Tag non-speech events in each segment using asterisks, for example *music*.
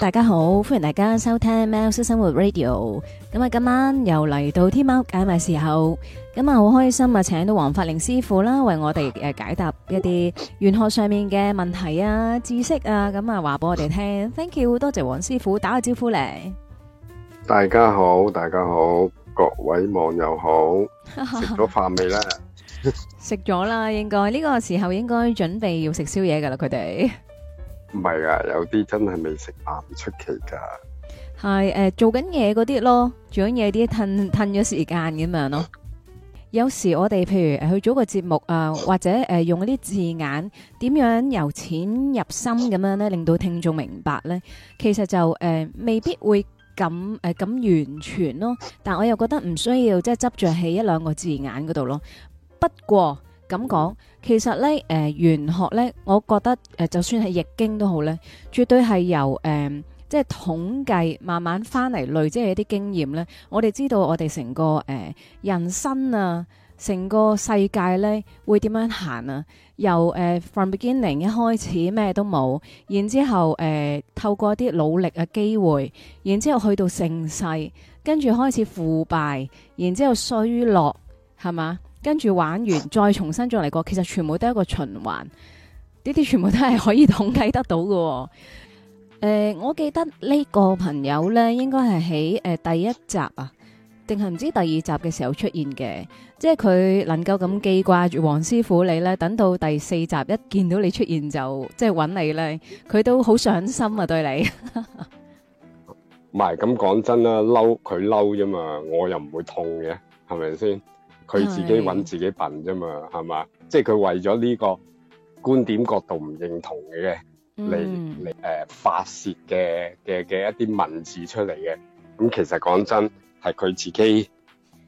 大家好，歡迎大家收聽《喵式生活 Radio》。咁啊，今晚又嚟到天喵解密時候，咁啊，好開心啊，請到黃法寧師傅啦，為我哋誒解答一啲玄學上面嘅問題啊、知識啊，咁啊，話俾我哋聽。Thank you，多謝黃師傅，打個招呼咧。大家好，大家好，各位網友好。食咗飯未咧？食咗啦，應該呢個時候應該準備要食宵夜噶啦，佢哋。唔係啊，有啲真係未食啊，唔出奇噶，係誒做緊嘢嗰啲咯，做緊嘢啲褪褪咗時間咁樣咯。有時我哋譬如去做個節目啊，或者誒用嗰啲字眼，點樣由淺入深咁樣咧，令到聽眾明白咧，其實就誒未必會咁誒咁完全咯。但我又覺得唔需要即係執着喺一兩個字眼嗰度咯。不過。咁講，其實咧，誒、呃、玄學咧，我覺得誒、呃，就算係易經都好咧，絕對係由誒、呃，即係統計慢慢翻嚟累積一啲經驗咧。我哋知道我哋成個誒、呃、人生啊，成個世界咧會點樣行啊。由誒、呃、from beginning 一開始咩都冇，然之後誒、呃、透過一啲努力嘅機會，然之後去到盛世，跟住開始腐敗，然之後衰落，係嘛？跟住玩完，再重新再嚟過，其實全部都係一個循環，呢啲全部都係可以統計得到嘅、哦。誒、呃，我記得呢個朋友呢，應該係喺誒第一集啊，定係唔知第二集嘅時候出現嘅，即係佢能夠咁記掛住黃師傅你呢，等到第四集一見到你出現就即係揾你呢，佢都好上心啊，對你。唔係，咁講真啦，嬲佢嬲啫嘛，我又唔會痛嘅，係咪先？佢自己揾自己笨啫嘛，係嘛？即係佢為咗呢個觀點角度唔認同嘅，嚟嚟誒發洩嘅嘅嘅一啲文字出嚟嘅。咁、嗯、其實講真係佢自己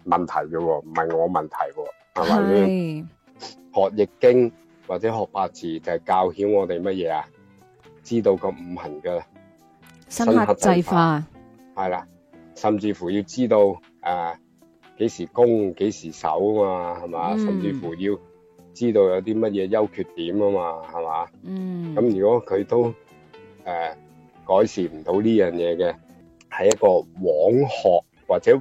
問題嘅，唔係我嘅問題喎，係咪？學易經或者學八字就係、是、教曉我哋乜嘢啊？知道個五行噶啦，生剋制化係啦，甚至乎要知道誒。呃幾時攻幾時守啊嘛？係嘛？甚至乎要知道有啲乜嘢優缺點啊嘛？係嘛？嗯。咁如果佢都誒、呃、改善唔到呢樣嘢嘅，係一個枉學或者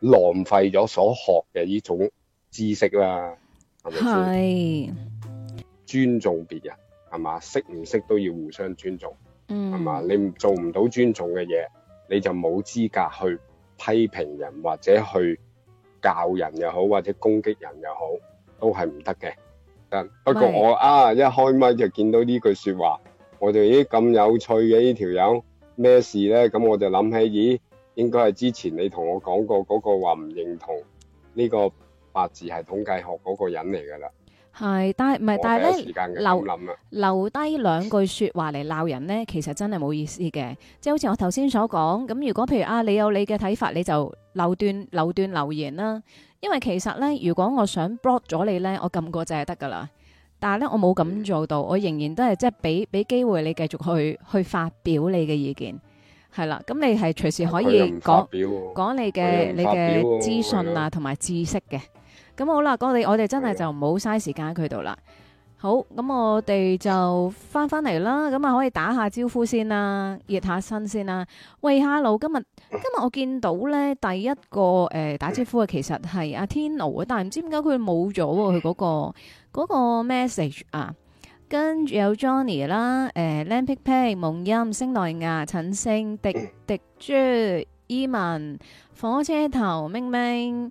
浪費咗所學嘅呢種知識啦，係咪先？尊重別人係嘛？識唔識都要互相尊重，係、嗯、嘛？你做唔到尊重嘅嘢，你就冇資格去批評人或者去，教人又好，或者攻擊人又好，都係唔得嘅。不過我啊一開咪就見到呢句說話，我哋呢咁有趣嘅呢條友咩事咧？咁我就諗起，咦，應該係之前你同我講過嗰個話唔認同呢個八字係統計學嗰個人嚟噶啦。係，但係唔係，但係咧留留低兩句說話嚟鬧人咧，其實真係冇意思嘅。即 *laughs* 係好似我頭先所講，咁如果譬如啊，你有你嘅睇法，你就留段留段留言啦。因為其實咧，如果我想 block 咗你咧，我撳過就係得噶啦。但係咧，我冇咁做到、嗯，我仍然都係即係俾俾機會你繼續去去發表你嘅意見，係啦。咁你係隨時可以講講你嘅你嘅資訊啊，同埋知識嘅。咁好啦，我哋我哋真係就唔好嘥時間喺佢度啦。好，咁我哋就翻翻嚟啦，咁啊可以打下招呼先啦，熱下身先啦。喂，哈佬，今日今日我見到咧，第一個誒、呃、打招呼嘅其實係阿天奴啊，但係唔知點解佢冇咗佢嗰個嗰、嗰個 message 啊，跟住有 Johnny 啦，誒、呃、Lampick Pay 夢音、星奈亞、陳星、迪迪 Jee、伊文、火車頭、明明。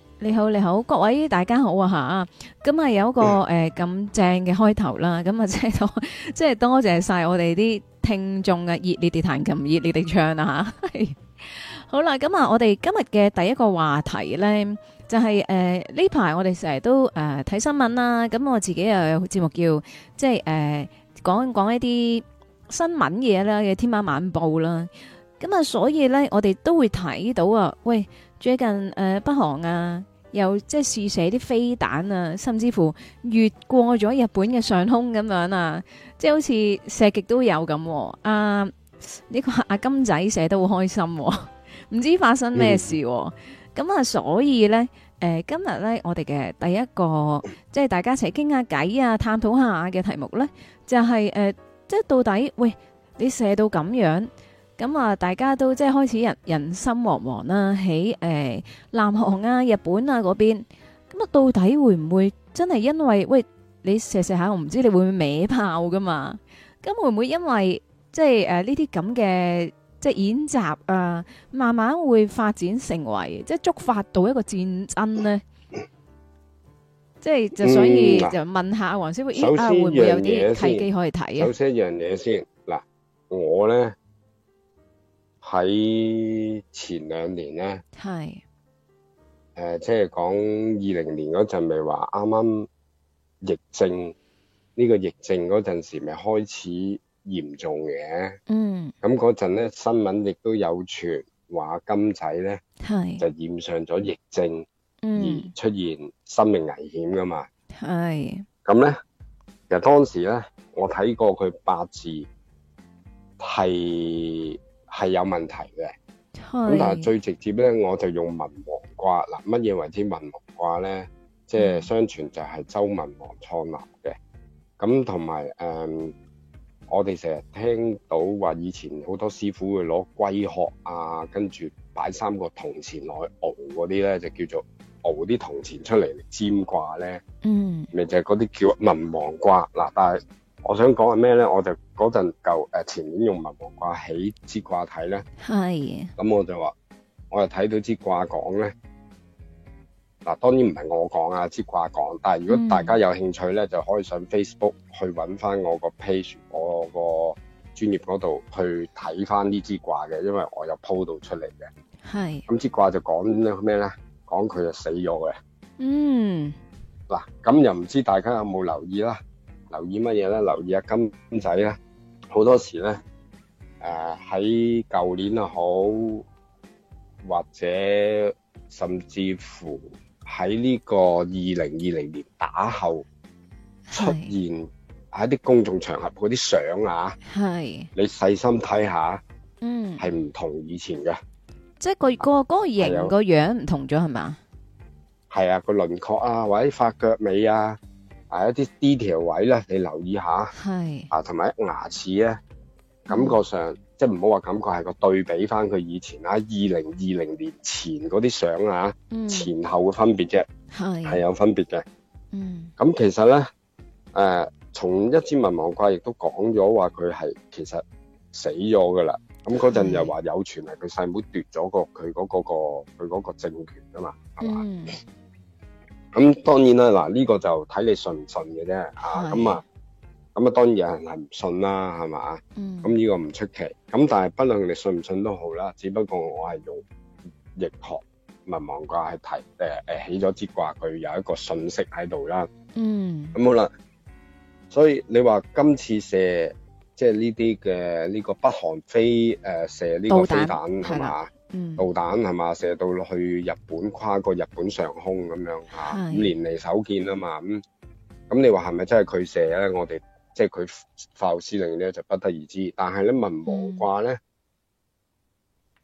你好，你好，各位大家好啊吓，咁啊有一個誒咁正嘅開頭啦，咁啊即係多即係多謝晒我哋啲聽眾嘅熱烈地彈琴、熱烈地唱啊吓，好啦，咁啊我哋今日嘅第一個話題咧就係誒呢排我哋成日都誒睇新聞啦，咁我自己又有節目叫即係誒講講一啲新聞嘢啦嘅《天喵晚報》啦，咁啊所以咧我哋都會睇到啊，喂，最近誒北韓啊。又即係試射啲飛彈啊，甚至乎越過咗日本嘅上空咁樣啊，即係好似射極都有咁啊！呢、啊呢個阿、啊、金仔射得好開心，啊，唔知發生咩事咁啊，嗯、啊！所以咧、呃，今日咧我哋嘅第一個即係大家一齊傾下偈啊，探討下嘅題目咧，就係、是呃、即係到底喂你射到咁樣？咁啊，大家都即係開始人人心惶惶啦，喺誒南韓啊、日本啊嗰邊，咁啊到底會唔會真係因為喂你射射下，我唔知你會唔會歪炮噶嘛？咁會唔會因為即係誒呢啲咁嘅即係演習啊，慢慢會發展成為即係觸發到一個戰爭呢？即係就所以就問下黃師傅，啊會唔會有啲契機可以睇啊？有一樣嘢先，嗱我咧。喺前兩年咧，係誒，即係講二零年嗰陣，咪話啱啱疫症呢個疫症嗰陣時，咪開始嚴重嘅。嗯，咁嗰陣咧新聞亦都有傳話金仔咧，係就染上咗疫症、嗯，而出現生命危險噶嘛。係咁咧，其實當時咧，我睇過佢八字係，係有問題嘅，咁、嗯、但係最直接咧，我就用文王卦嗱，乜嘢為之文王卦咧？即、就、係、是、相傳就係周文王創立嘅，咁同埋誒，我哋成日聽到話以前好多師傅會攞龜殼啊，跟住擺三個銅錢落熬嗰啲咧，就叫做熬啲銅錢出嚟嚟占卦咧，嗯，咪就係嗰啲叫文王卦嗱，但係。我想講係咩咧？我就嗰陣舊誒前面用文王掛起支掛睇咧，係咁我就話，我又睇到支掛講咧，嗱、啊、當然唔係我講啊，支掛講。但係如果大家有興趣咧、嗯，就可以上 Facebook 去搵翻我個 page，我個專業嗰度去睇翻呢支掛嘅，因為我有鋪到出嚟嘅。係咁，支卦就講咩咧？講佢就死咗嘅。嗯，嗱、啊、咁又唔知大家有冇留意啦。留意乜嘢咧？留意阿、啊、金仔咧，好多時咧，誒喺舊年又好，或者甚至乎喺呢個二零二零年打後出現喺啲公眾場合嗰啲相啊，係你細心睇下，嗯，係唔同以前嘅，即係個那個個形個樣唔同咗係嘛？係啊，個輪、啊、廓啊，或者髮腳尾啊。係、啊、一啲 detail 位咧，你留意一下。係。啊，同埋牙齒咧，感覺上、嗯、即係唔好話感覺係個對比翻佢以前 ,2020 前啊，二零二零年前嗰啲相啊，前後嘅分別啫。係。係有分別嘅。嗯。咁其實咧，誒、呃，從一支文王卦亦都講咗話佢係其實死咗噶啦。咁嗰陣又話有傳聞佢細妹奪咗個佢嗰個佢嗰個政權啊嘛，係嘛？嗯。咁當然啦，嗱、這、呢個就睇你信唔信嘅啫，啊咁啊，咁啊當然有人係唔信啦，係咪？嗯。咁呢個唔出奇，咁但係，不論你信唔信都好啦，只不過我係用易學文王卦係提誒、呃、起咗支卦，佢有一個信息喺度啦。嗯。咁好啦，所以你話今次射即係呢啲嘅呢個北韓飛、呃、射呢個飛彈係嘛？導彈係嘛，射到去日本，跨過日本上空咁樣吓，五年嚟首見啊嘛，咁咁你話係咪真係佢射咧？我哋即係佢發號司令咧就不得而知。但係咧，文王卦咧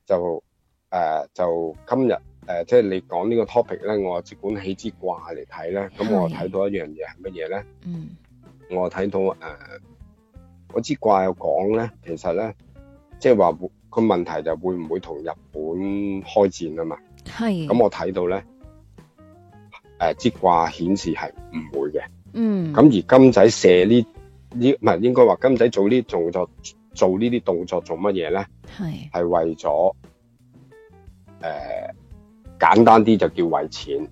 就誒、呃、就今日誒即係你講呢個 topic 咧，我即管起支卦嚟睇咧，咁我睇到一樣嘢係乜嘢咧？嗯，我睇到誒嗰支卦又講咧，其實咧即係話。就是說個問題就會唔會同日本開戰啊嘛？係。咁我睇到咧，誒、呃，即卦顯示係唔會嘅。嗯。咁而金仔射呢呢，唔係應該話金仔做呢動，動作做呢啲動作做乜嘢咧？係。係為咗，誒、呃，簡單啲就叫為錢。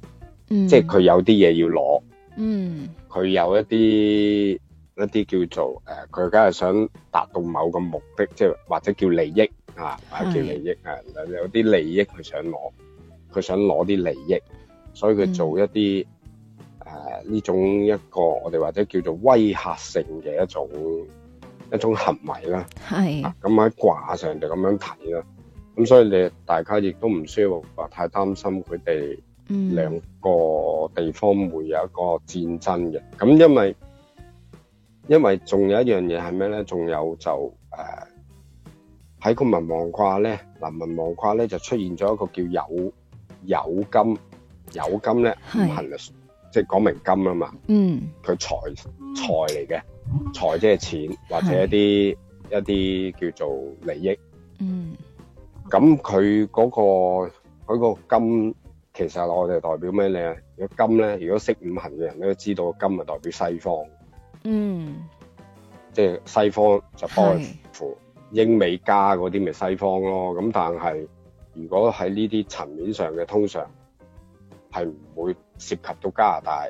嗯、即係佢有啲嘢要攞。嗯。佢有一啲。一啲叫做誒，佢梗係想達到某個目的，即係或者叫利益啊，或者叫利益啊，有有啲利益佢想攞，佢想攞啲利益，所以佢做一啲誒呢種一個我哋或者叫做威嚇性嘅一種一種行為啦。係。咁喺卦上就咁樣睇啦。咁所以你大家亦都唔需要話太擔心佢哋兩個地方會有一個戰爭嘅。咁因為因為仲有一樣嘢係咩咧？仲有就誒喺個文王卦咧，嗱文王卦咧就出現咗一個叫有有金，有金咧五行即係講明金啊嘛。嗯，佢財財嚟嘅財即係錢或者一啲一啲叫做利益。嗯，咁佢嗰個嗰個金其實我哋代表咩咧？如果金咧，如果識五行嘅人都知道，金係代表西方。嗯，即係西方就幫扶英美加嗰啲咪西方咯，咁但係如果喺呢啲層面上嘅，通常係唔會涉及到加拿大，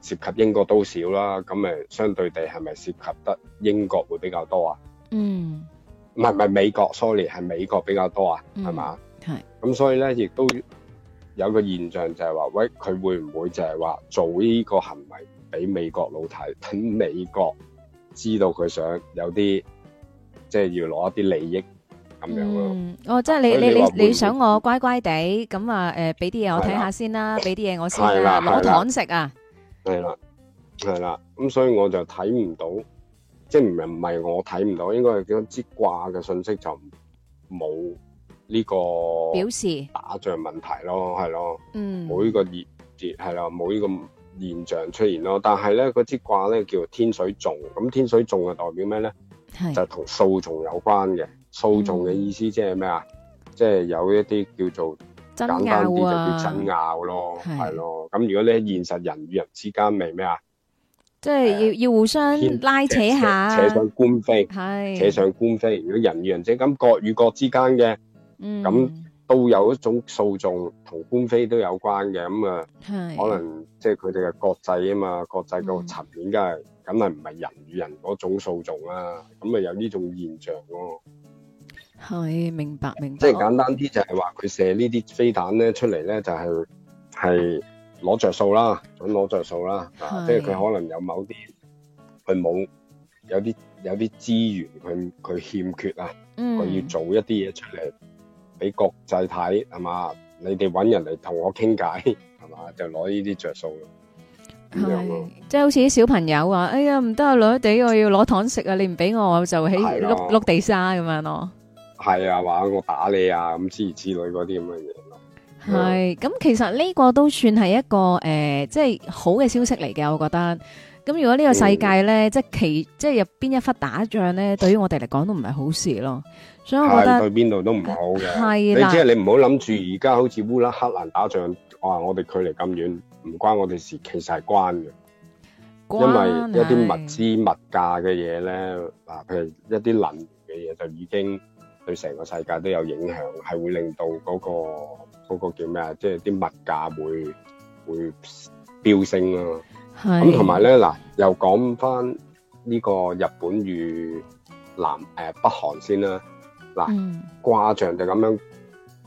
涉及英國都少啦。咁咪相對地係咪涉及得英國會比較多啊？嗯，唔係唔係美國，sorry，係美國比較多啊，係、嗯、嘛？係。咁所以咧，亦都有個現象就係話，喂，佢會唔會就係話做呢個行為？俾美國老太俾美國知道佢想有啲即係要攞一啲利益咁樣咯。嗯，哦，即係你你你你想我乖乖地咁啊？誒，俾啲嘢我睇下先啦，俾啲嘢我先啦，攞糖食啊。係啦，係啦。咁所以我就睇唔到，即係唔係唔係我睇唔到，應該係點知卦嘅信息就冇呢個表示打仗問題咯，係咯。嗯，冇呢個熱熱係啦，冇呢個。現象出現咯，但係咧嗰支卦咧叫天水訟，咁、嗯、天水訟啊代表咩咧？就同訴訟有關嘅，訴訟嘅意思即係咩啊？即係有一啲叫做簡單啲就叫爭拗咯，係、啊、咯。咁如果你喺現實人與人之間咪咩啊？即係要要互相拉扯下，扯上官非，係扯上官非。如果人與人即係咁，各與各之間嘅，嗯。咁。都有一種訴訟同官非都有關嘅咁啊，可能即係佢哋嘅國際啊嘛，國際嗰個層面、嗯，梗係梗係唔係人與人嗰種訴訟啊？咁啊有呢種現象咯、啊。係明白明白。即係簡單啲就係話佢射呢啲飛彈咧出嚟咧，就係係攞着數啦，準攞着數啦啊！即係佢可能有某啲佢冇有啲有啲資源佢佢欠缺啊，佢、嗯、要做一啲嘢出嚟。俾國際睇係嘛？你哋揾人嚟同我傾偈係嘛？就攞呢啲着數咯。係，即係好似啲小朋友話：哎呀唔得啊，攞地我要攞糖食啊！你唔俾我，我就起碌碌地沙咁樣咯。係啊，話我打你啊咁之類之類嗰啲咁嘅嘢咯。係，咁、嗯、其實呢個都算係一個誒，即、呃、係好嘅消息嚟嘅，我覺得。咁如果呢個世界咧，即係其即係入邊一忽打仗咧，對於我哋嚟講都唔係好事咯。所以我覺得對邊度都唔好嘅。係啦，你唔好諗住而家好似烏拉克蘭打仗，哇！我哋距離咁遠，唔關我哋事，其實係關嘅。因為一啲物資物價嘅嘢咧，嗱，譬如一啲能源嘅嘢，就已經對成個世界都有影響，係會令到嗰個嗰個叫咩啊？即係啲物價會會飆升咯。咁同埋咧，嗱、嗯，又講翻呢個日本與南誒、呃、北韓先啦。嗱，卦、嗯、象就咁樣，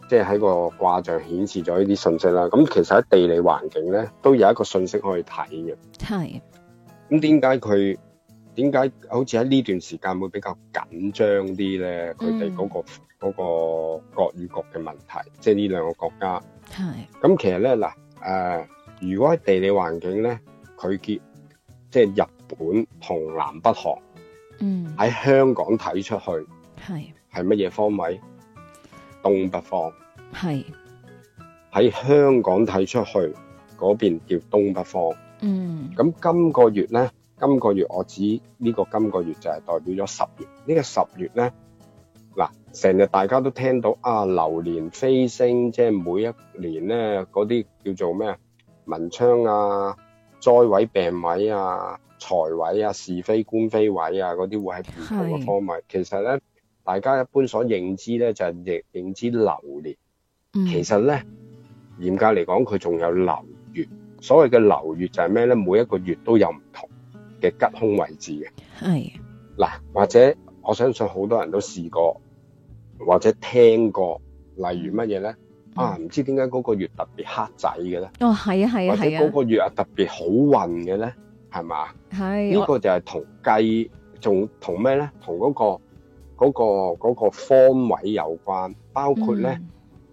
即係喺個卦象顯示咗呢啲信息啦。咁、嗯、其實喺地理環境咧，都有一個信息可以睇嘅。咁點解佢點解好似喺呢段時間會比較緊張啲咧？佢哋嗰個嗰、嗯嗰個國與國嘅問題，即係呢兩個國家。咁、嗯嗯、其實咧，嗱，誒、呃，如果喺地理環境咧。佢結即係日本同南北韓，喺香港睇出去係係乜嘢方位？東北方，係喺香港睇出去嗰邊叫東北方。嗯，咁今個月咧，今個月我指呢個今個月就係代表咗十月。呢個十月咧，嗱，成日大家都聽到啊，流年飛星，即係每一年咧，嗰啲叫做咩啊，文昌啊。災位病位啊、財位啊、是非官非位啊嗰啲會喺唔同嘅方位。其實咧，大家一般所認知咧就係、是、認，認知流年。嗯、其實咧，嚴格嚟講，佢仲有流月。所謂嘅流月就係咩咧？每一個月都有唔同嘅吉凶位置嘅。係嗱，或者我相信好多人都試過，或者聽過，例如乜嘢咧？啊，唔知點解嗰個月特別黑仔嘅咧？哦，係啊，係啊，係啊。或者嗰個月特別啊特別好運嘅咧，係嘛？係呢個就係同計，仲同咩咧？同嗰、嗰個、嗰個、嗰個方位有關，包括咧、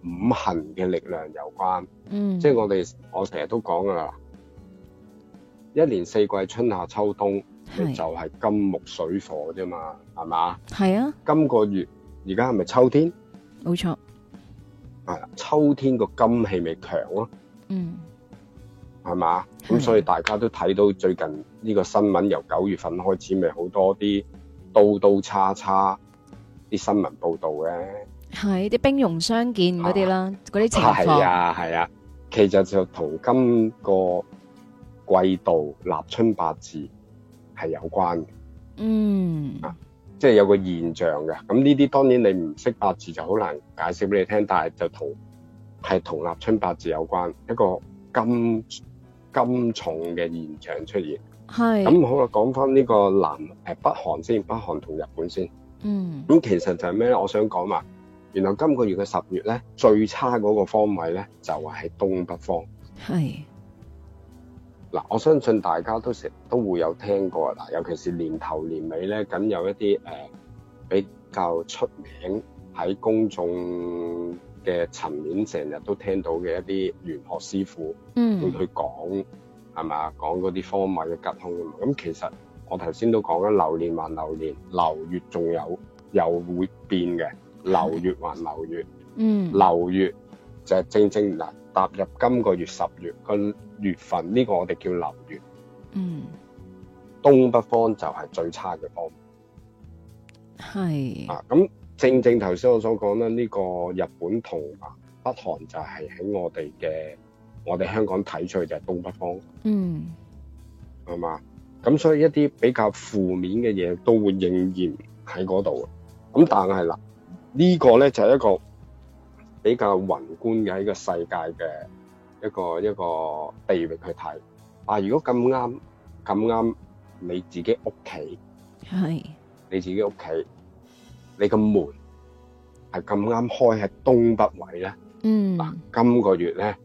嗯、五行嘅力量有關。嗯，即、就、係、係、我哋我成日都講噶啦，一年四季春夏秋冬，就係金木水火啫嘛，係嘛？係啊。今個月而家係咪秋天？冇錯。秋天個金氣咪強咯、啊，嗯，係嘛？咁所以大家都睇到最近呢個新聞，由九月份開始咪好多啲刀刀叉叉啲新聞報道嘅，係啲兵戎相見嗰啲啦，嗰、啊、啲情況。係啊係啊，啊，其實就同今個季度立春八字係有關嘅，嗯。即係有個現象嘅，咁呢啲當然你唔識八字就好難解釋俾你聽，但係就同係同立春八字有關，一個咁咁重嘅現象出現。係咁好啦，講翻呢個南誒北韓先，北韓同日本先。嗯。咁其實就係咩咧？我想講嘛，原來今個月嘅十月咧，最差嗰個方位咧就係喺東北方。係。嗱，我相信大家都成日都會有聽過嗱，尤其是年頭年尾咧，咁有一啲誒、呃、比較出名喺公眾嘅層面，成日都聽到嘅一啲玄學師傅去，嗯，會去講係咪呀？講嗰啲荒謬嘅吉凶咁。其實我頭先都講咗流年還流年，流月仲有又會變嘅，流月還流月，嗯，流月就係正正嗱，踏入今個月十月月份呢個我哋叫流月，嗯，東北方就係最差嘅方面，係啊，咁正正頭先我所講咧，呢個日本同北韓就係喺我哋嘅，我哋香港睇出去，就係東北方，嗯，係嘛，咁所以一啲比較負面嘅嘢都會仍然喺嗰度，咁但係啦，呢個咧就係一個比較宏觀嘅喺個世界嘅。一個一個地域去睇，啊！如果咁啱咁啱你自己屋企，係你自己屋企，你個門係咁啱開喺東北位咧，嗯，嗱，啊，今個月咧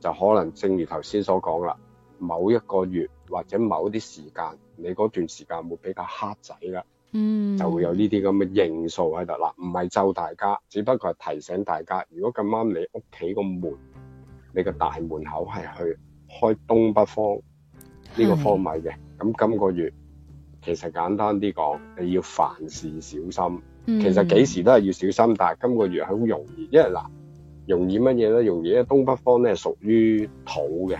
就可能正如頭先所講啦，某一個月或者某啲時間，你嗰段時間會比較黑仔啦，嗯，就會有呢啲咁嘅因素喺度，啦，唔係咒大家，只不過係提醒大家，如果咁啱你屋企個門。你個大門口係去開東北方呢個方位嘅，咁今個月其實簡單啲講，你要凡事小心，嗯、其實幾時都係要小心，但係今個月係好容易，因為嗱容易乜嘢咧？容易，因為東北方咧係屬於土嘅，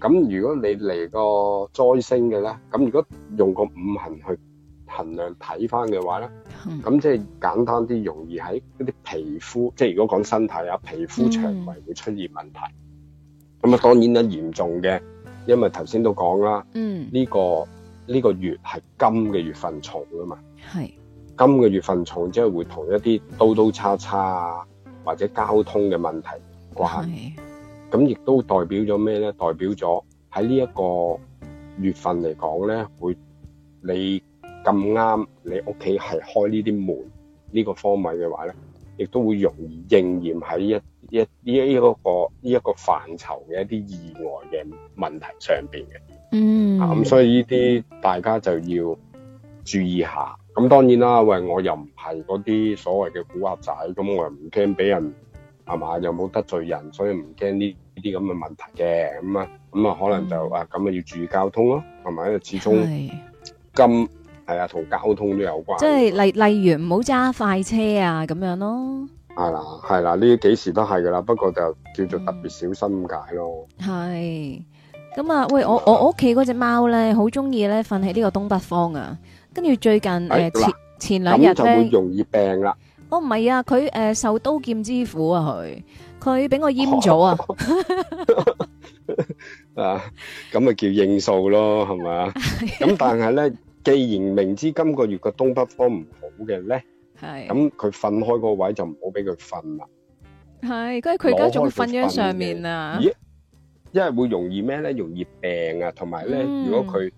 咁如果你嚟個災星嘅咧，咁如果用個五行去。衡量睇翻嘅話咧，咁、嗯、即係簡單啲，容易喺嗰啲皮膚，嗯、即係如果講身體啊，皮膚、腸胃會出現問題。咁、嗯、啊，當然啦，嚴重嘅，因為頭先都講啦，呢、嗯呢個呢、呢個月係金嘅月份重啊嘛，係金嘅月份重，即係會同一啲刀刀叉叉啊，或者交通嘅問題關係。咁亦都代表咗咩咧？代表咗喺呢一個月份嚟講咧，會你。咁啱你屋企係開、這個、呢啲門呢個方位嘅話咧，亦都會容易應驗喺一一呢一,一個呢一個範疇嘅一啲意外嘅問題上邊嘅。嗯。咁、啊、所以呢啲大家就要注意下。咁當然啦，喂，我又唔係嗰啲所謂嘅古惑仔，咁我又唔驚俾人係嘛，又冇得罪人，所以唔驚呢呢啲咁嘅問題嘅。咁啊，咁啊，可能就、嗯、啊咁啊要注意交通咯，係咪？因為始終金。係啊，同交通都有關係。即係例例如唔好揸快車啊，咁樣咯。係啦，係啦，呢幾時都係噶啦，不過就叫做特別小心解咯。係咁啊，喂，我我我屋企嗰隻貓咧，好中意咧瞓喺呢個東北方啊。跟住最近誒前前兩日咧，咁就會容易病啦。哦唔係啊，佢誒受刀劍之苦啊，佢佢俾我閹咗啊。啊，咁咪叫應數咯，係咪？咁但係咧。既然明知今個月個東北方唔好嘅咧，咁佢瞓開個位就唔好俾佢瞓啦。係，跟住佢而家仲瞓喺上面啊？咦，因為會容易咩咧？容易病啊，同埋咧，如果佢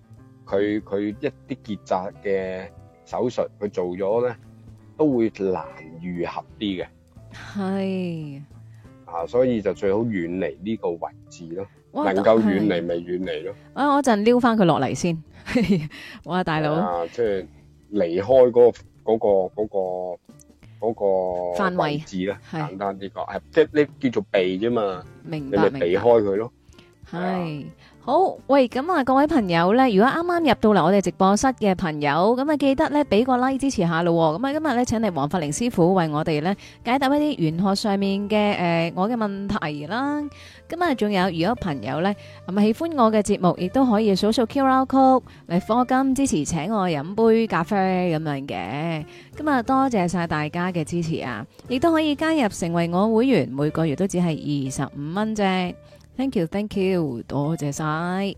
佢佢一啲結紮嘅手術佢做咗咧，都會難愈合啲嘅。係啊，所以就最好遠離呢個位置咯。能夠遠離咪遠離咯，啊我一陣撩翻佢落嚟先，哇大佬，啊即係離開嗰個嗰個嗰個嗰個位置啦，簡單啲講，係即係你叫做避啫嘛，你咪避開佢咯，係。好喂，咁啊，各位朋友呢如果啱啱入到嚟我哋直播室嘅朋友，咁啊記得呢俾個 like 支持下咯。咁啊今日呢請嚟黃法玲師傅為我哋呢解答一啲玄學上面嘅誒、呃、我嘅問題啦。咁啊仲有，如果朋友呢，咁係喜歡我嘅節目，亦都可以數數 Q R 曲嚟方金支持，請我飲杯咖啡咁樣嘅。今日多謝晒大家嘅支持啊！亦都可以加入成為我會員，每個月都只係二十五蚊啫。Thank you, thank you，多謝晒。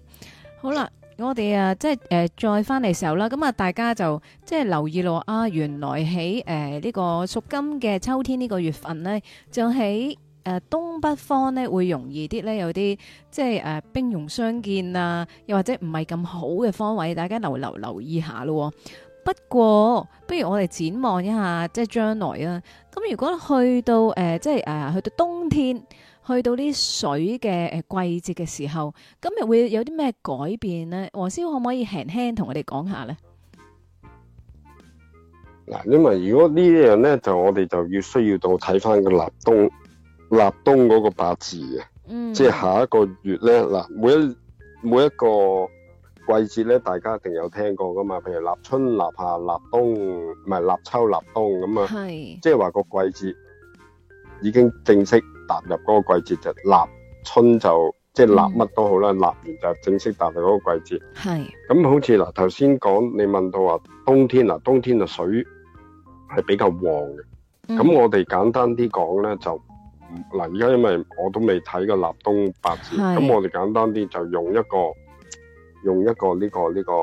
好啦，我哋啊，即係誒、呃，再翻嚟時候啦，咁啊，大家就即係留意咯。啊，原來喺誒呢個屬金嘅秋天呢個月份呢，就喺誒、呃、東北方呢會容易啲呢，有啲即係誒兵戎相見啊，又或者唔係咁好嘅方位，大家留留留意下咯。不過，不如我哋展望一下即係將來啊。咁如果去到誒、呃，即係誒、呃、去到冬天。去到啲水嘅誒季節嘅時候，今日會有啲咩改變咧？黃師傅可唔可以輕輕同我哋講下咧？嗱，因為如果呢啲樣咧，就我哋就要需要到睇翻個立冬、立冬嗰個八字嘅、嗯，即係下一個月咧。嗱，每一每一個季節咧，大家一定有聽過噶嘛？譬如立春、立夏、立冬，唔係立秋、立冬咁啊，即係話個季節已經正式，踏入嗰個季節就係，立春就即係，就係，立乜都好啦，嗯，立完就正式踏入嗰個季節。係。咁好似嗱頭先講你問到話冬天，嗱冬天啊，水係比較旺嘅，咁，嗯，我哋簡單啲講咧，就嗱而家因為我都未睇過立冬八字，咁我哋簡單啲就用一個用一個呢個呢，呢個、呢個，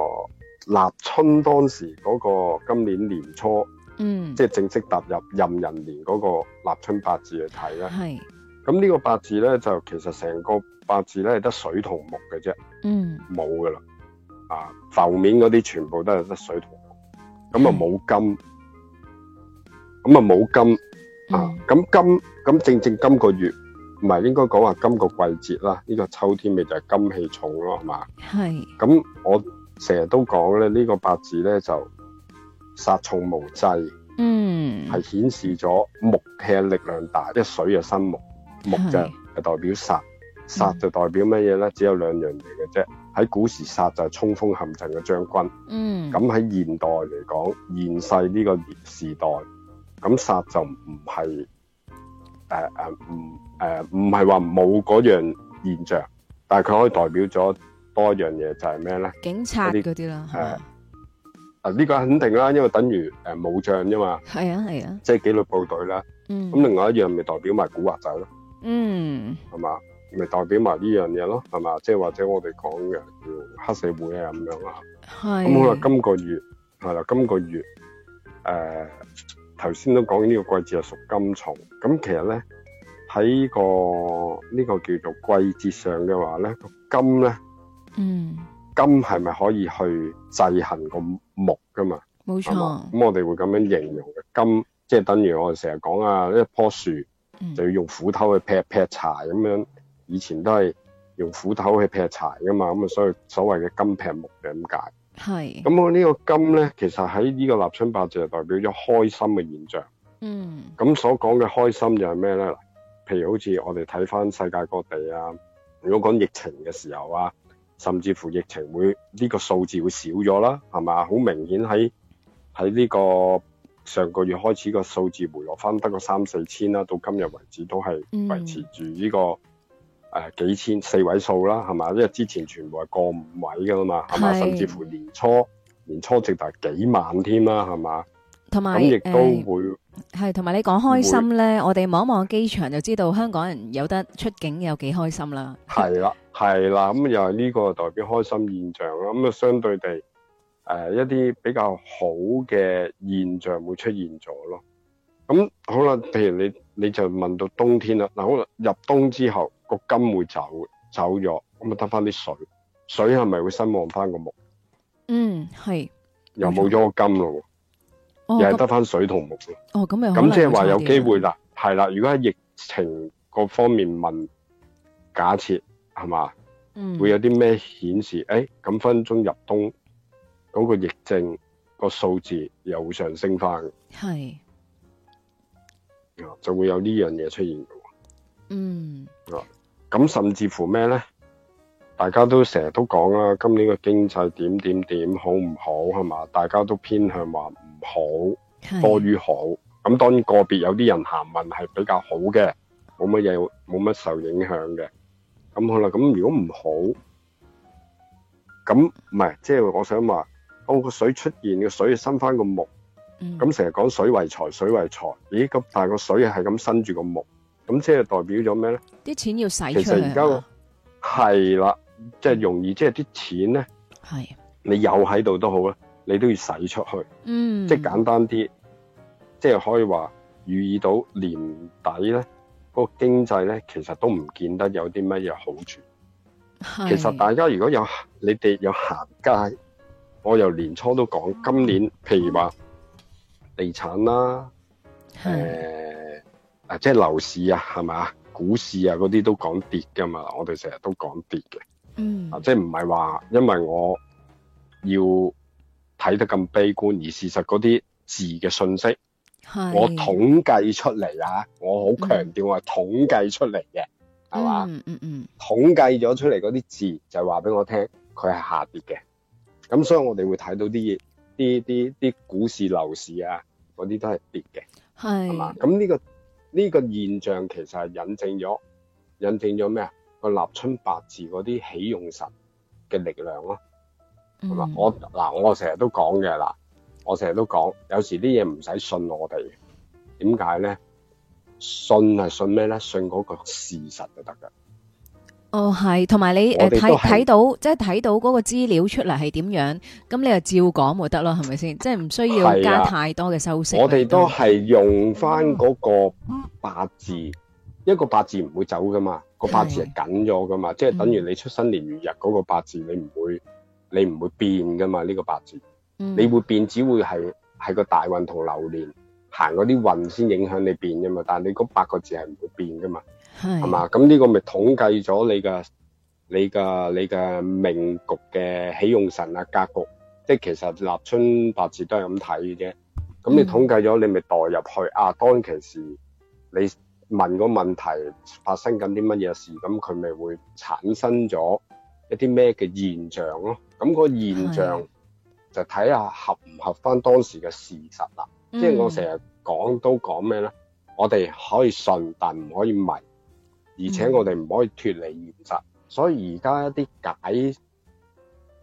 立春當時嗰個今年年初，嗯，即、就、係，係正式踏入壬寅年嗰個立春八字去睇咧。係。咁呢個八字咧，就其實成個八字咧係得水同木嘅啫，嗯，冇噶啦，啊，浮面嗰啲全部都係得水同木，咁啊冇金，咁啊冇金，嗯，啊，咁金咁正正今個月，唔係應該講話今個季節啦，呢、呢個秋天咪就係金氣重咯，係嘛？係。咁我成日都講咧，呢個八字咧就殺重無制，嗯，係顯示咗木嘅力量大，啲水啊生木。木就係代表殺，殺就代表乜嘢咧？只有兩樣嚟嘅啫。喺古時殺就係衝鋒陷陣嘅將軍。嗯。咁喺現代嚟講，現世呢個時代，咁殺就唔係誒誒唔誒唔係話冇嗰樣現象，但係佢可以代表咗多一樣嘢，就係咩咧？警察嗰啲啦。係、呃、啊。啊呢、呢個肯定啦，因為等於誒武將啫嘛。係啊係啊。即係、即係、紀律部隊啦。咁、嗯、另外一樣咪代表埋古惑仔咯。嗯、mm.，係嘛，咪代表埋呢樣嘢咯，係嘛，即係或者我哋講嘅叫黑社會啊咁樣啊。係。咁好啦今個月，係啦，今個月，誒，頭先、呃、都講呢個季節係屬金蟲，咁其實咧喺、這個呢、這個叫做季節上嘅話咧，金咧，嗯、mm.，金係咪可以去制衡個木噶嘛？冇錯。咁我哋會咁樣形容嘅金，即、就、係、是、等於我哋成日講啊，一樖樹就要用斧頭去劈劈柴咁樣，以前都係用斧頭去劈柴噶嘛，咁啊所以所謂嘅金劈木就咁解。係。咁我呢個金咧，其實喺呢個立春八字就代表咗開心嘅現象。嗯。咁所講嘅開心又係咩咧？嗱，譬如好似我哋睇翻世界各地啊，如果講疫情嘅時候啊，甚至乎疫情會呢、這個數字會少咗啦，係嘛？好明顯喺喺呢個。上個月開始個數字回落翻，得個三四千啦。到今日為止都係維持住呢、這個誒、嗯呃、幾千四位數啦，係嘛？因為之前全部係過五位噶嘛，係嘛？甚至乎年初年初直達幾萬添啦，係嘛？同埋咁亦都會係同埋你講開心咧，我哋望一望機場就知道香港人有得出境有幾開心啦。係 *laughs* 啦，係啦，咁、嗯、又係呢個代表開心現象啦。咁、嗯、啊，相對地。誒、呃，一啲比較好嘅現象會出現咗咯。咁好啦，譬如你你就問到冬天好啦。嗱，可能入冬之後、個金會走走咗，咁啊得翻啲水，水係咪會失望翻個木？嗯，係。又冇咗個金咯，又係得翻水同木咯。哦，咁樣咁即係話有機會啦。係、嗯、啦，如果喺疫情各方面問，假設係嘛，會有啲咩顯示？誒、欸，咁分分鐘入冬。嗰個疫症個數字又上升翻，係啊，就會有呢樣嘢出現嘅。嗯，咁甚至乎咩咧？大家都成日都講啦、啊，今年個經濟點點點好唔好係嘛？大家都偏向話唔好多於好。咁當然個別有啲人行運係比較好嘅，冇乜嘢冇乜受影響嘅。咁好啦，咁如果唔好咁唔係，即係我想話。我、哦、個水出現嘅水生返個木，咁成日講水為財，水為財，咦咁但係個水係咁生住個木，咁即係代表咗咩咧？啲錢要使，其實而家個係啦，即係、就是、容易，即係啲錢咧，係你有喺度都好啦，你都要使出去，嗯，即係簡單啲，即係可以話預意到年底咧，嗰、那個經濟咧其實都唔見得有啲乜嘢好處。其實大家如果有你哋有行街。我由年初都講，今年譬如話地產啦，係呃啊，即係樓市啊，係咪啊？股市啊嗰啲都講跌㗎嘛，我哋成日都講跌嘅，嗯啊，即係唔係話因為我要睇得咁悲觀，而事實嗰啲字嘅信息，係我統計出嚟啊，我好強調我係統計出嚟嘅，係嘛？嗯嗯嗯，統計咗出嚟嗰啲字就係話俾我聽，佢係下跌嘅。咁所以我哋會睇到啲嘢，啲啲啲股市樓市啊，嗰啲都係跌嘅，係嘛？咁呢個呢個現象其實係引證咗引證咗咩啊？個立春八字嗰啲喜用神嘅力量咯、啊，係嘛、嗯？我嗱我成日都講嘅啦，我成日都講，有時啲嘢唔使信我哋，點解咧？信係信咩咧？信嗰個事實就得噶。哦，係，同埋你睇睇、呃、到，即係睇到嗰個資料出嚟係點樣，咁你就照講咪得咯，係咪先？即係唔需要加太多嘅修飾。我哋都係用翻嗰個八字、嗯，一個八字唔會走噶嘛，個八字係緊咗噶嘛，係即係等於你出生年月日嗰個八字，嗯、你唔會你唔會變噶嘛，呢、呢個八字、嗯，你會變只會係係個大運同流年行嗰啲運先影響你變噶嘛，但係你嗰八個字係唔會變噶嘛。係，係嘛？咁呢個咪統計咗你嘅、你嘅、你嘅命局嘅喜用神啊、格局，即係其實立春八字都係咁睇嘅啫。咁你統計咗、嗯，你咪代入去啊。當其時你問個問題，發生緊啲乜嘢事，咁佢咪會產生咗一啲咩嘅現象咯、啊？咁個現象就睇下合唔合翻當時嘅事實啦。即、嗯、係、就是、我成日講都講咩咧？我哋可以信，但唔可以迷。而且我哋唔可以脫離現實，所以而家一啲解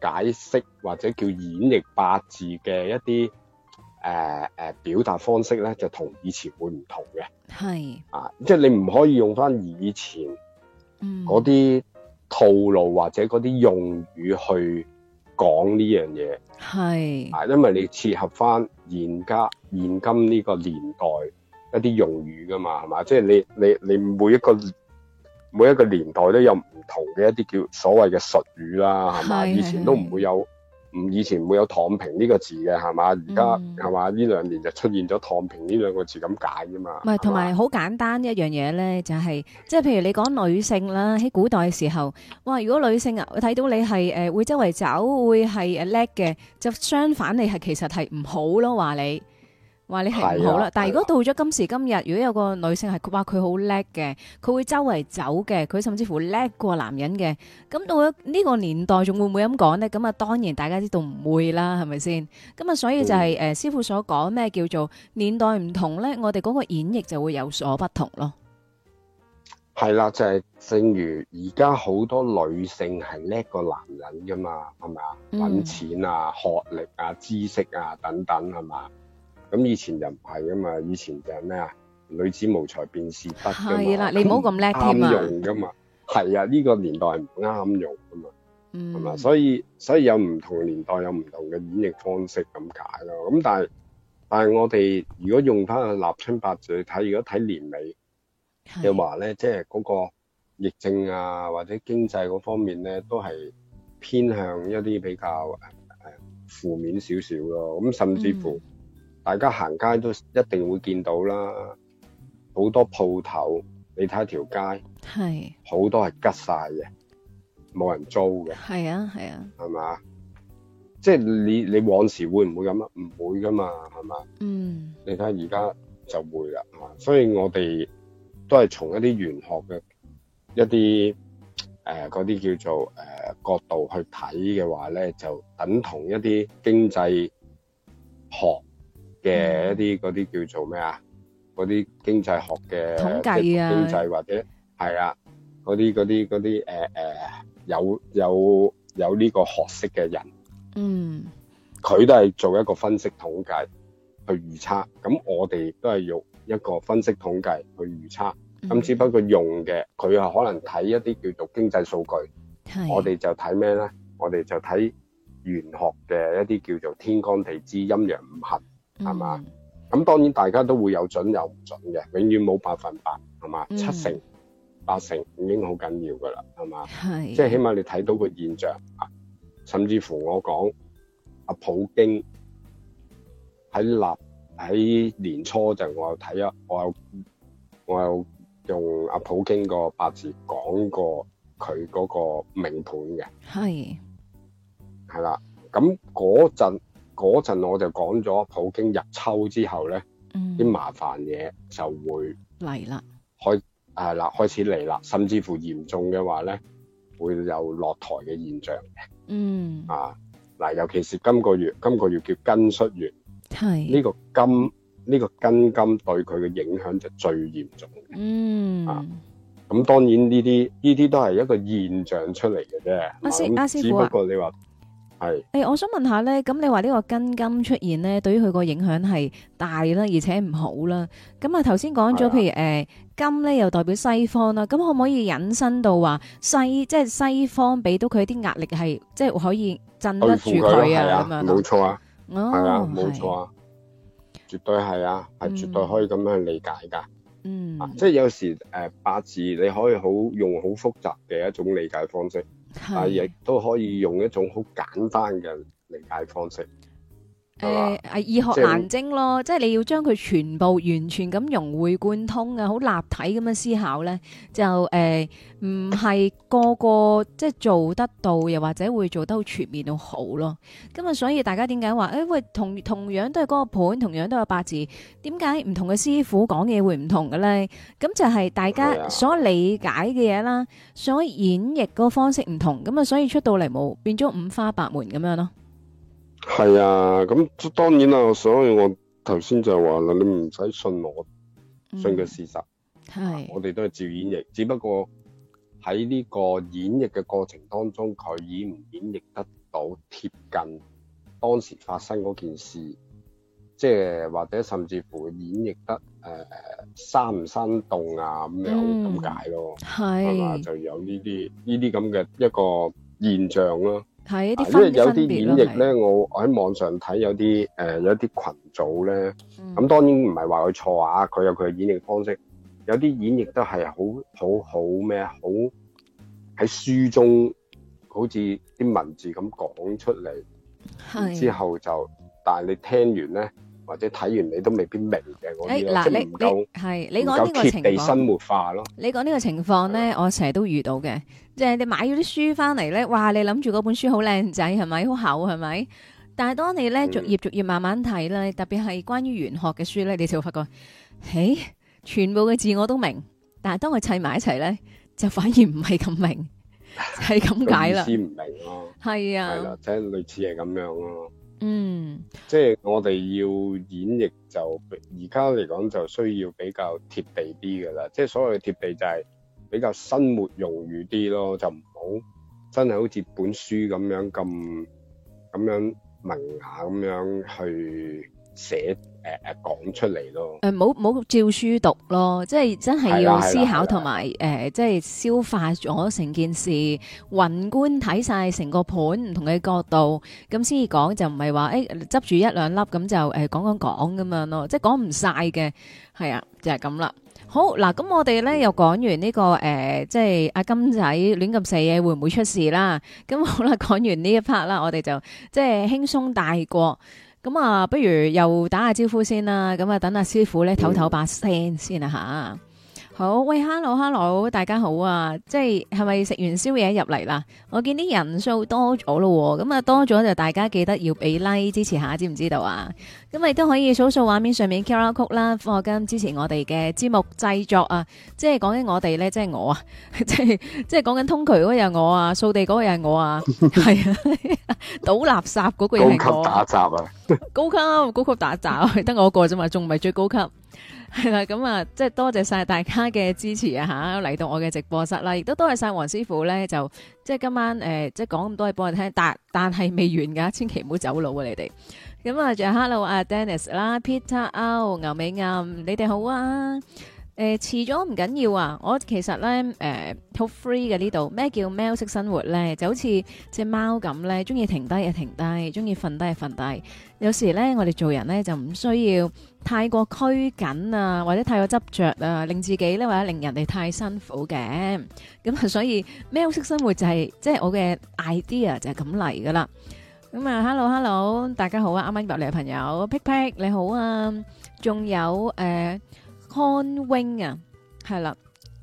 解釋或者叫演繹八字嘅一啲誒誒表達方式咧，就同以前會唔同嘅係啊，即係你唔可以用翻以前嗰啲套路或者嗰啲用語去講呢樣嘢係啊，因為你切合翻現家現今呢個年代一啲用語噶嘛，係嘛？即係你你你每一個。每一個年代都有唔同嘅一啲叫所謂嘅術語啦，係嘛？以前都唔會有，唔以前唔會有躺平呢、呢個字嘅，係嘛？而家係嘛？呢兩年就出現咗躺平呢兩個字咁解㗎嘛。唔、嗯、係，同埋好簡單的一樣嘢咧，就係、係、即係譬如你講女性啦，喺古代嘅時候，哇！如果女性啊，睇到你係誒、呃、會周圍走，會係誒叻嘅，就相反你係其實係唔好咯，話你。話你係唔好啦，但係如果到咗今時今日，如果有個女性係佢話佢好叻嘅，佢會周圍走嘅，佢甚至乎叻過男人嘅。咁到咗呢個年代，仲會唔會咁講呢？咁啊，當然大家知道唔會啦，係咪先？咁啊，所以就係誒師傅所講咩叫做年代唔同呢，我哋嗰個演繹就會有所不同咯。係啦，就係正如而家好多女性係叻過男人噶嘛，係咪啊？揾錢啊、學歷啊、知識啊等等係嘛？咁以前就唔係噶嘛，以前就係咩啊？女子無才便是德噶嘛，你唔好咁叻，唔啱用噶嘛，係啊！呢個年代唔啱用噶嘛，係嘛？所以所以有唔同年代有唔同嘅演繹方式咁解咯。咁但係但係我哋如果用翻去立春八字嚟睇，如果睇年尾嘅話咧，即係嗰個疫症啊，或者經濟嗰方面咧，都係偏向一啲比較誒誒、呃、負面少少咯。咁甚至乎、嗯。大家行街都一定會見到啦，好多鋪頭，你睇一條街，係啊，好多係吉晒嘅，冇人租嘅。係啊，係啊，係嘛？即係你你往時會唔會咁啊？唔會噶嘛，係嘛？嗯。你睇下而家就會啦，所以我哋都係從一啲玄學嘅一啲誒嗰啲叫做誒、呃、角度去睇嘅話咧，就等同一啲經濟學。嘅一啲嗰啲叫做咩啊？嗰啲經濟學嘅統計啊，經濟或者係啦，嗰啲嗰啲嗰啲誒誒有有有呢個學識嘅人，嗯，佢都係做一個分析統計去預測，咁我哋都係用一個分析統計去預測，咁、嗯、只不過用嘅佢係可能睇一啲叫做經濟數據，我哋就睇咩咧？我哋就睇玄學嘅一啲叫做天干地支、陰陽五行。係嘛？咁當然大家都會有準有唔準嘅，永遠冇百分百，係嘛？七成、八成已經好緊要㗎喇，係嘛？係，即係起碼你睇到個現象啊。甚至乎我講阿普京喺立喺年初就，我有睇啊，我有我有用阿普京個八字講過佢嗰個命盤嘅。係，係啦，咁嗰陣。嗰陣我就講咗，普京入秋之後咧，啲、嗯、麻煩嘢就會嚟啦，開係啦，開始嚟啦，甚至乎嚴重嘅話咧，會有落台嘅現象的。嗯啊，嗱，尤其是今個月，今個月叫金率月，係呢、呢個金呢、呢個金金對佢嘅影響就最嚴重的。嗯啊，咁當然呢啲呢啲都係一個現象出嚟嘅啫。阿師阿師傅啊！只不過你話係，誒、欸，我想問下咧，咁你話呢個庚金出現咧，對於佢個影響係大啦，而且唔好啦。咁啊，頭先講咗，譬如誒、呃、金咧又代表西方啦，咁可唔可以引申到話西，即係西方俾到佢啲壓力係，即係可以鎮得住佢啊？咁樣，冇錯啊，係、哦、啊，冇錯啊，啊，啊，啊，啊，絕對係啊，係絕對可以咁樣理解噶。嗯，啊、即係有時誒、呃、八字你可以好用好複雜嘅一種理解方式。啊！亦都可以用一種好簡單嘅理解方式。誒，係易學難精咯，即係你要將佢全部完全咁融會貫通啊，好立體咁樣思考咧，就誒唔係個個即係做得到，又或者會做得好全面好好咯。咁啊，所以大家點解話誒，喂，同同樣都係嗰個盤，同樣都有八字，點解唔同嘅師傅講嘢會唔同嘅咧？咁就係大家所理解嘅嘢啦，啊、所演繹個方式唔同，咁啊，所以出到嚟冇變咗五花八門咁樣咯。係啊，咁當然啦，所以我頭先就話啦，你唔使信我，信嘅事實，係、嗯啊、我哋都係照演繹，只不過喺呢個演繹嘅過程當中，佢演唔演繹得到貼近當時發生嗰件事，即係或者甚至乎演繹得誒、呃、生唔生動啊咁樣咁解咯，係、嗯、嘛就有呢啲呢啲咁嘅一個現象咯。些因為有啲演繹咧，我我喺網上睇有啲、呃、有啲群組咧，咁、嗯、當然唔係話佢錯啊，佢有佢嘅演繹方式，有啲演繹都係好好好咩，好喺書中好似啲文字咁講出嚟，係之後就但係你聽完咧或者睇完你都未必明嘅，啲，即係唔夠，係唔夠貼地生活化咯。你講呢個情況咧，我成日都遇到嘅。即係你買咗啲書翻嚟咧，哇！你諗住嗰本書好靚仔係咪？好厚係咪？但係當你咧逐頁逐頁慢慢睇咧、嗯，特別係關於玄學嘅書咧，你就會發覺，誒、欸，全部嘅字我都明，但係當佢砌埋一齊咧，就反而唔係咁明，係咁解啦。 *laughs* 意思唔明咯，係啊，係啦、啊，即係類似係咁樣咯、啊。嗯，即係我哋要演繹就而家嚟講就需要比較貼地啲噶啦，即係所謂嘅貼地就係。比較生活用語啲咯，就唔好真係好似本書咁樣咁咁樣文雅咁樣去寫誒誒講出嚟咯。誒，冇冇照書讀咯，即係真係要思考同埋誒，即係消化咗成件事，宏觀睇晒成個盤，唔同嘅角度咁先至講，就唔係話誒執住一兩粒咁就誒講講講咁樣咯，即係講唔晒嘅，係啊，就係咁啦。好嗱，咁我哋咧又講完呢、呢個誒、呃，即係阿金仔亂咁射嘢，會唔會出事啦？咁好啦，講完呢一 part 啦，我哋就即係輕鬆帶過。咁啊，不如又打下招呼先啦。咁、嗯、啊，等阿師傅咧唞唞把聲先啦。好喂，hello hello，大家好啊！即係係咪食完宵夜入嚟啦？我見啲人數多咗咯，咁啊多咗就大家記得要俾 like 支持下，知唔知道啊？咁咪都可以數數畫面上面 QR Code 啦，課金支持我哋嘅節目製作啊！即係講緊我哋咧，即係我啊，即係即係講緊通渠嗰個又我啊，掃地嗰個又我啊，係啊，倒垃圾嗰個又我啊，高級打雜啊，高級高級打雜，得我一個啫嘛，仲唔係最高級？係 *laughs* 啦，咁啊，即係多謝晒大家嘅支持啊吓，嚟到我嘅直播室啦，亦、啊、都多謝晒黃師傅咧，就即係今晚誒，即係講咁多嘢俾我哋聽，但但係未完噶，千祈唔好走佬啊你哋。咁啊，仲、啊、有 Hello 啊，Dennis 啦、啊、Peter 歐牛尾暗，你哋好啊。誒，遲咗唔緊要啊！我其實咧，誒，好 free 嘅呢度。咩叫喵式生活咧？就好似隻貓咁咧，中意停低就停低，中意瞓低就瞓低。有時咧，我哋做人咧就唔需要太過拘謹啊，或者太過執着啊，令自己咧或者令人哋太辛苦嘅。咁啊，所以喵式生活就係即係我嘅 idea 就係咁嚟噶啦。咁啊，hello hello，大家好啊！啱啱入嚟嘅朋友，pick pick 你好啊，仲有誒。Conwing 啊，係啦，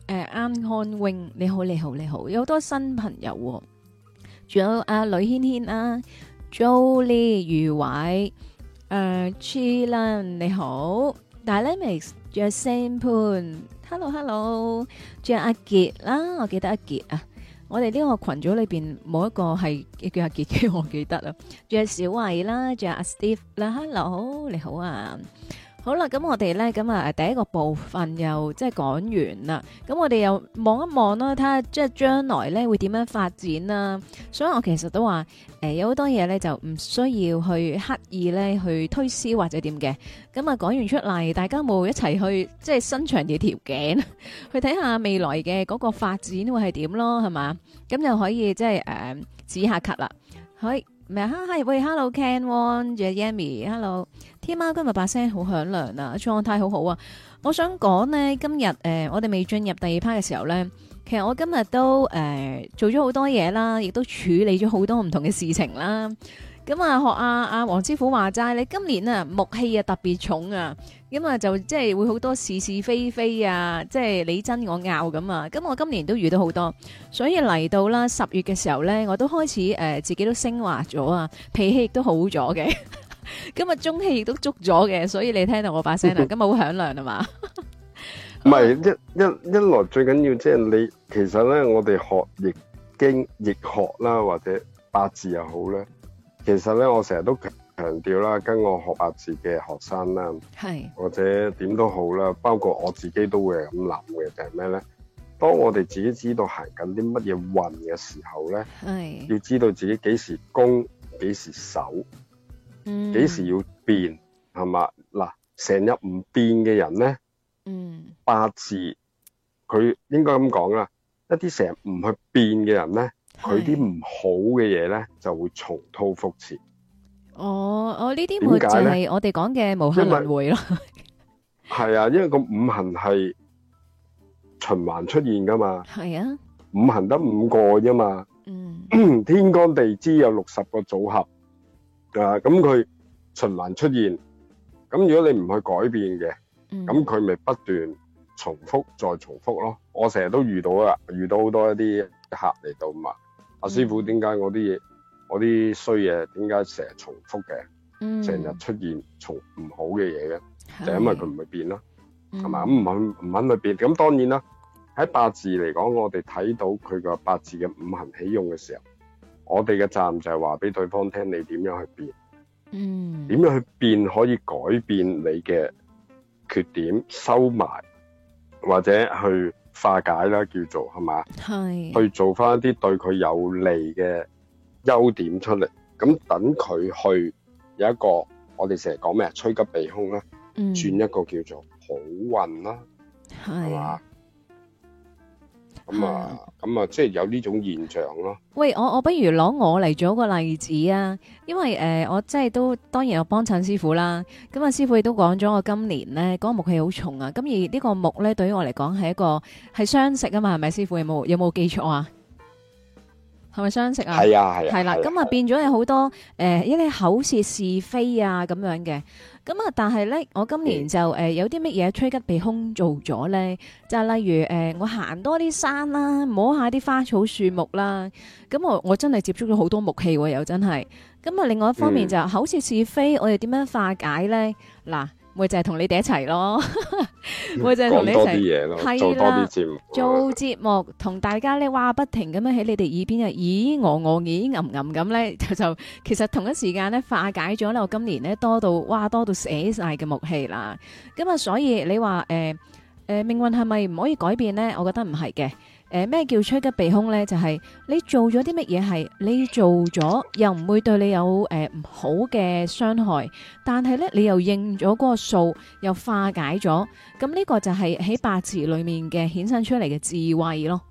誒，Ang Conwing，你好，你好，你好，有好多新朋友，仲有阿呂軒軒啦，Jolie 余偉，誒，Chilan 你好，Dynamic Jason Pan，Hello Hello，仲有阿杰啦，我記得阿杰啊，我哋呢個群組裏邊冇一個係叫阿杰嘅，我記得啊，仲有小維啦，仲有阿 Steve 啦，Hello，你好啊。好啦，咁我哋咧，咁啊，第一個部分又即係講完啦。咁我哋又望一望啦，睇下即係將來咧會點樣發展啦，啊。所以我其實都話，誒、呃，有好多嘢咧就唔需要去刻意咧去推銷，或者點嘅。咁啊，講完出嚟，大家冇一齊去即係伸長條條頸去睇下未來嘅嗰個發展會係點咯，係嘛？咁就可以即係誒、呃、指下級啦，唔係，哈喂，Hello，Ken Won，Jammy，Hello 天喵，今日把聲好響亮啊，狀態好好啊，我想講呢，今日誒、呃、我哋未進入第二 part 嘅時候咧，其實我今日都誒、呃、做咗好多嘢啦，亦都處理咗好多唔同嘅事情啦。咁、嗯、啊，學阿阿黃師傅話齋，你今年啊木氣啊特別重啊，咁、嗯、啊就即係會好多是是非非啊，即係你爭我拗咁啊。咁、嗯嗯、我今年都遇到好多，所以嚟到啦十月嘅時候咧，我都開始誒、呃、自己都升華咗啊，脾氣亦都好咗嘅。咁 *laughs* 啊、嗯，中氣亦都足咗嘅，所以你聽到我把聲啊，今日好響亮啊嘛。唔、嗯、係、嗯嗯、一一一來最緊要即係你、嗯、其實咧，我哋學易經易學啦，或者八字又好啦。其實咧，我成日都強強調啦，跟我學八字嘅學生啦，或者點都好啦，包括我自己都會係咁諗嘅，就係咩咧？當我哋自己知道行緊啲乜嘢運嘅時候咧，要知道自己幾時攻、幾時守、幾時要變，係、嗯、嘛？嗱，成日唔變嘅人咧、嗯，八字佢應該咁講啦，一啲成日唔去變嘅人咧。佢啲唔好嘅嘢咧，就會重蹈覆轍。哦，哦我呢啲點就係我哋講嘅無限輪迴咯。係 *laughs* 啊，因為個五行係循環出現噶嘛。係啊。五行得五個啫嘛。嗯。 *coughs* 天干地支有六十個組合，啊、咁、佢循環出現。咁如果你唔去改變嘅，咁佢咪不斷重複再重複咯。我成日都遇到啊，遇到好多一啲客嚟到嘛。阿師傅點解我啲嘢，我啲衰嘢點解成日重複嘅？成、嗯、日出現重唔好嘅嘢嘅，就係、因為佢唔會變啦，係、嗯、嘛？咁唔肯唔、嗯、肯去變，咁當然啦。喺八字嚟講，我哋睇到佢個八字嘅五行起用嘅時候，我哋嘅責任就係話俾對方聽，你點樣去變？嗯，點樣去變可以改變你嘅缺點，收埋或者去，化解啦，叫做係嘛，係，去做翻一啲對佢有利嘅優點出嚟，咁等佢去有一個我哋成日講咩啊，趨吉避凶啦，轉、嗯、一個叫做好運啦，係嘛。是咁、嗯、啊，咁、嗯、啊，即係有呢種現象咯。喂，我我不如攞我嚟做一個例子啊，因為誒、呃，我即係都當然我幫襯師傅啦。咁啊，師傅亦都講咗我今年咧，嗰、那個木氣好重啊。咁而呢個木咧，對於我嚟講係一個係相識啊嘛，係咪師傅有冇有冇記錯啊？係咪相識啊？係啊係。係啦、啊，咁啊，啊，啊，啊，啊，啊變咗有好多誒、呃，一啲口舌是，是非啊咁樣嘅。咁啊！但係咧，我今年就誒、呃、有啲乜嘢趨吉避凶做咗咧，就是、例如誒、呃、我行多啲山啦、啊，摸一下啲花草樹木啦。咁我我真係接觸咗好多木器，又真係。咁啊，另外一方面就好似是非，我哋點樣化解咧？嗱。會， *laughs* 會就係同你哋一齊咯，會就係同你一齊做多啲嘢咯，做多啲節目， *laughs* 做目，做節目同大家咧，哇不停咁樣喺你哋耳邊啊，咦我我咦吟吟咁咧，就就其實同一時間咧化解咗咧，我今年咧多到哇多到死晒嘅木氣啦，咁啊所以你話誒誒命運係咪唔可以改變咧？我覺得唔係嘅。誒、呃，咩叫吹吉避凶咧？就係、是、你做咗啲乜嘢係你做咗又唔會對你有誒唔、呃、好嘅傷害，但係咧你又應咗嗰個數，又化解咗，咁呢個就係喺八字裏面嘅顯現出嚟嘅智慧咯。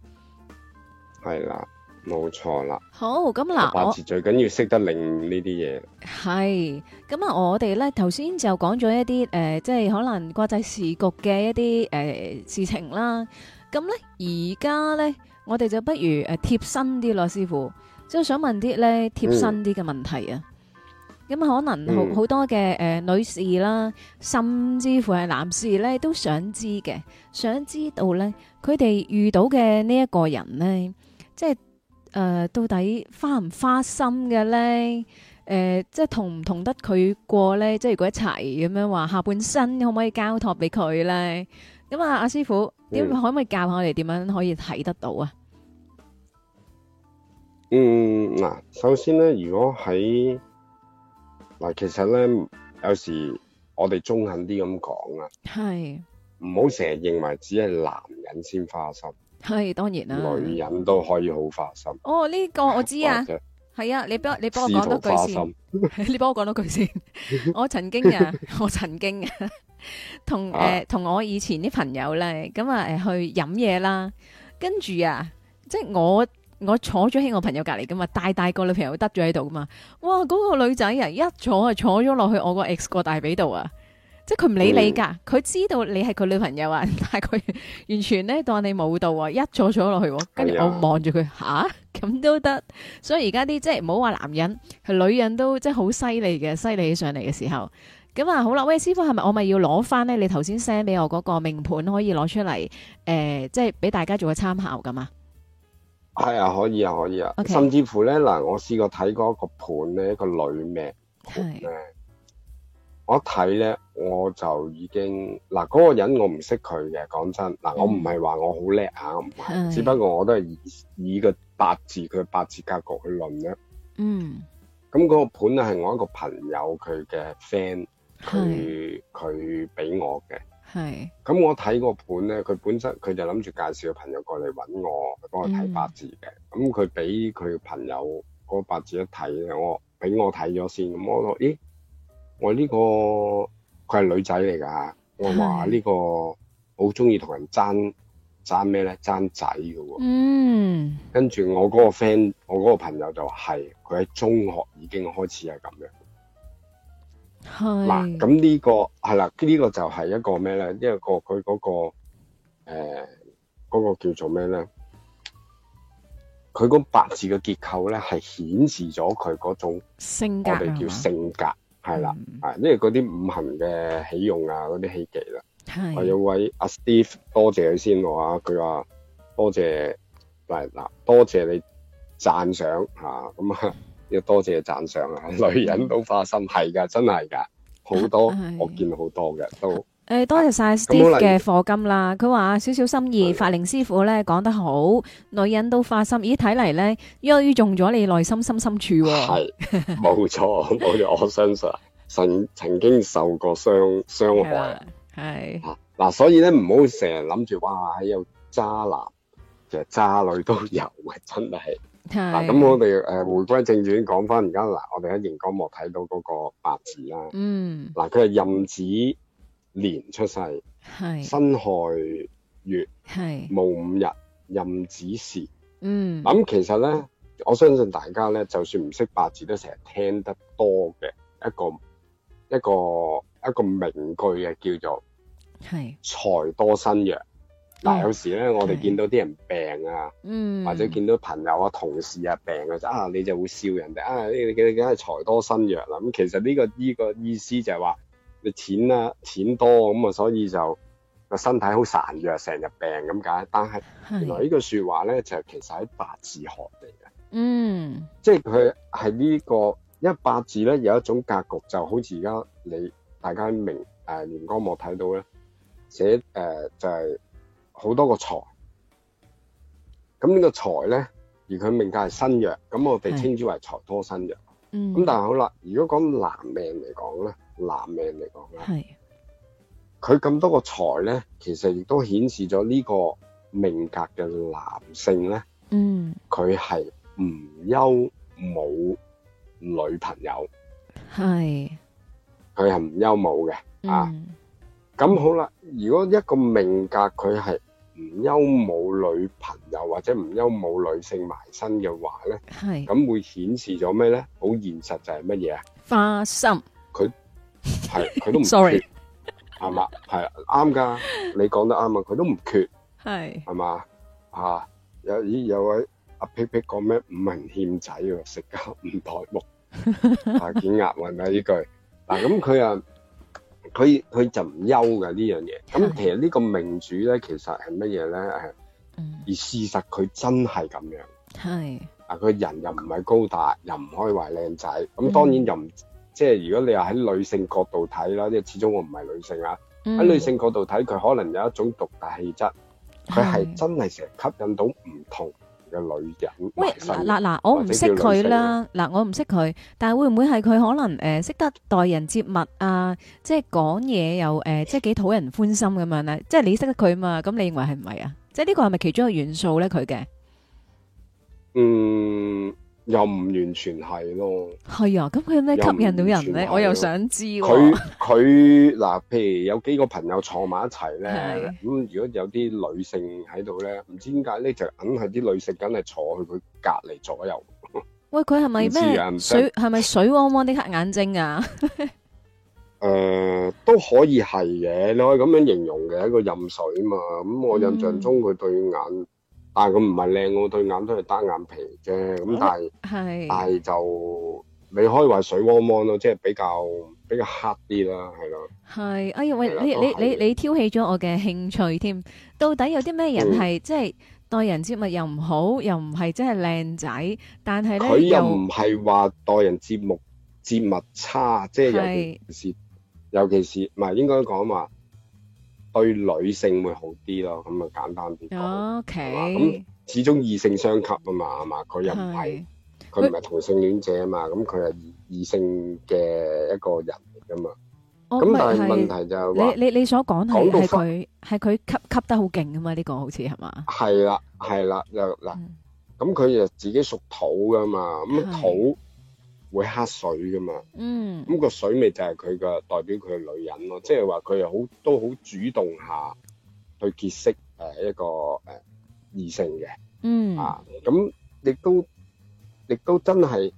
係啦，冇錯啦。好，咁嗱，八字最緊要識得令呢啲嘢。係，咁啊，我哋咧頭先就講咗一啲誒、呃，即係可能掛制事局嘅一啲誒、呃、事情啦。咁咧，而家咧，我哋就不如誒貼身啲咯，師傅，即係想問啲咧貼身啲嘅問題啊。咁、mm. 可能好好、mm. 多嘅誒、呃、女士啦，甚至乎係男士咧都想知嘅，想知道咧佢哋遇到嘅呢一個人咧，即係誒、呃、到底花唔花心嘅咧？誒、呃，即係同唔同得佢過咧？即係如果一齊咁樣話下半身可唔可以交託俾佢咧？咁啊，阿師傅。點可唔可以教下我哋點樣可以睇得到啊？嗯，嗱，首先咧，如果喺嗱，其實咧有時我哋中肯啲咁講啊，係唔好成日認為只係男人先花心，係當然啦，女人都可以好花心。哦，呢個我知啊。係啊，你幫我你幫我講多句先， *laughs* 你幫我講多句先。 *laughs* 我曾經啊，我曾經啊同誒同我以前啲朋友咧，咁啊誒去飲嘢啦，跟住啊，即係我我坐咗喺我朋友隔籬噶嘛，大大個女朋友得咗喺度噶嘛，哇嗰、嗰個女仔啊，一坐啊坐咗落去我個 ex 個大髀度啊！即係佢唔理你噶，佢、嗯、知道你係佢女朋友啊，但係佢完全咧當你冇到啊，一坐坐落去，跟住我望住佢，吓，咁都得。所以而家啲即係唔好話男人，係女人都即係好犀利嘅，犀利起上嚟嘅時候，咁啊好啦，喂，師傅係咪我咪要攞翻咧？你頭先 send 俾我嗰個命盤可以攞出嚟，誒、呃，即係俾大家做個參考噶嘛？係、哎、啊，可以啊，可以啊。Okay. 甚至乎咧嗱，我試過睇過一個盤咧，一個女命盤我睇咧。我就已經嗱，嗰個人我唔識佢嘅，講真嗱，我唔係話我好叻啊，我唔係，只不過我都係以，以個八字佢八字格局去論啫。嗯，咁嗰個盤咧係我一個朋友佢嘅 friend，佢佢俾我嘅。係，咁我睇個盤咧，佢本身佢就諗住介紹個朋友過嚟搵我，幫佢睇八字嘅。咁佢俾佢朋友嗰個八字一睇咧，我俾我睇咗先，咁我話咦，我呢個。佢係女仔嚟噶，我話，呢個好中意同人爭爭咩咧？爭仔嘅喎。嗯。跟住我嗰個 friend，我嗰個朋友就係佢喺中學已經開始係咁樣。係。嗱、啊，咁呢、呢個係啦，呢、呢個就係一個咩咧？一、呢個佢嗰、嗰個誒，嗰、呃嗰個叫做咩咧？佢嗰八字嘅結構咧，係顯示咗佢嗰種性格。我哋叫性格。係啦，啊、嗯，呢個嗰啲五行嘅喜用啊，嗰啲喜忌啦，我有位阿、啊、Steve，多謝佢先喎啊，佢話多謝，嗱，多謝你讚賞吓，咁、嗯、啊要多謝讚賞啊，女人都花心，係噶，真係噶，好多我見好多嘅都。誒，多謝晒 Steve 嘅課金啦。佢話少少心意，法寧師傅咧講得好，女人都花心。咦，睇嚟咧，由於中咗你內心深深處係冇錯，冇 *laughs* 我相信曾曾經受過傷傷害係嗱、啊，所以咧唔好成日諗住哇，有渣男，其實渣女都有，真係嗱。咁、啊、我哋誒回歸正傳，講翻而家嗱，在我哋喺熒光幕睇到嗰個八字啦，嗯，嗱、啊，佢係壬子，年出世，係辛亥月，係戊午日，壬子時。嗯，咁其實咧，我相信大家咧，就算唔識八字，都成日聽得多嘅一個一個一個名句嘅叫做係財多身弱。但有時咧，我哋見到啲人病啊，嗯，或者見到朋友啊、同事啊病啊，就啊你就會笑人哋啊，你你你梗係財多身弱啦。咁、嗯、其實呢、呢個呢、呢個意思就係話。你錢啦、啊，錢多咁啊、嗯，所以就個身體好孱弱，成日病咁解。但係原來這句呢句説話咧，就其實喺八字學嚟嘅。嗯，即係佢係呢個，一八字咧有一種格局，就好似而家你大家明誒螢光幕睇到咧，寫誒、呃、就係、是、好多個財。咁呢個財咧，而佢命格係身弱，咁我哋稱之為財多身弱。咁、嗯、但係好啦，如果講男命嚟講咧，男命嚟講咧，佢咁多個財咧，其實亦都顯示咗呢個命格嘅男性咧，嗯，佢係唔憂冇女朋友，係，佢係唔憂冇嘅啊，咁好啦，如果一個命格佢係。唔憂冇女朋友或者唔憂冇女性埋身嘅話咧，係咁會顯示咗咩咧？好現實就係乜嘢啊？花心，佢係佢都唔缺，係嘛？係啱噶，你講得啱啊！佢都唔缺，係係嘛？啊有咦有位阿皮皮講咩？五文欠仔啊，食交五代目 *laughs* 啊，撿鴨運啊呢句嗱咁佢啊。佢佢就唔憂嘅呢樣嘢，咁其實呢個命主咧，其實係乜嘢咧？誒、嗯，而事實佢真係咁樣，係啊，佢人又唔係高大，又唔可以話靚仔，咁當然又唔即係如果你話喺女性角度睇啦，即係始終我唔係女性啊，喺、嗯、女性角度睇，佢可能有一種獨特氣質，佢係真係成日吸引到唔同。嘅女人喂，嗱嗱嗱，我唔識佢啦，嗱，我唔識佢，但係會唔會係佢可能誒識得待人接物啊，即係講嘢又誒，即係幾討人歡心咁樣咧？即係你識得佢嘛？咁你認為係唔係啊？即係呢個係咪其中一個元素咧？佢嘅嗯。又唔完全係咯，係啊，咁佢有咩吸引到人咧？我又想知佢，佢嗱，譬如有幾個朋友坐埋一齊咧，咁、嗯、如果有啲女性喺度咧，唔知點解咧就梗係啲女性梗係坐喺佢隔籬左右。喂，佢係咪咩水？係咪水，水汪汪啲黑眼睛啊？誒、 *laughs* 呃，都可以係嘅，你可以咁樣形容嘅一個任水嘛。咁我印象中佢對眼。嗯但佢唔係靚，我對眼都係單眼皮嘅，咁但係，但係、哦、就你可以話水汪汪咯，即係比較比較黑啲啦，係咯。係，哎呀喂，你你你你挑起咗我嘅興趣添，到底有啲咩人係即係待人接物又唔好，又唔係真係靚仔，但係咧佢又唔係話待人接物接物差，即係尤其是尤其是，唔係應該講話。對女性會好啲咯，咁啊簡單啲。OK，咁始終異性相吸啊嘛，啊嘛佢又唔係佢唔係同性戀者啊嘛，咁佢係異性嘅一個人㗎嘛。咁、哦、但係問題就係、係，你你你所講佢係佢吸吸得好勁啊嘛？呢、呢個好似係嘛？係啦，係啦，嗱嗱，咁佢就自己屬土㗎嘛，咁土。會黑水噶嘛？嗯，咁個水味就係佢嘅代表佢係女人咯、啊，即係話佢又好都好主動下去結識一個誒異性嘅。嗯，啊，咁亦都亦都真係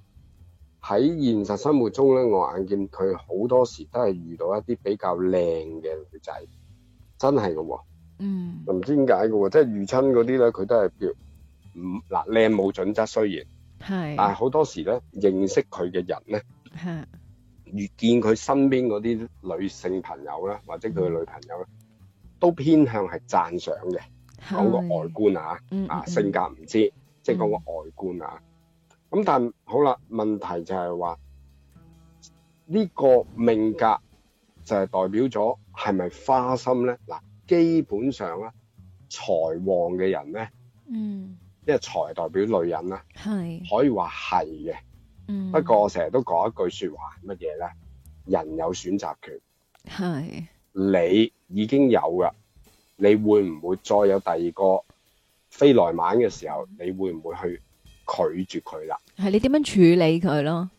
喺現實生活中咧，我眼見佢好多時都係遇到一啲比較靚嘅女仔，真係㗎喎。嗯，唔知點解嘅喎，即係遇親嗰啲咧，佢都係叫唔嗱靚冇準則，雖然。係，但係好多時咧，認識佢嘅人咧，係見佢身邊嗰啲女性朋友咧，或者佢嘅女朋友咧，都偏向係讚賞嘅，講，個外觀啊，啊性格唔知，即係講個外觀啊。咁、嗯嗯嗯、但係好啦，問題就係話呢個命格就係代表咗係咪花心咧？嗱，基本上咧、啊，財旺嘅人咧，嗯。即係財代表女人啦，係可以話係嘅，不過我成日都講一句說話，乜嘢咧？人有選擇權，係你已經有噶，你會唔會再有第二個飛來蜢嘅時候？你會唔會去拒絕佢啦？係你點樣處理佢咯？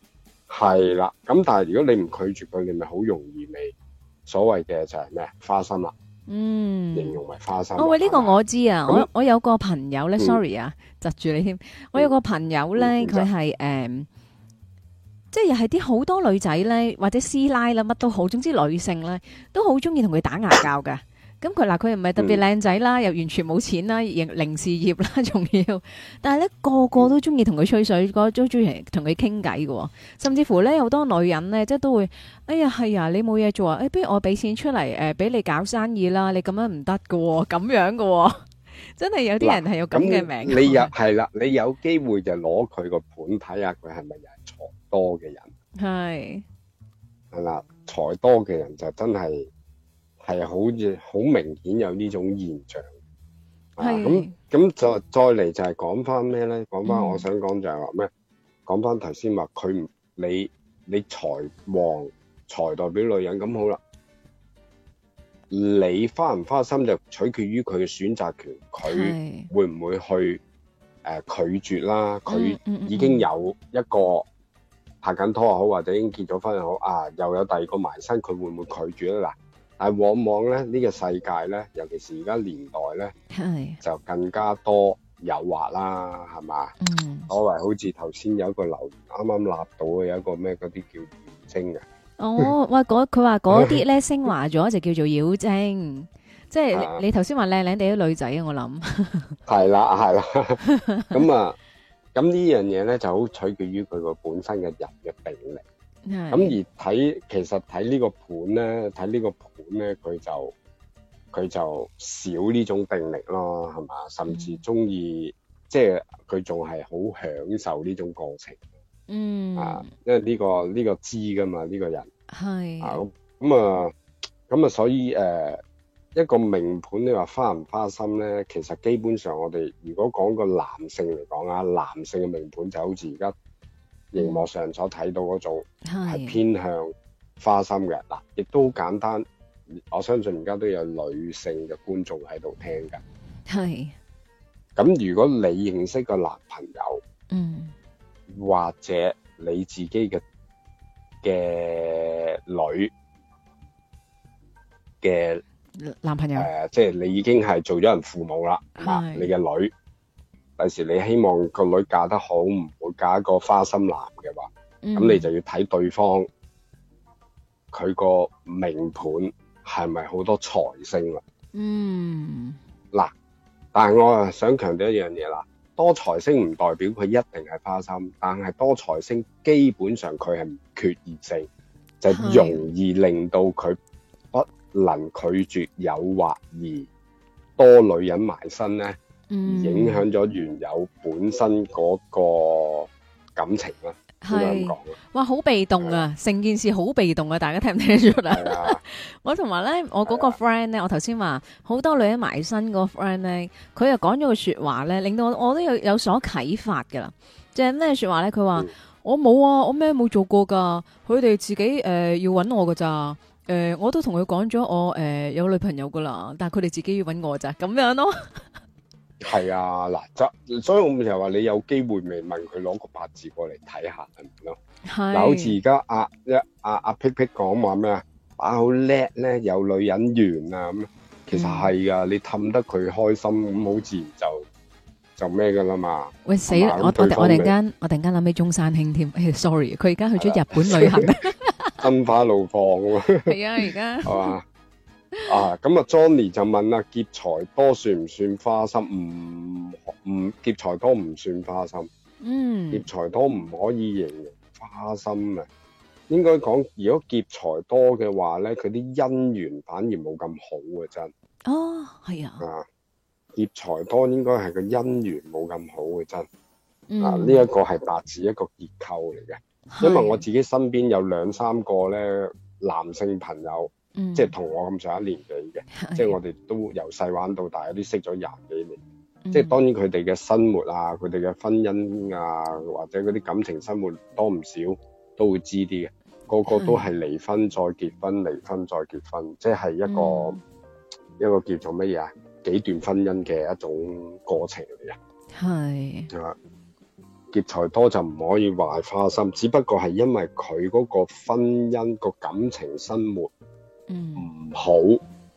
係啦，咁但係如果你唔拒絕佢，你咪好容易咪所謂嘅就係咩花心啦。嗯，花生，哦，喂呢、呢個我知啊、嗯，我我有個朋友咧、嗯、，sorry 啊，窒住你添，我有個朋友咧，佢係誒，即係又係啲好多女仔咧，或者師奶啦乜都好，總之女性咧，都好中意同佢打牙交嘅。 *coughs* 咁佢嗱佢又唔係特別靚仔啦，又完全冇錢啦，零事業啦，仲要。但係咧個個都中意同佢吹水，個、嗯、都中意同佢傾偈嘅。甚至乎咧好多女人咧，即係都會，哎呀係啊，你冇嘢做啊、哎，不如我俾錢出嚟誒俾你搞生意啦。你咁樣唔得喎，咁樣喎、哦。」真係有啲人係有咁嘅名字。你又係啦，你有機會就攞佢個盤睇下，佢係咪又係財多嘅人？係係啦，財多嘅人就真係。係好好明顯有呢種現象，咁咁、啊、再再嚟就係講翻咩咧？講翻我想講就係話咩？講翻頭先話佢唔你你財旺財代表女人咁好啦，你花唔花心就取決於佢嘅選擇權。佢會唔會去誒、呃、拒絕啦？佢、嗯嗯嗯、已經有一個拍緊拖又好，或者已經結咗婚又好啊，又有第二個埋身，佢會唔會拒絕咧？嗱？但係往往咧，呢個世界咧，尤其是而家年代咧，就更加多誘惑啦，係嘛？嗯，所謂好似頭先有一個流，啱啱立到嘅有一個咩嗰啲叫妖精嘅。哦，喂，嗰佢話嗰啲咧昇華咗就叫做妖精，即係你頭先話靚靚哋啲女仔啊，我諗。係啦，係啦。咁啊，咁呢樣嘢咧就好取決於佢個本身嘅人嘅定力。咁而睇，其實睇呢個盤咧，睇呢個盤咧，佢就佢就少呢種定力咯，係嘛？甚至中意、嗯，即係佢仲係好享受呢種過程。嗯。啊，因為呢、呢個呢、呢個知噶嘛，呢、呢個人。啊咁咁、嗯、啊咁、嗯啊，嗯啊，嗯、啊，所以、啊、一個名盤，你話花唔花心咧？其實基本上，我哋如果講個男性嚟講啊，男性嘅名盤就好似而家。.熒幕上所睇到嗰種係偏向花心嘅，嗱，亦、啊、都簡單，我相信而家都有女性嘅觀眾喺度聽㗎。係，咁如果你認識個男朋友，嗯，或者你自己嘅嘅女嘅男朋友，即、呃、係、就是、你已經係做咗人父母啦、啊，你嘅女。有時你希望個女嫁得好，唔會嫁一個花心男嘅話，咁、嗯、你就要睇對方佢個命盤係咪好多財星啦。嗯，嗱，但係我啊想強調一樣嘢啦，多財星唔代表佢一定係花心，但係多財星基本上佢係唔缺熱性，就容易令到佢不能拒絕誘惑而多女人埋身咧。影響咗原有本身嗰個感情啦，點、嗯、樣講啊？哇，好被動啊！成、啊、件事好被動啊！大家聽唔聽得出啊？ *laughs* 啊？我同埋咧，我嗰個 friend 咧，我頭先話好多女人埋身個 friend 咧，佢又講咗個說話咧，令到我我都有有所啟發噶啦。即係咩說話咧？佢話、嗯、我冇啊，我咩冇做過噶，佢哋自己誒、呃、要搵我噶咋？誒、呃，我都同佢講咗，我、呃、誒有女朋友噶啦，但係佢哋自己要搵我咋，咁樣咯。 *laughs* 係啊，嗱，就所以我咪又話你有機會咪問佢攞個八字過嚟睇下咯。係嗱，好似而家阿一阿阿 picpic 講話咩啊，玩好叻咧，有女人緣啊咁，其實係啊、嗯，你氹得佢開心咁，好自然就就咩噶啦嘛。喂死啦！我我,我突然間我突然間諗起中山興添、哎、，sorry，佢而家去咗日本旅行啊， *laughs* *laughs* 金花怒放 *laughs* 啊！係啊，而家。好啊。啊，咁啊，Johnny 就問啦，劫財多算唔算花心？唔唔劫財多唔算花心，嗯，劫財多唔可以形容花心啊。應該講，如果劫財多嘅話咧，佢啲姻緣反而冇咁好嘅真。哦，係啊，啊，劫財多應該係個姻緣冇咁好嘅真。啊，呢一個係八字一個結構嚟嘅，因為我自己身邊有兩三個咧男性朋友。嗯、即係同我咁上一年紀嘅，即係我哋都由細玩到大，都識咗廿幾年。嗯、即係當然佢哋嘅生活啊，佢哋嘅婚姻啊，或者嗰啲感情生活多唔少都會知啲嘅。個個都係離婚再結婚，離婚再結婚，即係一個、嗯、一個叫做乜嘢啊？幾段婚姻嘅一種過程嚟啊。係啊，劫財多就唔可以話係花心，只不過係因為佢嗰個婚姻，個感情生活。唔好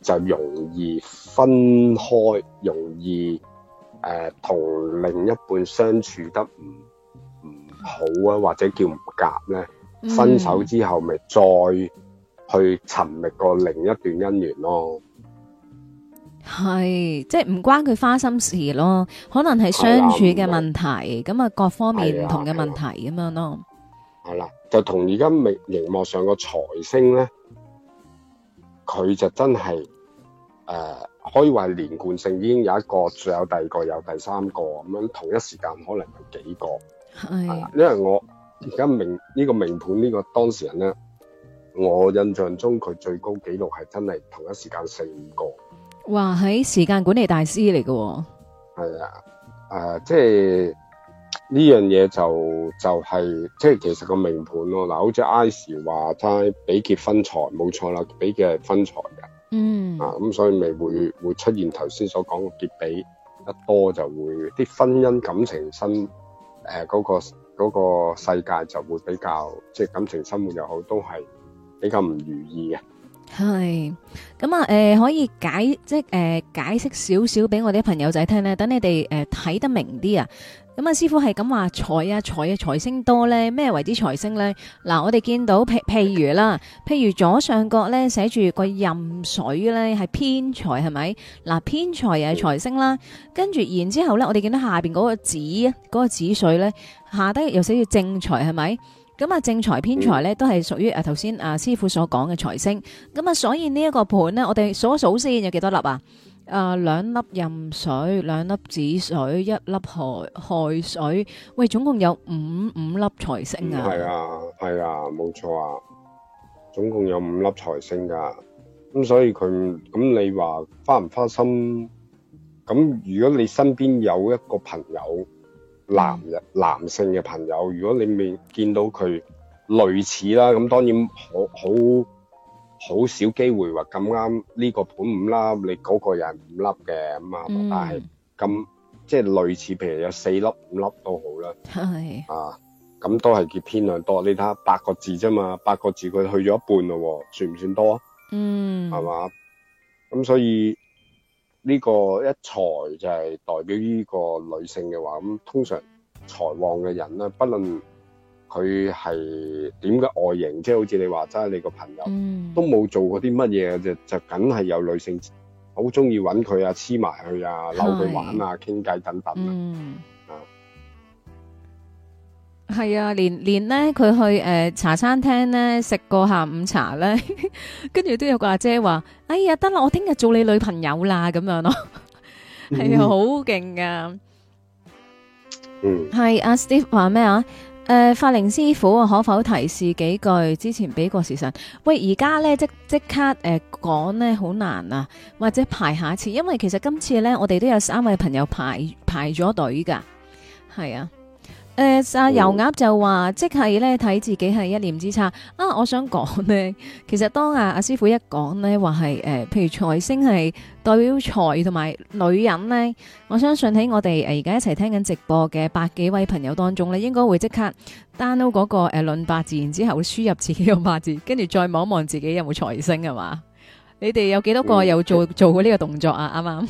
就容易分開，容易誒同、呃、另一半相處得唔唔好啊，或者叫唔夾咧。分手之後，咪再去尋覓過另一段姻緣咯。係，即係唔關佢花心事咯，可能係相處嘅問題，咁啊各方面唔同嘅問題咁樣咯。係啦，就同而家明熒幕上個財星咧。佢就真係，誒、呃，可以話連貫性已經有一個，再有第二個，有第三個咁樣，同一時間可能有幾個。係、呃，因為我而家明呢、這個命盤、這個、呢個當事人咧，我印象中佢最高紀錄係真係同一時間四五個。哇，係時間管理大師嚟嘅、哦。係啊，誒、呃，即係。呢樣嘢，就就係、是就是、即係其實個命盤咯，嗱，好似 I 時話齋，比劫分財冇錯啦，比劫係分財嘅、mm. 啊，嗯，啊咁所以咪會會出現頭先所講嘅劫比一多就會啲婚姻感情生誒嗰個、那個世界就會比較即係感情生活又好都係比較唔如意嘅。.係，咁啊，誒、呃，可以解即係誒、呃，解釋少少俾我啲朋友仔聽咧，等你哋誒睇得明啲啊。咁啊，師傅係咁話財啊，財啊，財星多咧，咩為之財星咧？嗱，我哋見到譬譬如啦，譬如左上角咧寫住個壬水咧係偏財係咪？嗱，偏財又係財星啦，跟住然之後咧，我哋見到下邊嗰個子嗰、嗰個子水咧，下低又寫住正財係咪？是。咁啊，正財偏財咧，都係屬於誒頭先啊師傅所講嘅財星。咁啊，所以呢一個盤咧，我哋數一數先，有幾多粒啊？誒，兩粒壬水，兩粒紫水，一粒亥亥水。喂，總共有五五粒財星啊！係啊，係啊，冇錯啊，總共有五粒財星噶。咁所以佢咁你話花唔花心？咁如果你身邊有一個朋友。男人、男性嘅朋友，如果你未見到佢類似啦，咁當然好好好少機會話咁啱呢個盤五粒，你嗰個人五粒嘅，咁啊，但係咁即係類似，譬如有四粒五粒都好啦。係啊，咁都係叫偏量多。你睇八個字啫嘛，八個字佢去咗一半咯，算唔算多？嗯，係嘛？咁所以。呢、這個一財就係代表呢個女性嘅話，咁通常財旺嘅人咧，不論佢係點嘅外形，即、就、係、是、好似你話齋，你個朋友、嗯、都冇做過啲乜嘢，就就梗係有女性好中意揾佢啊，黐埋佢啊，嬲佢玩啊，傾偈等等啊。嗯。係啊，連連呢，佢去誒、呃、茶餐廳呢，食個下午茶呢，跟住都有個阿姐話：，哎呀，得啦，我聽日做你女朋友啦，咁樣咯，係啊，好勁噶。嗯，係阿 Steve 話咩啊？誒、啊呃，法寧師傅可否提示幾句？之前俾過時辰，喂，而家呢，即即刻誒講、呃、呢好難啊，或者排下一次，因為其實今次呢，我哋都有三位朋友排排咗隊噶，係啊。誒、uh,，油鴨就話，即係咧睇自己係一念之差啊！我想講呢，其實當阿、啊、阿師傅一講呢話係誒，譬如財星係代表財同埋女人呢，我相信喺我哋誒而家一齊聽緊直播嘅百幾位朋友當中呢，應該會即刻 download 嗰個誒論八字，然之後輸入自己個八字，跟住再望一望自己有冇財星係嘛？你哋有幾多個有做、uh. 做過呢個動作啊？啱啱？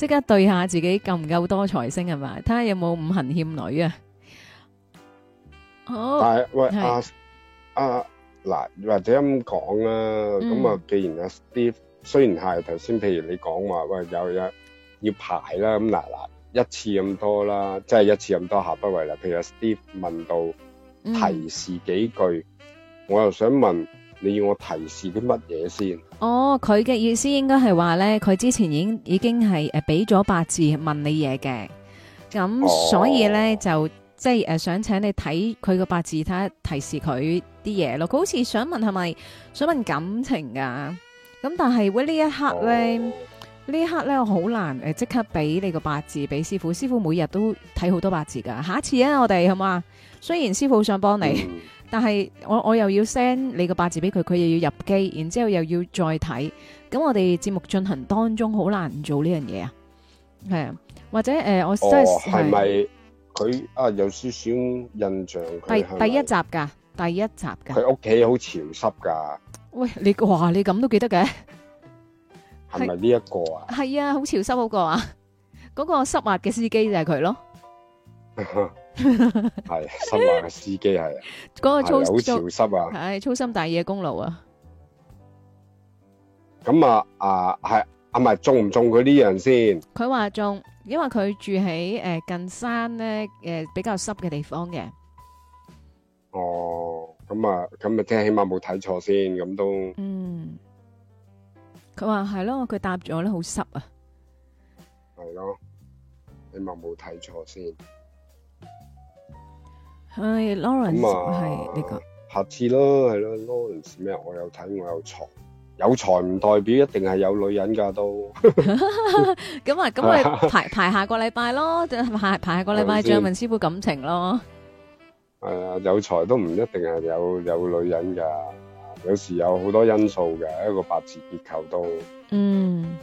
即刻對下自己夠唔夠多財星係嘛？睇下有冇五行欠女啊！哦，但係喂阿阿嗱，或者咁講啦，咁啊，既然阿 Steve 雖然係頭先，譬如你講話喂有有要排啦，咁嗱嗱一次咁多啦，即係一次咁多，下不為例。譬如阿 Steve 問到提示幾句，我又想問你要我提示啲乜嘢先？哦，佢嘅意思應該係話咧，佢之前已經已經係誒俾咗八字問你嘢嘅，咁所以咧、oh. 就即係想請你睇佢個八字，睇提示佢啲嘢咯。佢好似想問係咪想問感情㗎？咁但係喂呢一刻咧呢、oh. 一刻咧我好難即刻俾你個八字俾師傅，師傅每日都睇好多八字噶。下一次啊，我哋好嘛？雖然師傅想幫你。Oh. 但係我我又要 send 你個八字俾佢，佢又要入機，然之後又要再睇，咁我哋節目進行當中好難做呢樣嘢啊，係啊，或者誒、呃，我真係，哦，係咪佢啊？有少少印象佢，第第一集噶，第一集噶。佢屋企好潮濕噶。喂，你哇你咁都記得嘅，係咪呢一個啊？係啊，好潮濕好潮濕嗰個啊，嗰、嗰個濕滑嘅司機就係佢咯。 *laughs* 係，新馬嘅司機係，嗰個粗好潮濕啊，係粗心大意嘅公路啊。咁啊啊，係啊，係咪中唔中佢呢樣先？佢話中，因為佢住喺誒近山咧，誒比較濕嘅地方嘅。哦，咁啊，咁啊，聽起碼冇睇錯先，咁都，嗯。佢話係咯，佢答咗咧，好濕啊，係咯，起碼冇睇錯先。係 Lawrence 係呢、啊，這個，下次咯，係咯，啊，Lawrence 咩？我有睇，我有財，有財唔代表一定係有女人噶都。咁 *laughs* *laughs* 啊，咁咪排 *laughs* 排下個禮拜咯，排排下個禮拜再問師傅感情咯。係啊，有財都唔一定係有有女人噶。有時有好多因素嘅一個八字結構都嗯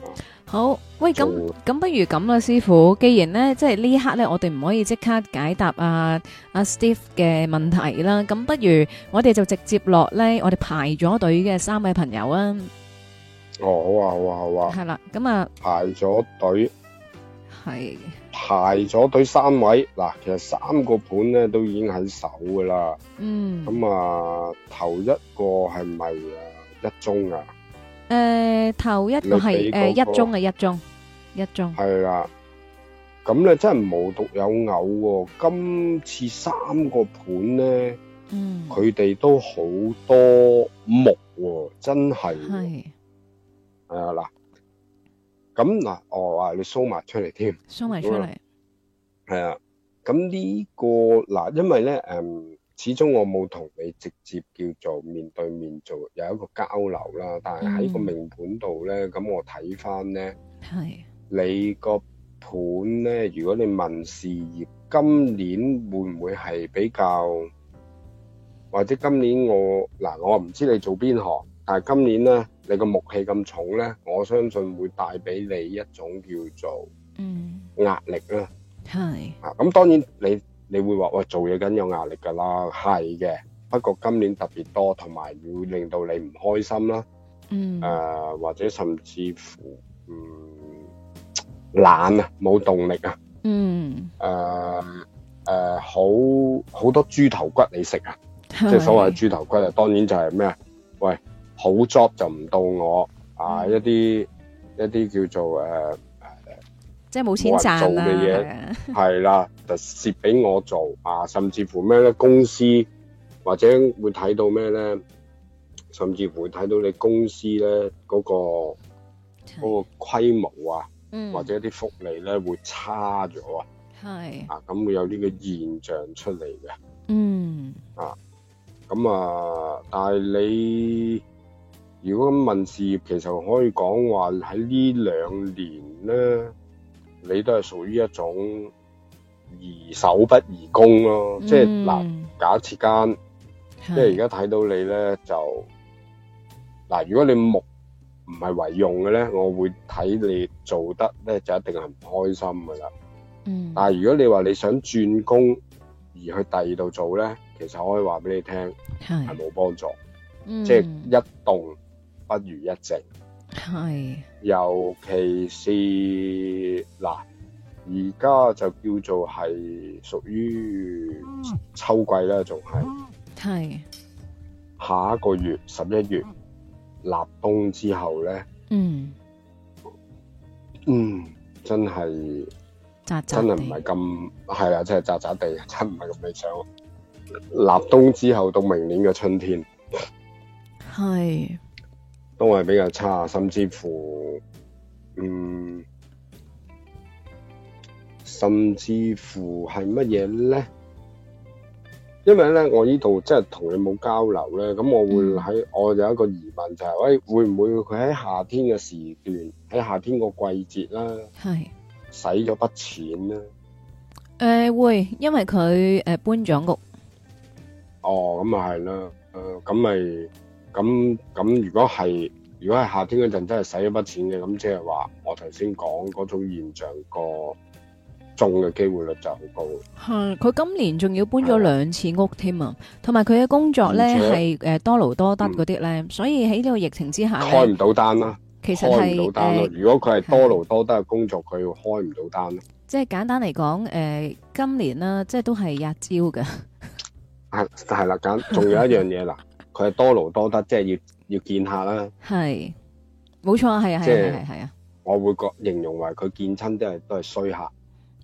好，喂，咁咁不如咁啦師傅，既然咧即係呢一刻咧我哋唔可以即刻解答啊阿 Steve 嘅問題啦，咁不如我哋就直接落咧我哋排咗隊嘅三位朋友啊。哦好啊好啊好啊，係啦，咁啊排咗隊係。排咗隊三位嗱，其實三個盤咧都已經喺手噶啦。嗯。咁啊，頭一個係咪啊？一中啊？誒，頭一個係誒一中啊，一中，一中。係啦。咁咧真係無獨有偶喎，今次三個盤咧，嗯，佢哋都好多木喎，真係係。係啊嗱。咁嗱，我話你梳埋出嚟添，梳埋出嚟，係啊。咁呢個嗱，因為咧，誒，始終我冇同你直接叫做面對面做有一個交流啦。但係喺個名盤度咧，咁我睇翻咧，你個盤咧，如果你問事業，今年會唔會係比較，或者今年我嗱，我唔知你做邊行，但係今年咧。你個木氣咁重咧，我相信會帶俾你一種叫做壓力啦。係啊，咁當然你你會話喂，做嘢緊有壓力㗎啦，係嘅。不過今年特別多，同埋會令到你唔開心啦。嗯，誒或者甚至乎嗯懶啊，冇動力啊。嗯誒誒，好好多豬頭骨你食啊，即係所謂豬頭骨啊。當然就係咩啊？喂！好 job 就唔到我、嗯、啊！一啲一啲叫做誒、呃、即係冇錢賺嘅嘢，係啦，就蝕俾我做啊！甚至乎咩咧？公司或者會睇到咩咧？甚至乎會睇到你公司咧、嗰、嗰個嗰、嗰個、規模啊，嗯、或者一啲福利咧會差咗啊！係啊，咁會有呢個現象出嚟嘅。嗯啊，咁啊，但係你如果咁問事業，其實可以講話喺呢兩年咧，你都係屬於一種而守不而攻咯。Mm. 即係嗱，假設間，即係而家睇到你咧就嗱，如果你木唔係為用嘅咧，我會睇你做得咧就一定係唔開心噶啦。嗯、mm. 但係如果你話你想轉工而去第二度做咧，其實我可以話俾你聽，係冇幫助。Mm. 即係一動。不如一靜，係尤其是嗱，而家就叫做係屬於秋季啦，仲係係下一個月十一月立冬之後咧，嗯嗯，真係真係唔係咁係啦，真係渣渣地，真唔係咁理想。立冬之後到明年嘅春天，係。都係比較差，甚至乎，嗯，甚至乎係乜嘢咧？因為咧，我呢度即係同你冇交流咧，咁我會喺我有一個疑問就係、是，喂、欸，會唔會佢喺夏天嘅時段，喺夏天個季節啦，係，使咗筆錢啦。誒、呃，會，因為佢誒、呃，搬咗屋。哦，咁啊係啦，誒、呃，咁咪。咁咁，如果係如果係夏天嗰陣，真係使咗筆錢嘅，咁即係話我頭先講嗰種現象個中嘅機會率就好高。吓，佢今年仲要搬咗兩次屋添啊，同埋佢嘅工作咧係誒多勞多得嗰啲咧，所以喺呢個疫情之下開唔到單啦。其實係開唔到單咯，如果佢係多勞多得嘅工作，佢開唔到單咯。即係簡單嚟講，誒、呃，今年啦、啊，即係都係日朝嘅。係係啦，咁仲有一樣嘢啦。 *laughs* 佢係多勞多得，即係要要見客啦。係，冇錯啊，係、即係、啊，係係啊，啊，我會覺形容為佢見親都係都係衰客。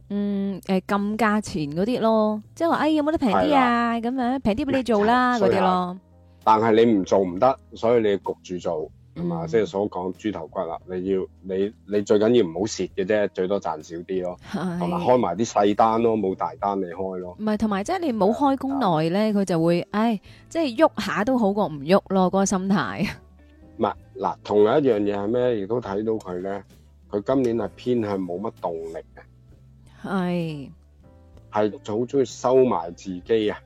嗯，呃，咁價錢嗰啲咯，即係話，哎，有冇得平啲啊？咁樣平啲俾你做啦嗰啲咯。但係你唔做唔得，所以你要焗住做。係嘛，即係所講豬頭骨啦。你要你你最緊要唔好蝕嘅啫，最多賺少啲咯。同埋開埋啲細單咯，冇大單你開咯。唔係同埋，即係你冇開工耐咧，佢就會唉，即係喐下都好過唔喐咯。嗰個心態。唔係嗱，同樣一樣嘢係咩？亦都睇到佢咧，佢今年係偏向冇乜動力嘅，係係好中意收埋自己啊。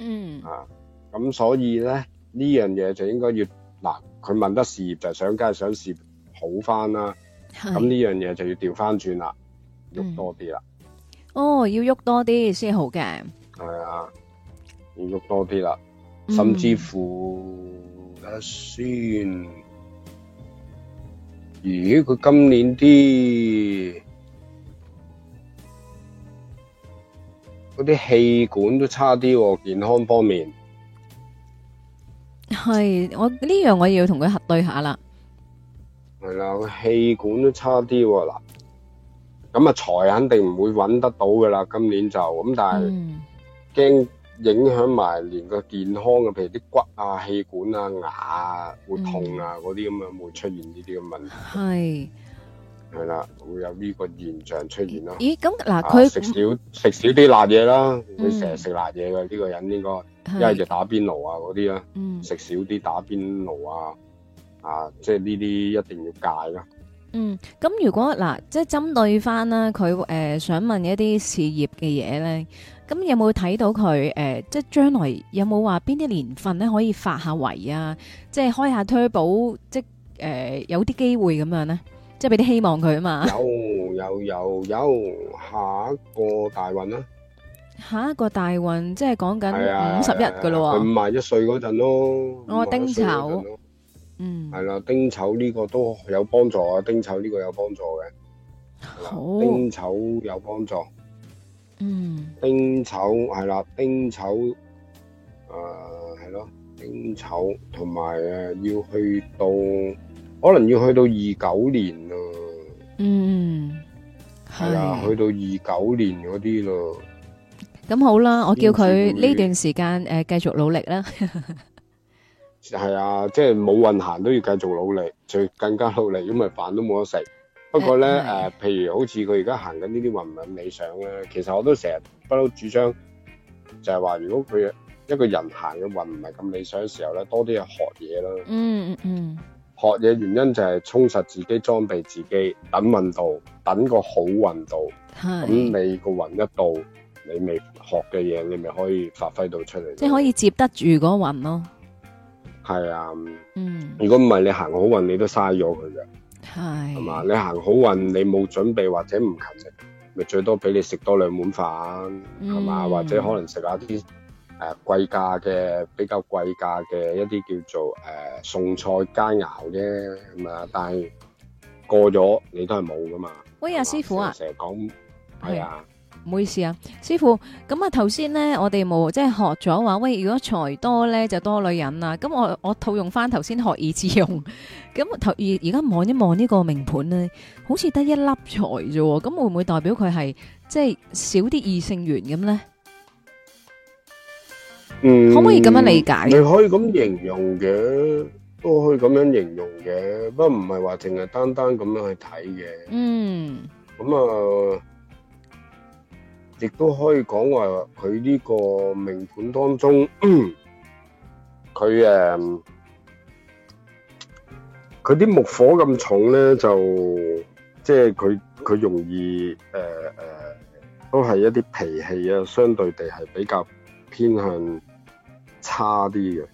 嗯啊，咁所以咧呢樣嘢就應該要嗱。佢問得事業就係梗係想事業好翻啦，咁呢樣嘢就要調翻轉啦，喐多啲啦、嗯。哦，要喐多啲先好嘅。係啊，要喐多啲啦，甚至乎睇下先、嗯。咦，佢今年啲嗰啲氣管都差啲喎，健康方面。係，我呢樣我要同佢核對下啦。係啦，個氣管都差啲嗱，咁啊財肯定唔會揾得到噶啦，今年就咁，但係驚影響埋連個健康啊，譬如啲骨啊、氣管啊、牙啊會痛啊，嗰啲咁樣會出現呢啲咁嘅問題。係係啦，會有呢個現象出現咯。咦，咁嗱，佢食少食少啲辣嘢啦，佢成日食辣嘢嘅呢個人應該。嗯、一係就打邊爐啊嗰啲啦，食少啲打邊爐啊，啊，即係呢啲一定要戒啦。嗯，咁如果嗱，即係針對翻啦，佢、呃、誒想問一啲事業嘅嘢咧，咁有冇睇到佢誒、呃，即係將來有冇話邊啲年份咧可以發下圍啊，即係開一下推 u 即係誒、呃、有啲機會咁樣咧，即係俾啲希望佢啊嘛。有有有有，下一個大運啦。下一個大運即係講緊五十一噶咯，喎、哦，五萬一歲嗰陣咯。我、哦、丁丑，嗯，係啦，丁丑呢個都有幫助啊，丁丑呢個有幫助嘅、啊，好，丁丑有幫助，嗯，丁丑係啦、啊，丁丑，誒、啊，係咯、啊，丁丑同埋誒，要去到可能要去到二九年咯，嗯，係啦、啊，去到二九年嗰啲咯。咁好啦，我叫佢呢段時間誒繼續努力啦。係 *laughs* 啊，即係冇運行都要繼續努力，就更加努力因為咪飯都冇得食。不過咧誒、欸呃，譬如好似佢而家行緊呢啲運唔係咁理想咧，其實我都成日不嬲主張就係話，如果佢一個人行嘅運唔係咁理想嘅時候咧，多啲去學嘢啦。嗯嗯嗯，學嘢原因就係充實自己，裝備自己，等運到，等個好運到。係咁，你個運一到。你未學嘅嘢，你咪可以發揮到出嚟。即係可以接得住嗰運咯。係啊。嗯。如果唔係你行好運，你都嘥咗佢嘅。係。係嘛？你行好運，你冇準備或者唔勤力，咪最多俾你食多兩碗飯，係、嗯、嘛？或者可能食下啲誒貴價嘅比較貴價嘅一啲叫做誒餸、呃、菜佳肴啫，咁啊！但係過咗你都係冇噶嘛。喂啊，師傅啊，成日講係啊。唔好意思啊，師傅，咁啊頭先咧，我哋冇即係學咗話喂，如果財多咧就多女人啊，咁我我套用翻頭先學以致用，咁頭而而家望一望呢個名盤咧，好似得一粒財啫，咁會唔會代表佢係即係少啲異性緣咁咧？嗯，可唔可以咁樣理解？你可以咁形容嘅，都可以咁樣形容嘅，不過唔係話淨係單單咁樣去睇嘅。嗯，咁啊。亦都可以講話佢呢個命盤當中，佢誒佢啲木火咁重咧，就即係佢佢容易誒誒、呃呃，都係一啲脾氣啊，相對地係比較偏向差啲嘅。誒、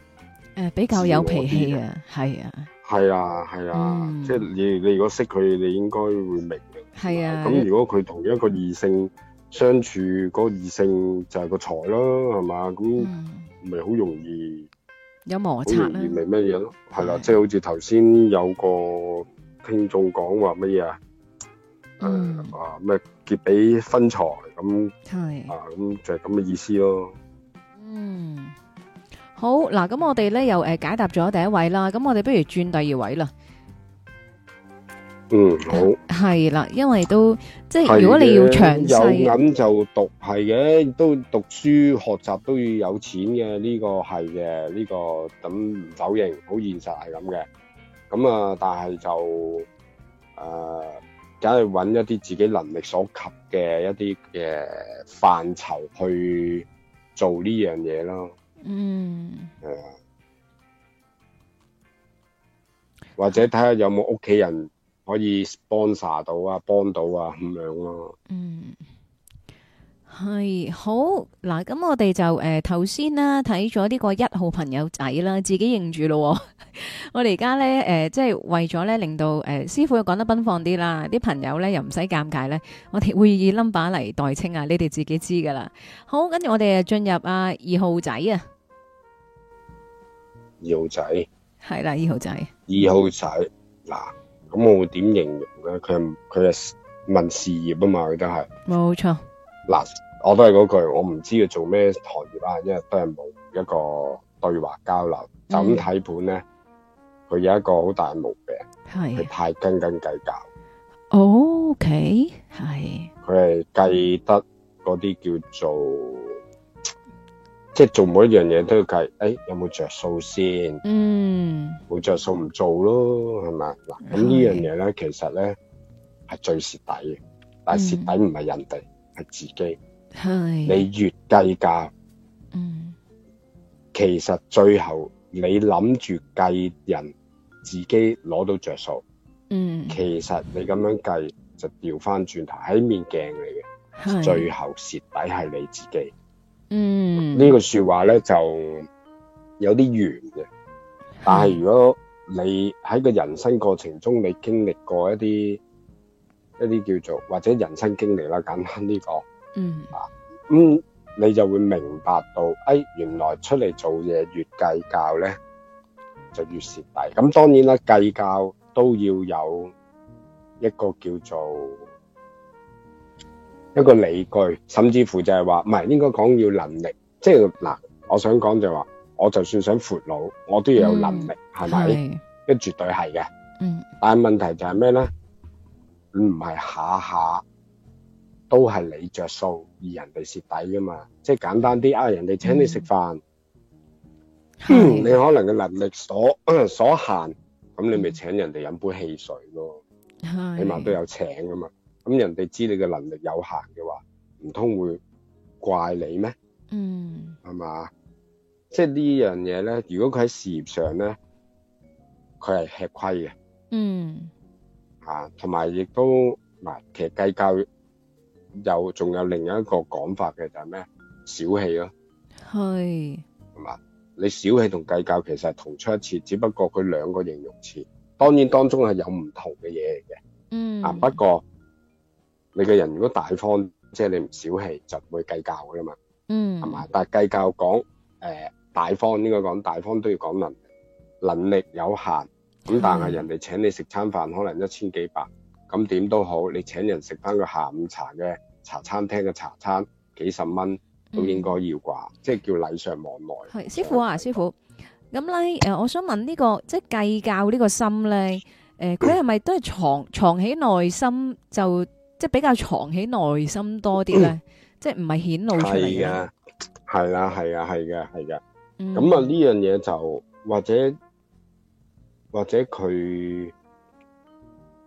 呃，比較有脾氣啊，係啊，係啊，係啊，即、嗯、係、就是、你你如果識佢，你應該會明嘅。係啊，咁如果佢同一個異性。相處嗰個異性就係個財咯，係嘛？咁咪好容易，嗯，有摩擦咯，好嚟咩嘢咯？係啦，啦即係好似頭先有個聽眾講話乜嘢啊？誒、嗯，話、啊、咩結比分財咁啊？咁就係咁嘅意思咯。嗯，好嗱，咁我哋咧又誒解答咗第一位啦，咁我哋不如轉第二位啦。嗯，好係啦、啊，因為都即係如果你要詳細有銀就讀係嘅，都讀書學習都要有錢嘅，呢、這個係嘅，呢、這個咁唔否認，好現實係咁嘅。咁啊，但係就誒，梗係揾一啲自己能力所及嘅一啲誒範疇去做呢樣嘢咯。嗯，係啊，或者睇下有冇屋企人。可以 sponsor 到啊，幫到啊，咁樣咯，啊。嗯，係好嗱，咁我哋就誒頭先啦，睇咗呢個一號朋友仔啦，自己認住咯、哦。 *laughs* 我哋而家咧誒，即、呃、係、就是、為咗咧令到誒、呃、師傅又講得奔放啲啦，啲朋友咧又唔使尷尬咧，我哋會以 number 嚟代稱啊，你哋自己知噶啦。好，跟住我哋就進入啊二號仔啊，二號仔係啦，二號仔，二號仔嗱。咁我會點形容咧？佢佢問事業啊嘛，佢都係冇錯。嗱，我都係嗰句，我唔知佢做咩行業啦，因為都係冇一個對話交流。就咁睇盤咧，佢有一個好大毛病，係佢太斤斤計較。OK，係佢係計得嗰啲叫做。即係做每一樣嘢都要計，誒、哎、有冇着數先？嗯，冇着數唔做咯，係咪？嗱，咁呢樣嘢咧，其實咧係最蝕底嘅，但係蝕底唔係人哋，係、嗯、自己。係。你越計價，嗯，其實最後你諗住計人，自己攞到着數，嗯，其實你咁樣計就掉翻轉頭，喺面鏡嚟嘅，最後蝕底係你自己。嗯，呢、這個說話咧就有啲圓嘅，但係如果你喺個人生過程中你經歷過一啲一啲叫做或者人生經歷啦，簡單呢、這個嗯啊咁、嗯、你就會明白到，哎，原來出嚟做嘢越計較咧就越蝕底。咁當然啦，計較都要有一個叫做。一個理據，甚至乎就係話，唔係應該講要能力，即係嗱，我想講就係話，我就算想闊佬，我都要有能力，係、嗯、咪？一絕對係嘅。嗯。但係問題就係咩咧？唔係下下都係你着數，而人哋蝕底噶嘛。即、就、係、是、簡單啲，人哋請你食飯、嗯嗯，你可能嘅能力所所限，咁你咪請人哋飲杯汽水咯，起碼都有請噶嘛。咁人哋知你嘅能力有限嘅話，唔通會怪你咩？嗯，係嘛？即係呢樣嘢咧，如果佢喺事業上咧，佢係吃虧嘅。嗯。啊，同埋亦都嗱，其實計較有仲有另一個講法嘅就係咩？小氣咯。係。係嘛？你小氣同計較其實係同出一轍，只不過佢兩個形容詞，當然當中係有唔同嘅嘢嘅。嗯。啊，不過。你嘅人如果大方，即係你唔小氣，就唔會計較噶嘛。嗯，係嘛？但係計較講誒、呃，大方應該講大方都要講能力，能力有限咁。但係人哋請你食餐飯可能一千幾百咁，點、嗯、都好，你請人食翻個下午茶嘅茶餐廳嘅茶餐幾十蚊，咁應該要啩？即係叫禮尚往來。係師傅啊，嗯、師傅咁咧誒，我想問呢、這個即係計較呢個心咧誒，佢係咪都係藏 *coughs* 藏起內心就？即係比較藏起內心多啲咧， *coughs* 即係唔係顯露出嚟嘅。係啦，係啊，係嘅，係嘅。咁啊，呢、嗯、樣嘢就或者或者佢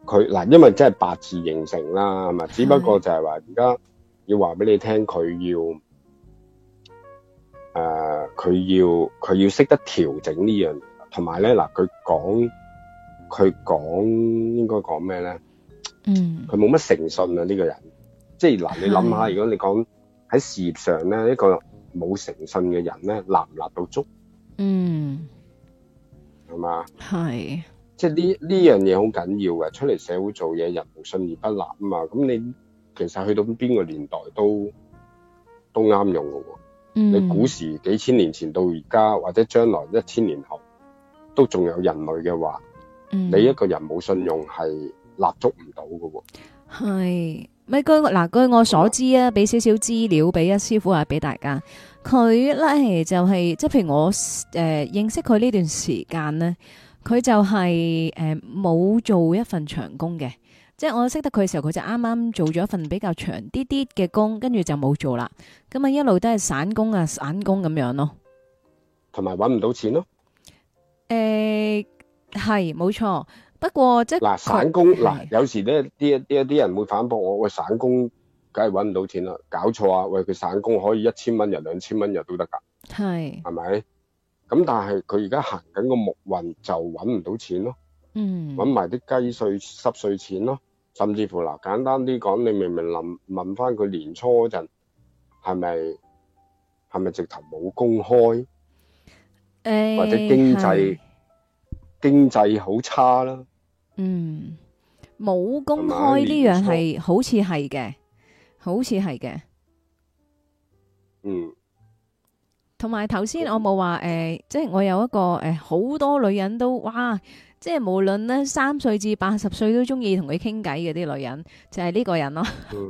佢嗱，因為真係八字形成啦，係咪？只不過就係話而家要話俾你聽，佢要誒，佢要佢要識得調整呢樣，同埋咧嗱，佢講佢講應該講咩咧？嗯，佢冇乜誠信啊！呢個人，即係嗱，你諗下，如果你講喺事業上咧，一個冇誠信嘅人咧，立唔立到足？嗯，係嘛？係，即係呢呢樣嘢好緊要嘅，出嚟社會做嘢，人無信而不立啊嘛。咁你其實去到邊個年代都都啱用㗎喎、啊嗯。你古時幾千年前到而家，或者將來一千年後，都仲有人類嘅話、嗯，你一個人冇信用係。立足唔到㗎喎，係咪？據嗱據我所知啊，俾少少資料俾阿師傅啊，俾大家佢咧就係即係譬如我誒、呃、認識佢呢段時間呢，佢就係誒冇做一份長工嘅，即係我識得佢嘅時候，佢就啱啱做咗一份比較長啲啲嘅工，跟住就冇做啦。咁啊一路都係散工啊，散工咁樣咯，同埋搵唔到錢咯。誒、欸，係冇錯。不過即係嗱，散工嗱，有時咧，啲一啲一啲人會反駁我，喂，散工梗係搵唔到錢啦，搞錯啊喂，佢散工可以一千蚊日兩千蚊日都得噶，係係咪咁，但係佢而家行緊個木運就搵唔到錢咯。嗯，搵埋啲雞碎濕碎錢咯。甚至乎嗱，簡單啲講，你明明諗問翻佢年初嗰陣，係咪係咪直頭冇公開誒、欸、或者經濟經濟好差啦。嗯，冇公開呢樣係，好似係嘅，好似係嘅。嗯。同埋頭先我冇話誒，即係我有一個誒，好、呃、多女人都哇，即係無論咧三歲至八十歲都中意同佢傾偈嘅啲女人，就係、係、呢個人咯。嗯。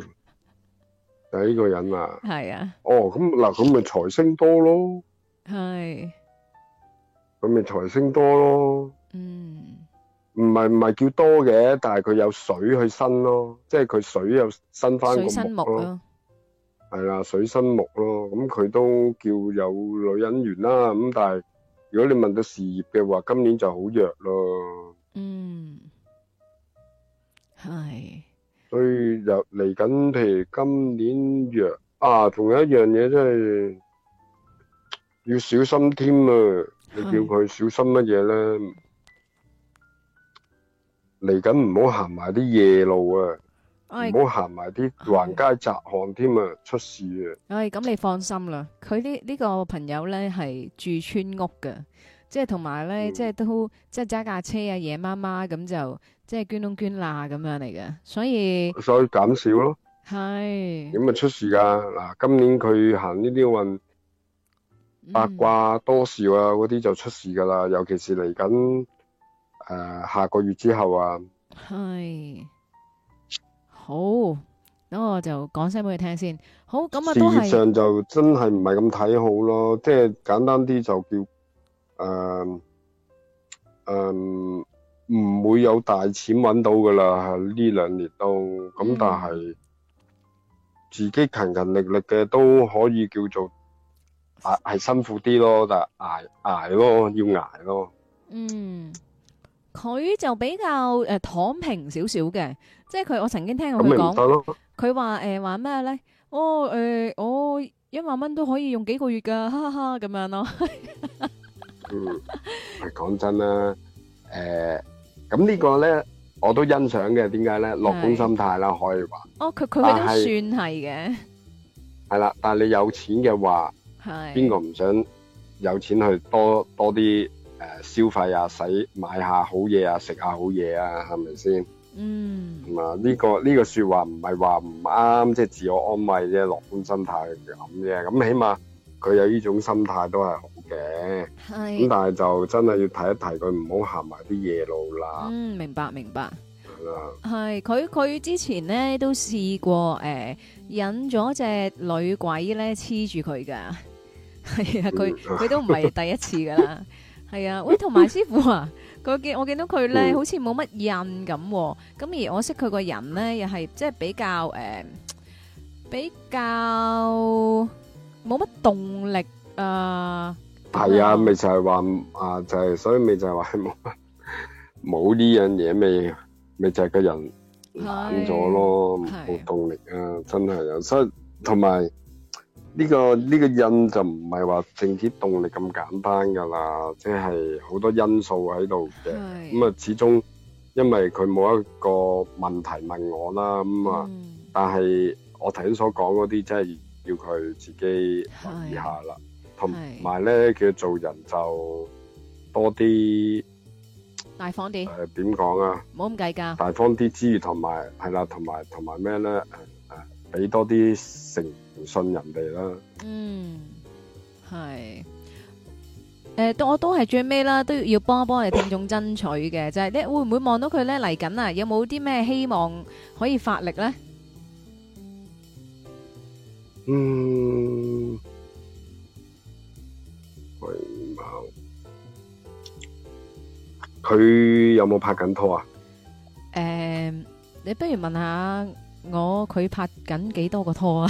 就就係、呢個人啊。係啊。哦，咁嗱，咁咪財星多咯。係。咁咪財星多咯。嗯。唔係唔係叫多嘅，但係佢有水去生咯，即係佢水有生翻個木咯，係啦、啊，水生木咯，咁、嗯、佢都叫有女人緣啦。咁但係如果你問到事業嘅話，今年就好弱咯。嗯，係。所以又嚟緊，譬如今年弱啊，仲有一樣嘢即係要小心添啊！你叫佢小心乜嘢咧？嚟緊唔好行埋啲夜路啊！唔好行埋啲橫街窄巷添啊！出事啊！哎，咁你放心啦，佢呢呢個朋友咧係住村屋嘅，即係同埋咧，即係都即係揸架車啊，夜媽媽咁就即係捐窿捐罅咁樣嚟嘅，所以所以減少咯，係咁啊出事噶嗱，今年佢行呢啲運八卦多事啊，嗰啲就出事噶啦，尤其是嚟緊。誒、uh,，下個月之後啊，係好，等我就講聲俾佢聽先。好咁啊、就是，事業上就真係唔係咁睇好咯，即係簡單啲就叫誒誒，呃呃、唔會有大錢揾到噶啦，呢兩年都咁，但係自己勤勤力力嘅都可以叫做啊，係辛苦啲咯，但係挨挨咯，要挨咯，嗯。佢就比較誒躺平少少嘅，即係佢我曾經聽過佢講，佢話誒話咩咧？哦誒，我一萬蚊都可以用幾個月噶，哈哈咁樣咯。嗯，係講真啦，誒，咁呢個咧我都欣賞嘅，點解咧？樂觀心態啦，可以話。哦，佢佢佢都算係嘅。係啦，但係你有錢嘅話，係邊個唔想有錢去多多啲？誒，消費啊，使買下好嘢啊，食下好嘢啊，係咪先？嗯，咁啊，呢個呢個說話唔係話唔啱，即係自我安慰啫，樂觀心態咁啫。咁起碼佢有呢種心態都係好嘅。係咁，但係就真係要提一提佢，唔好行埋啲夜路啦。嗯，明白明白。係啊，係佢佢之前咧都試過誒，引咗隻女鬼咧黐住佢噶。係 *laughs* 啊他，佢 *laughs* 佢都唔係第一次噶啦。 *laughs* 係啊，喂，同埋師傅啊，佢見我見到佢咧，好似冇乜印咁，咁而我識佢個人咧，又係即係比較誒，比較冇乜動力啊。係啊，咪就係話啊，就係所以咪就係話冇冇呢樣嘢，咪咪就係個人懶咗咯，冇動力啊，真係啊，所以同埋。呢、這個呢、這個因就唔係話政治動力咁簡單噶啦，即係好多因素喺度嘅。咁啊，就始終因為佢冇一個問題問我啦，咁啊、嗯，但係我頭先所講嗰啲，即係要佢自己諗下啦。同埋咧，佢做人就多啲大方啲。誒，點講啊？冇咁計噶。大方啲、呃啊、之餘，同埋係啦，同埋同埋咩咧？誒誒，俾多啲成。唔信人哋啦，嗯，係，誒，都我都係最尾啦，都要要幫一幫我哋聽眾爭取嘅，就係你會唔會望到佢咧嚟緊啊？有冇啲咩希望可以發力咧？嗯，佢有冇拍緊拖啊？誒，你不如問下我，佢拍緊幾多個拖啊？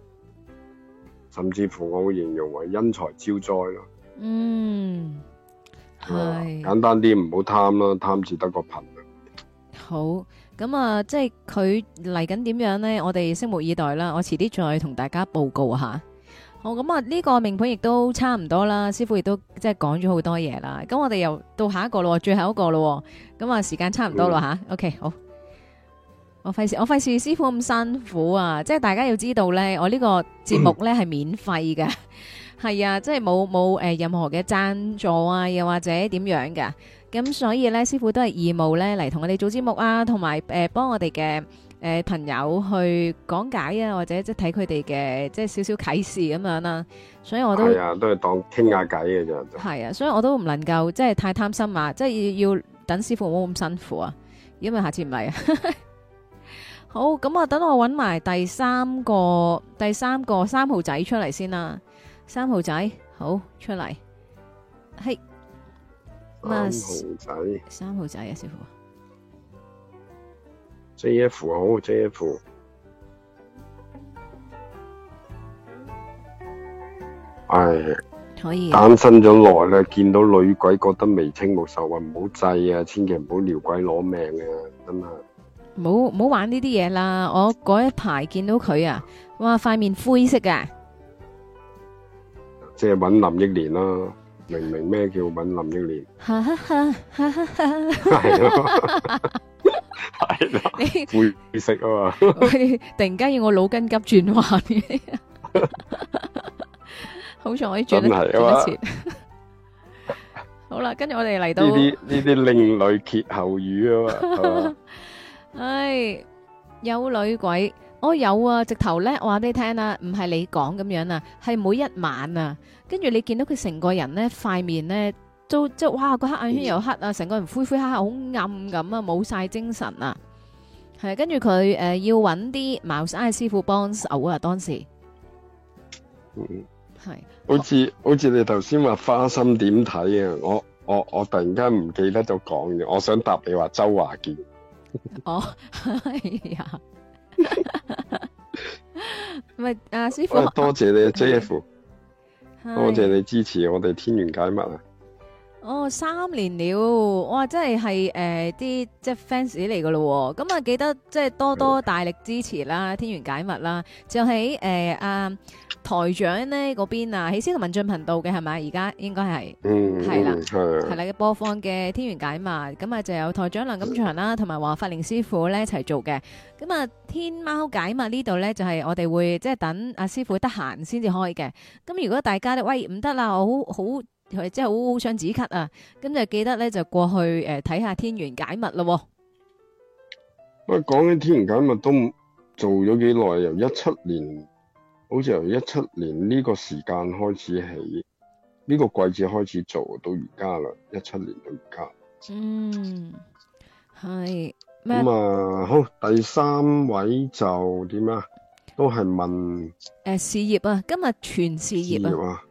甚至乎我會形容為因財招災咯，嗯，係、啊、簡單啲唔好貪啦，貪字得個貧。好，咁啊，即係佢嚟緊點樣呢？我哋拭目以待啦，我遲啲再同大家報告下。好，咁啊，呢個命盤亦都差唔多啦，師傅亦都即係講咗好多嘢啦。咁我哋又到下一個咯，最後一個咯，咁啊，時間差唔多啦吓。OK，好。我費事，我費事，師傅咁辛苦啊！即係大家要知道咧，我這個節呢個節目咧係免費嘅，係、嗯、 *laughs* 啊，即係冇冇誒任何嘅贊助啊，又或者點樣嘅咁，所以咧師傅都係義務咧嚟同我哋做節目啊，同埋誒幫我哋嘅誒朋友去講解啊，或者即係睇佢哋嘅即係少少啟示咁樣啦。所以我都係啊，都係當傾下偈嘅啫。係啊，所以我都唔、哎 *laughs* 啊、能夠即係太貪心啊，即係要要等師傅唔好咁辛苦啊，因為下次唔係。好，咁啊，等我揾埋第三個、第三個三號仔出嚟先啦。三號仔，好，出嚟，嘿，hey，三號仔，三號仔啊，師傅，JF 好，JF 唉，可以了單身咗耐啦，見到女鬼覺得眉清目秀啊，唔好制啊，千祈唔好撩鬼攞命啊，真啊！唔好唔好玩呢啲嘢啦！我嗰一排見到佢啊，哇，塊面灰色嘅，即係搵林憶蓮啦！明明咩叫搵林憶蓮？係咯，係咯，灰灰色噶嘛？突然間要我腦筋急轉彎嘅，好彩我轉得轉一次。好啦，跟住我哋嚟到呢啲呢啲另類歇後語啊嘛～唉，有女鬼，我、哦、有啊！直頭叻。我話你聽啊，唔係你講咁樣啊，係每一晚啊，跟住你見到佢成個人咧，塊面咧都即係哇個黑眼圈又黑啊，成個人灰灰黑黑，好暗咁啊，冇晒精神啊，係跟住佢誒要搵啲茅山師傅幫手啊，當時，係、嗯，好似、哦、好似你頭先話花心點睇啊，我我我突然間唔記得就講嘢，我想答你話周華健。 *laughs* 哦，哎呀，咪 *laughs* 阿、 *laughs* 啊、師傅、哎，多謝你、啊、JF，、okay。多謝你支持我哋天喵解密啊！ *laughs* *laughs* 哦，三年了，哇，真係係誒啲即 fans 嚟嘅咯喎，咁啊記得即係多多大力支持啦，天元解密啦，就喺誒阿台長呢嗰邊啊，起先同文進頻道嘅係咪？而家應該係，嗯，係啦，係、嗯啊、啦嘅播放嘅天元解密，咁啊就有台長梁錦祥啦，同埋黃法寧師傅咧一齊做嘅，咁啊天貓解密呢度咧就係、是、我哋會即、就是、等阿師傅得閒先至開嘅，咁如果大家咧喂唔得啦，我好好。佢即係好好想止咳啊！咁就記得咧，就過去誒睇下天元解密咯，哦。不過講起天喵解密都做咗幾耐，由一七年，好似由一七年呢個時間開始起，呢、這個季節開始做，到而家啦，一七年到而家。嗯，係咁啊！好，第三位就點啊？都係問誒、呃、事業啊，今日全事業啊。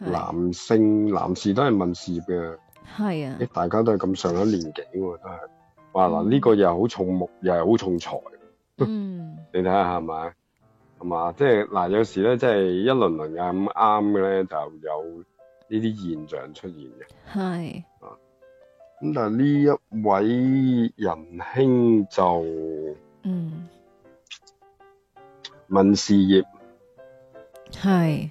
男性男士都係問事業嘅，係啊，大家都係咁上咗年紀喎，都係，哇嗱呢、嗯呢個又係好重木，又係好重財。嗯， *laughs* 你睇下係咪？係嘛，即係嗱有時咧，即係一輪輪咁啱嘅咧，就有呢啲現象出現嘅，係，咁、嗯、但係呢一位仁兄就，嗯，問事業，係。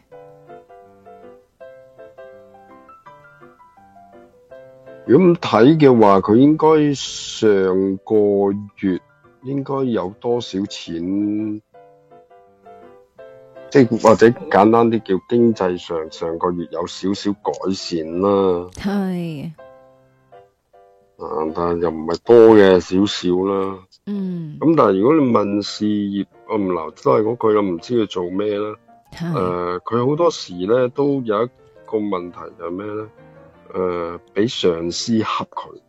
咁睇嘅話，佢應該上個月應該有多少錢？即係或者簡單啲叫經濟上上個月有少少改善啦。係，但係又唔係多嘅少少啦。嗯。咁但係如果你問事業，我唔留都係嗰句啦，唔知佢做咩啦。係。誒，佢、呃、好多時咧都有一個問題就係咩咧？誒、呃，俾上司恰佢，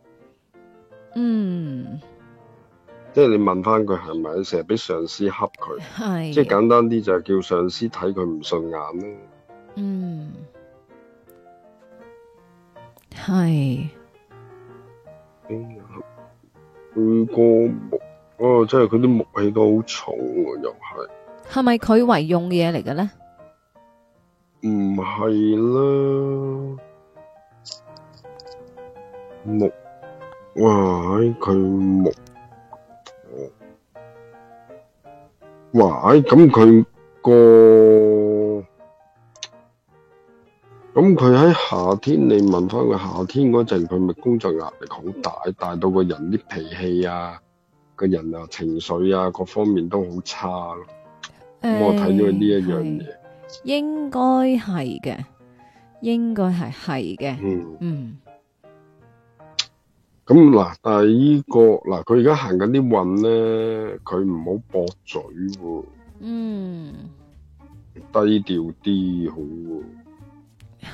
嗯，即係你問翻佢係咪，成日俾上司恰佢，係，即係簡單啲就係叫上司睇佢唔順眼啦，嗯，係，今、嗯、日佢個木哦，即係佢啲木氣都好重啊，又係，係咪佢為用嘅嘢嚟嘅咧？唔係啦。木，哇！佢木，哇！咁佢個，咁佢喺夏天，你問返佢夏天嗰陣，佢咪工作壓力好大，大到個人啲脾氣啊，個人啊情緒啊，各方面都好差咯。咁、欸、我睇咗佢呢一樣嘢，應該係嘅，應該係係嘅，嗯。咁、嗯、嗱，但係依、這個嗱，佢而家行緊啲運咧，佢唔好駁嘴喎。嗯，低調啲好喎。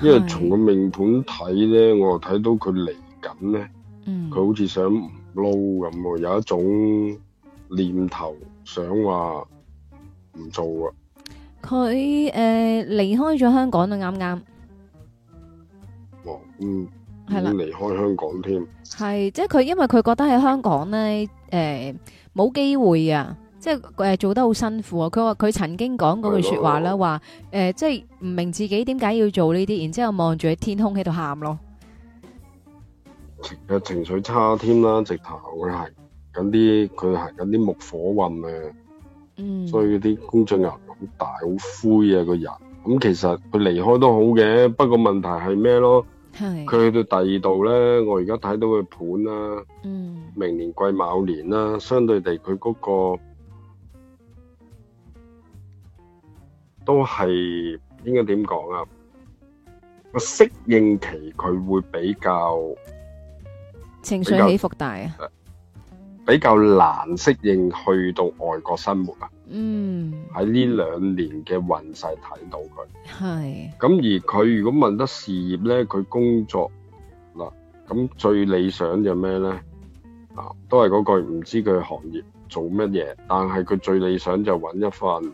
因為從個命盤睇咧，我睇到佢嚟緊咧，佢、嗯、好似想撈咁喎，有一種念頭想話唔做啊。佢誒離開咗香港都啱啱。嗯。係啦，離開香港添，係即係佢，因為佢覺得喺香港咧，誒、呃，冇機會啊、呃呃，即係誒做得好辛苦啊。佢話佢曾經講嗰句說話啦，話誒，即係唔明自己點解要做呢啲，然之後望住喺天空喺度喊咯。情緒差添啦，直頭佢係緊啲，佢係緊啲木火運啊，嗯，所以啲工作壓力好大好灰啊，個人咁其實佢離開都好嘅，不過問題係咩咯？佢去到第二度咧，我而家睇到嘅盤啦，嗯，明年癸卯年啦，相對地佢嗰個都係應該點講啊？個適應期佢會比較情緒起伏大啊，比較難適應去到外國生活啊。嗯，喺呢兩年嘅運勢睇到佢係，咁而佢如果問得事業咧，佢工作嗱咁最，最理想就係咩咧？啊，都係嗰句唔知佢行業做乜嘢，但係佢最理想就揾一份佢，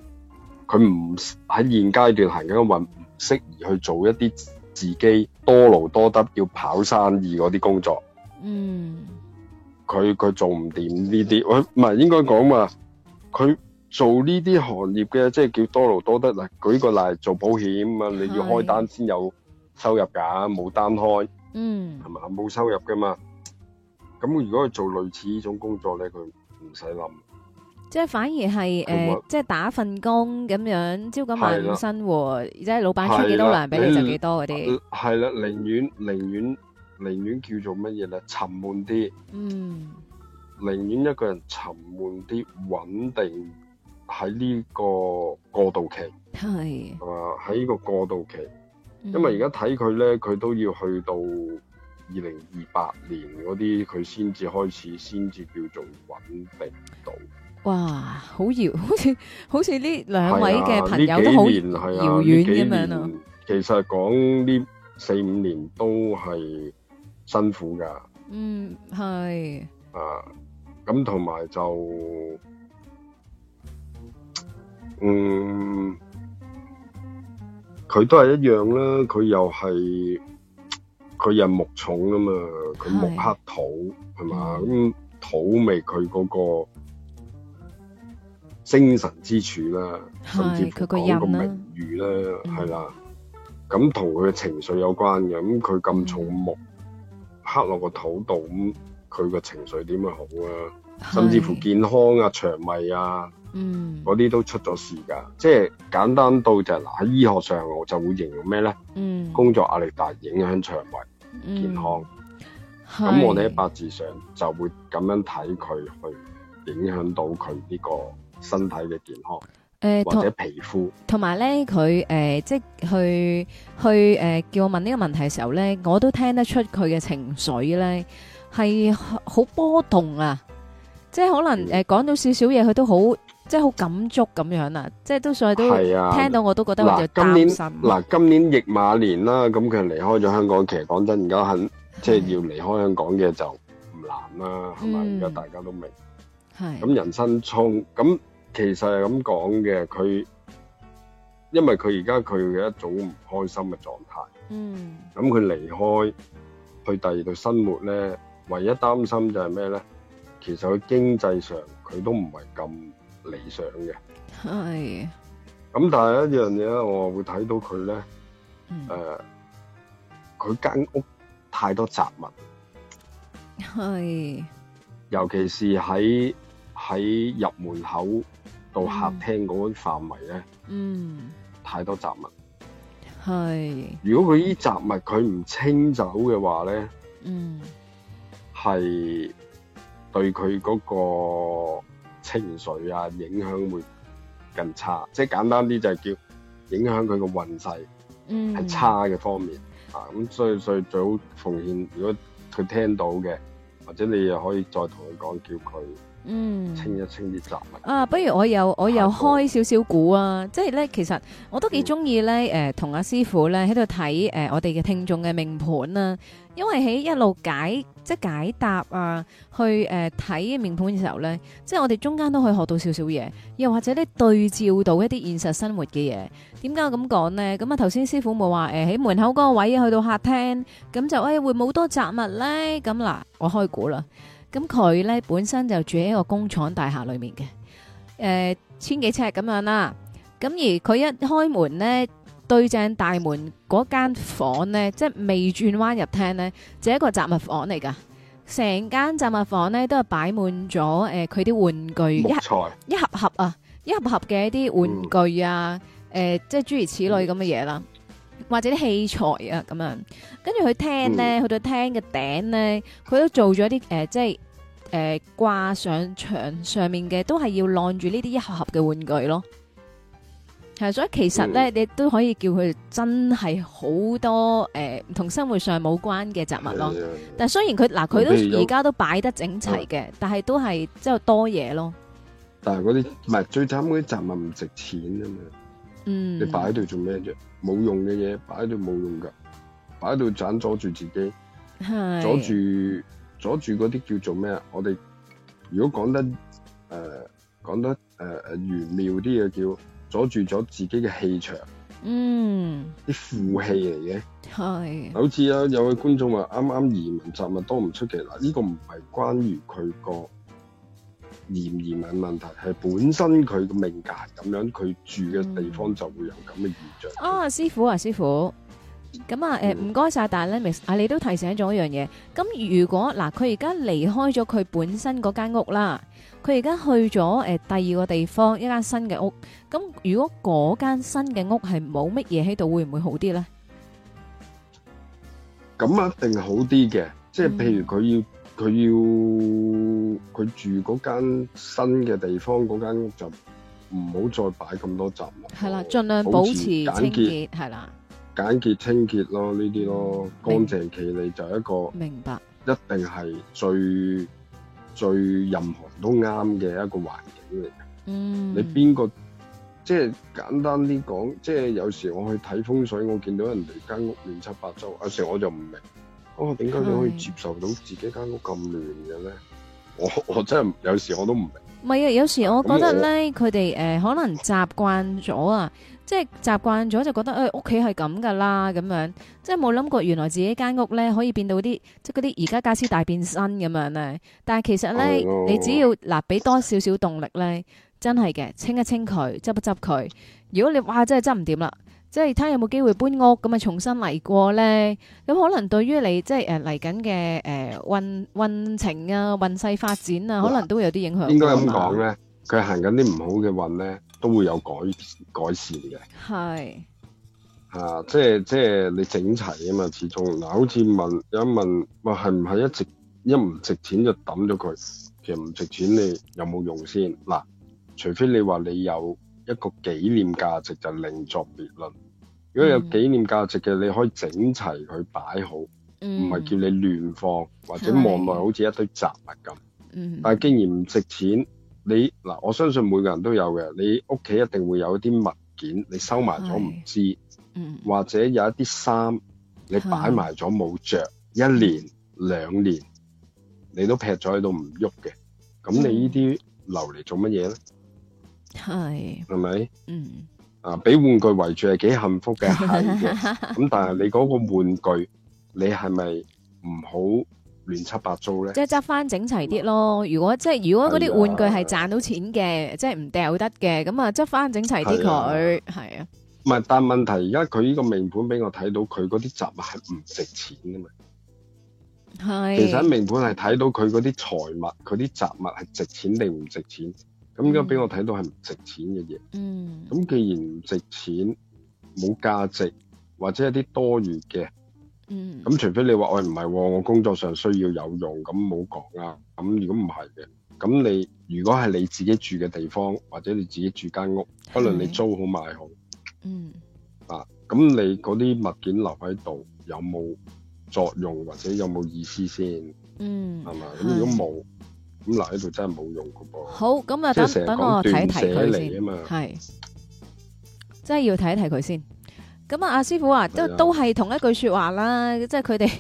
佢唔喺現階段行緊運，唔適宜去做一啲自己多勞多得要跑生意嗰啲工作。嗯，佢佢做唔掂呢啲，我唔係應該講嘛，佢。做呢啲行業嘅，即係叫多勞多得嗱。舉個例，做保險啊，你要開單先有收入㗎，冇單開，係咪啊？冇收入㗎嘛。咁如果佢做類似呢種工作咧，佢唔使諗，即係反而係誒，即係打份工咁樣，朝九晚五生活，而且老闆出幾多糧俾你就幾多嗰啲，係啦，寧願寧願寧願叫做乜嘢咧，沉悶啲，嗯，寧願一個人沉悶啲穩定。喺呢個過渡期係，啊喺呢個過渡期，啊在渡期嗯、因為而家睇佢咧，佢都要去到二零二八年嗰啲，佢先至開始，先至叫做穩定到。哇，好遙，好似好似呢兩位嘅朋友、啊、幾年都好遙遠咁樣咯。其實講呢四五年都係辛苦噶。嗯，係啊，咁同埋就。嗯，佢都係一樣啦。佢又係佢人木重啊嘛，佢木克土係嘛，咁土咪佢嗰個精神之柱啦，甚至乎講個名譽咧，係啦。咁同佢嘅情緒有關嘅，咁佢咁重的木克落個土度，咁佢個情緒點會好啊？甚至乎健康啊，腸胃啊。嗯，嗰啲都出咗事噶，即係簡單到就係嗱喺醫學上，我就會形容咩咧？嗯，工作壓力大影響腸胃、嗯、健康。咁我哋喺八字上就會咁樣睇佢，去影響到佢呢個身體嘅健康，誒、呃、或者皮膚。同埋咧，佢誒、呃、即係去去誒、呃、叫我問呢個問題嘅時候咧，我都聽得出佢嘅情緒咧係好波動啊，即係可能誒講、呃、到少少嘢，佢都好。即係好感觸咁樣啦，即係都所以都係啊，聽到我都覺得佢就擔心嗱。今年嗱，今年逆馬年啦，咁佢離開咗香港，其實講真，而家肯即係要離開香港嘅就唔難啦，係嘛？而家大家都明係咁人生衝咁，其實係咁講嘅。佢因為佢而家佢有一種唔開心嘅狀態，嗯，咁佢離開去第二度生活咧，唯一擔心就係咩咧？其實佢經濟上佢都唔係咁。理想嘅，係。咁、嗯、但係一樣嘢咧，我會睇到佢咧，誒、嗯，佢、呃、間屋太多雜物，係。尤其是喺喺入門口到客廳嗰啲範圍咧，嗯，太多雜物，係。如果佢啲雜物佢唔清走嘅話咧，嗯，係對佢嗰、嗰個。情緒啊，影響會更差，即係簡單啲就係叫影響佢個運勢，係差嘅方面、嗯、啊，咁、嗯、所以所以最好奉獻，如果佢聽到嘅，或者你又可以再同佢講，叫佢清一清啲雜物、嗯、啊。不如我又我又開少少股啊，嗯、即係咧，其實我都幾中意咧，誒、呃，同阿師傅咧喺度睇誒，我哋嘅聽眾嘅命盤啊。因為喺一路解，即係解答啊，去誒睇命盤嘅時候咧，即係我哋中間都可以學到少少嘢，又或者咧對照到一啲現實生活嘅嘢。點解我咁講呢？咁啊頭先師傅冇話誒喺門口嗰個位去到客廳，咁就誒、哎、會冇多雜物咧。咁嗱，我開估啦。咁佢咧本身就住喺一個工廠大廈裏面嘅，誒、呃、千幾尺咁樣啦。咁而佢一開門咧。對正大門嗰間房咧，即係未轉彎入廳咧，就是、一個雜物房嚟噶。成間雜物房咧都係擺滿咗誒，佢、呃、啲玩具一盒一盒盒啊，一盒盒嘅一啲玩具啊，誒、嗯呃，即係諸如此類咁嘅嘢啦，或者啲器材啊咁樣。跟住佢廳咧，去、嗯、到廳嘅頂咧，佢都做咗一啲誒、呃，即係誒掛上牆上面嘅，都係要晾住呢啲一盒盒嘅玩具咯。係，所以其實咧、嗯，你都可以叫佢真係好多唔同、呃、生活上冇關嘅雜物咯。是啊是啊是啊，但係雖然佢嗱，佢、啊、都而家都擺得整齊嘅，啊，但係都係即係多嘢咯。但係嗰啲唔係最慘，嗰啲雜物唔值錢啊嘛。嗯，你擺喺度做咩啫？冇用嘅嘢擺喺度冇用噶，擺喺度盞阻住自己，係阻住阻住嗰啲叫做咩啊？我哋如果講得誒講、呃、得誒誒玄妙啲嘅叫，阻住咗自己嘅氣場，嗯，啲負氣嚟嘅。係，好似啊有位觀眾話啱啱移民站咪多唔出奇嗱，呢、這個唔係關於佢個嫌移民問題，係本身佢個命格咁樣，佢住嘅地方就會有咁嘅現象、嗯。啊，師傅啊，師傅，咁、嗯、啊，誒，唔該晒，但係咧，阿你都提醒咗一樣嘢，咁如果嗱，佢而家離開咗佢本身嗰間屋啦。佢而家去咗誒第二個地方，一間新嘅屋。咁如果嗰間新嘅屋係冇乜嘢喺度，會唔會好啲咧？咁啊，一定好啲嘅。即係譬如佢要佢要佢住嗰間新嘅地方，嗰間就唔好再擺咁多雜物。係啦，盡量保持清潔。係啦，簡潔清潔咯，呢啲咯，乾淨企理就係一個明白，一定係最。最任何都啱嘅一個環境嚟嘅。嗯，你邊個？即係簡單啲講，即係有時我去睇風水，我見到人哋間屋亂七八糟，有時我就唔明，哦點解你可以接受到自己間屋咁亂嘅咧？我我真係有時我都唔明。唔係啊，有時我覺得咧，佢哋誒可能習慣咗啊。即係習慣咗就覺得誒屋企係咁噶啦咁樣，即係冇諗過原來自己間屋咧可以變到啲即係嗰啲而家家私大變身咁樣咧。但係其實咧，oh. 你只要嗱俾、呃、多少少動力咧，真係嘅清一清佢，執一執佢。如果你哇真係執唔掂啦，即係睇下有冇機會搬屋咁啊，重新嚟過咧。咁可能對於你即係誒嚟緊嘅誒運運程啊運勢發展啊，可能都會有啲影響。應該咁講咧，佢行緊啲唔好嘅運咧。都會有改改善嘅，係啊，即係即係你整齊啊嘛，始終嗱、啊，好似問有一問，我係唔係一直一唔值錢就抌咗佢？其實唔值錢，你有冇用先？嗱、啊，除非你話你有一個紀念價值，就另、是、作別論。如果有紀念價值嘅、嗯，你可以整齊佢擺好，唔、嗯、係叫你亂放或者望落好似一堆雜物咁、嗯。但係既然唔值錢。你嗱，我相信每個人都有嘅，你屋企一定會有啲物件，你收埋咗唔知，或者有一啲衫，你擺埋咗冇著，一年兩年，你都劈咗喺度唔喐嘅，咁你呢啲留嚟做乜嘢咧？係，係咪？嗯，啊，俾玩具圍住係幾幸福嘅，係嘅。咁但係你嗰個玩具，你係咪唔好？亂七八糟咧，即係執翻整齊啲咯、啊。如果即係如果嗰啲玩具係賺到錢嘅、啊，即係唔掉得嘅，咁啊執翻整齊啲佢，係啊。唔係、啊，但問題而家佢呢個名盤俾我睇到，佢嗰啲雜物係唔值錢噶嘛。係。其實名盤係睇到佢嗰啲財物，佢啲雜物係值錢定唔值錢？咁而家俾我睇到係唔值錢嘅嘢。嗯。咁既然唔值錢，冇價值，或者一啲多餘嘅。咁、嗯、除非你話我唔係，我工作上需要有用，咁冇講啦。咁如果唔係嘅，咁你如果係你自己住嘅地方，或者你自己住間屋，可能你租好買好，嗯啊，咁你嗰啲物件留喺度有冇作用，或者有冇意思先？嗯，係嘛？咁如果冇，咁留喺度真係冇用噶噃。好，咁啊，等等我睇一睇佢嘛？係，真係要睇一睇佢先。咁啊，阿師傅啊，都都係同一句說話啦，哎、即係佢哋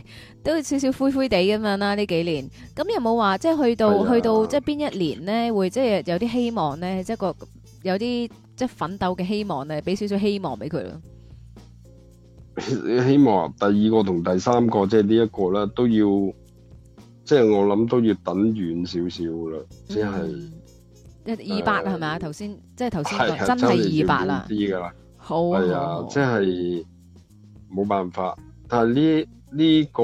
都少少灰灰地咁樣啦。呢幾年，咁有冇話即係去到、哎、去到即係邊一年咧，會即係有啲希望咧，即係個有啲即係奮鬥嘅希望咧，俾少少希望俾佢咯。希望第二個同第三個即係、就是、呢一個咧，都要即係我諗都要等遠少少啦，即係一二八係咪啊？頭先即係頭先真係二八啦。係啊，即係冇辦法，但係呢呢個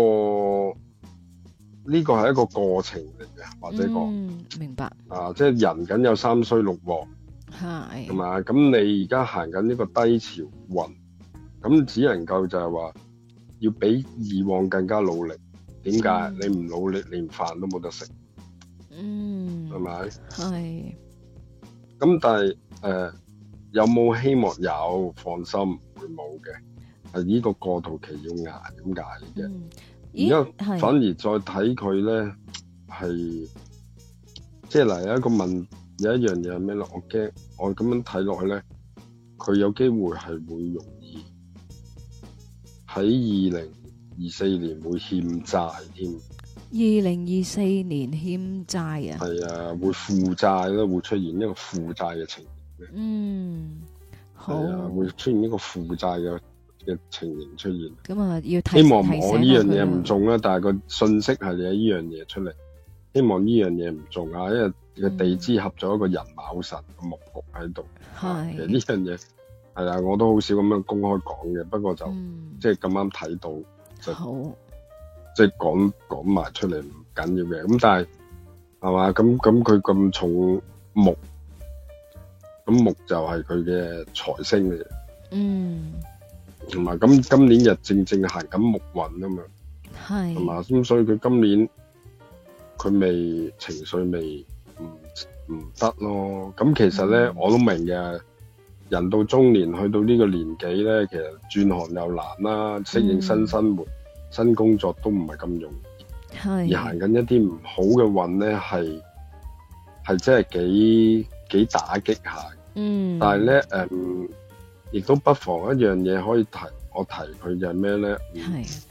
呢個係一個過程嚟嘅，或者講，嗯，明白啊，即係人緊有三衰六旺，係，同埋，咁你而家行緊呢個低潮運，咁只能夠就係話要比以往更加努力。點解？你唔努力，連飯都冇得食。嗯，係咪？係。咁但係誒。呃有冇希望有？放心會冇嘅，係呢個過渡期要挨，點挨嘅？而家反而再睇佢咧，係即係嗱，有一個問，有一樣嘢係咩咧？我驚我咁樣睇落去咧，佢有機會係會容易喺二零二四年會欠債添。二零二四年欠債啊？係啊，會負債咯，會出現一個負債嘅情。嗯，好啊，會出現一個負債嘅嘅情形出現。咁、嗯、啊，要希望我呢樣嘢唔中啦，但係個信息係你喺呢樣嘢出嚟，希望呢樣嘢唔中啊，因為嘅地支合咗一個人卯神嘅木局喺度。係、嗯，其實呢樣嘢係啦，我都好少咁樣公開講嘅，不過就、嗯、即係咁啱睇到，就好即係講講埋出嚟唔緊要嘅。咁但係係嘛，咁咁佢咁重木。咁木就係佢嘅財星嚟嘅，嗯，同埋咁今年就正正行緊木運啊嘛，係，係嘛，咁所以佢今年佢未情緒未唔唔得咯，咁其實咧、嗯、我都明嘅，人到中年去到呢個年紀咧，其實轉行又難啦、啊，適應新生活、嗯、新工作都唔係咁容易，係，而行緊一啲唔好嘅運咧，係係真係幾幾打擊下。嗯，但係咧，誒、嗯，亦都不妨一樣嘢可以提，我提佢就係咩咧？係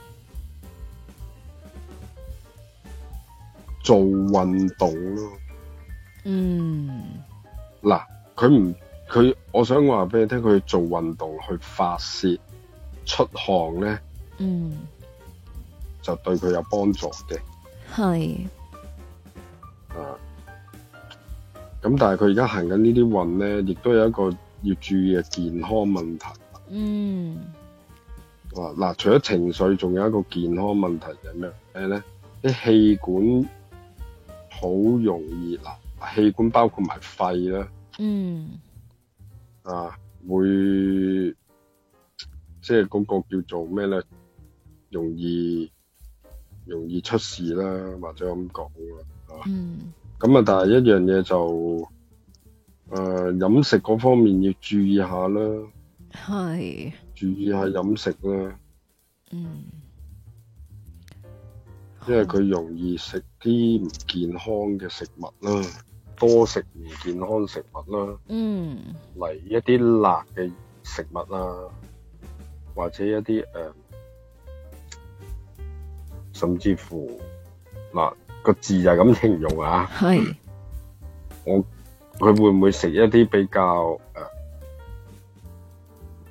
做運動咯。嗯。嗱，佢唔佢，我想話俾你聽，佢做運動去發泄、出汗咧，嗯，就對佢有幫助嘅。係。啊。咁但係佢而家行緊呢啲運咧，亦都有一個要注意嘅健康問題。嗯。嗱、啊，除咗情緒，仲有一個健康問題係咩咩咧？啲、欸、氣管好容易嗱，氣管包括埋肺啦。嗯。啊，會即係嗰個叫做咩咧？容易容易出事啦，或者咁講啊。嗯。咁啊，但係一樣嘢就，誒、呃，飲食嗰方面要注意下啦，係，注意下飲食啦，嗯，因為佢容易食啲唔健康嘅食物啦，多食唔健康食物啦，嗯，嚟一啲辣嘅食物啦，或者一啲誒、呃，甚至乎辣個字就咁形容啊！係我，佢會唔會食一啲比較誒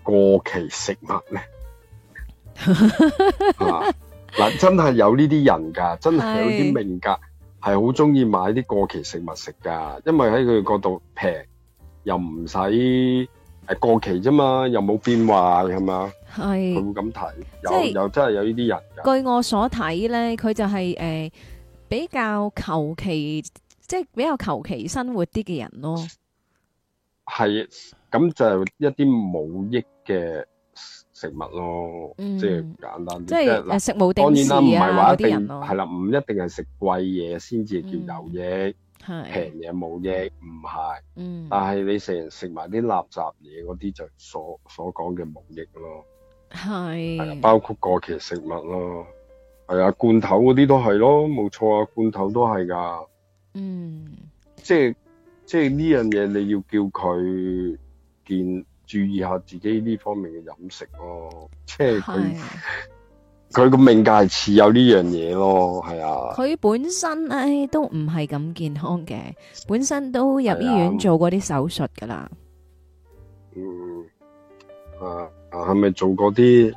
過期食物咧？嗱，真係有呢啲人噶，真係有啲命格係好中意買啲過期食物食噶，因為喺佢嘅角度平又唔使誒過期啫嘛，又冇變壞係嘛，係佢會咁睇，即係又真係有呢啲人。據我所睇咧，佢就係誒。比較求其，即係比較求其生活啲嘅人咯。係，咁就一啲冇益嘅食物咯，嗯、即係簡單啲。即係、呃、食冇定時、啊，當然啦，唔係話定係啦，唔一定係食貴嘢先至叫有益，平嘢冇益，唔係、嗯。但係你成日食埋啲垃圾嘢嗰啲，就所所講嘅冇益咯。係。係啊，包括過期食物咯。係啊，罐頭嗰啲都係咯，冇錯啊，罐頭都係噶嗯，即係即係呢樣嘢，你要叫佢見，注意一下自己呢方面嘅飲食咯。即係佢佢個命格係似有呢樣嘢咯，係啊。佢本身咧、哎、都唔係咁健康嘅，本身都入醫院做過啲手術噶啦、啊。嗯，啊啊係咪做過啲？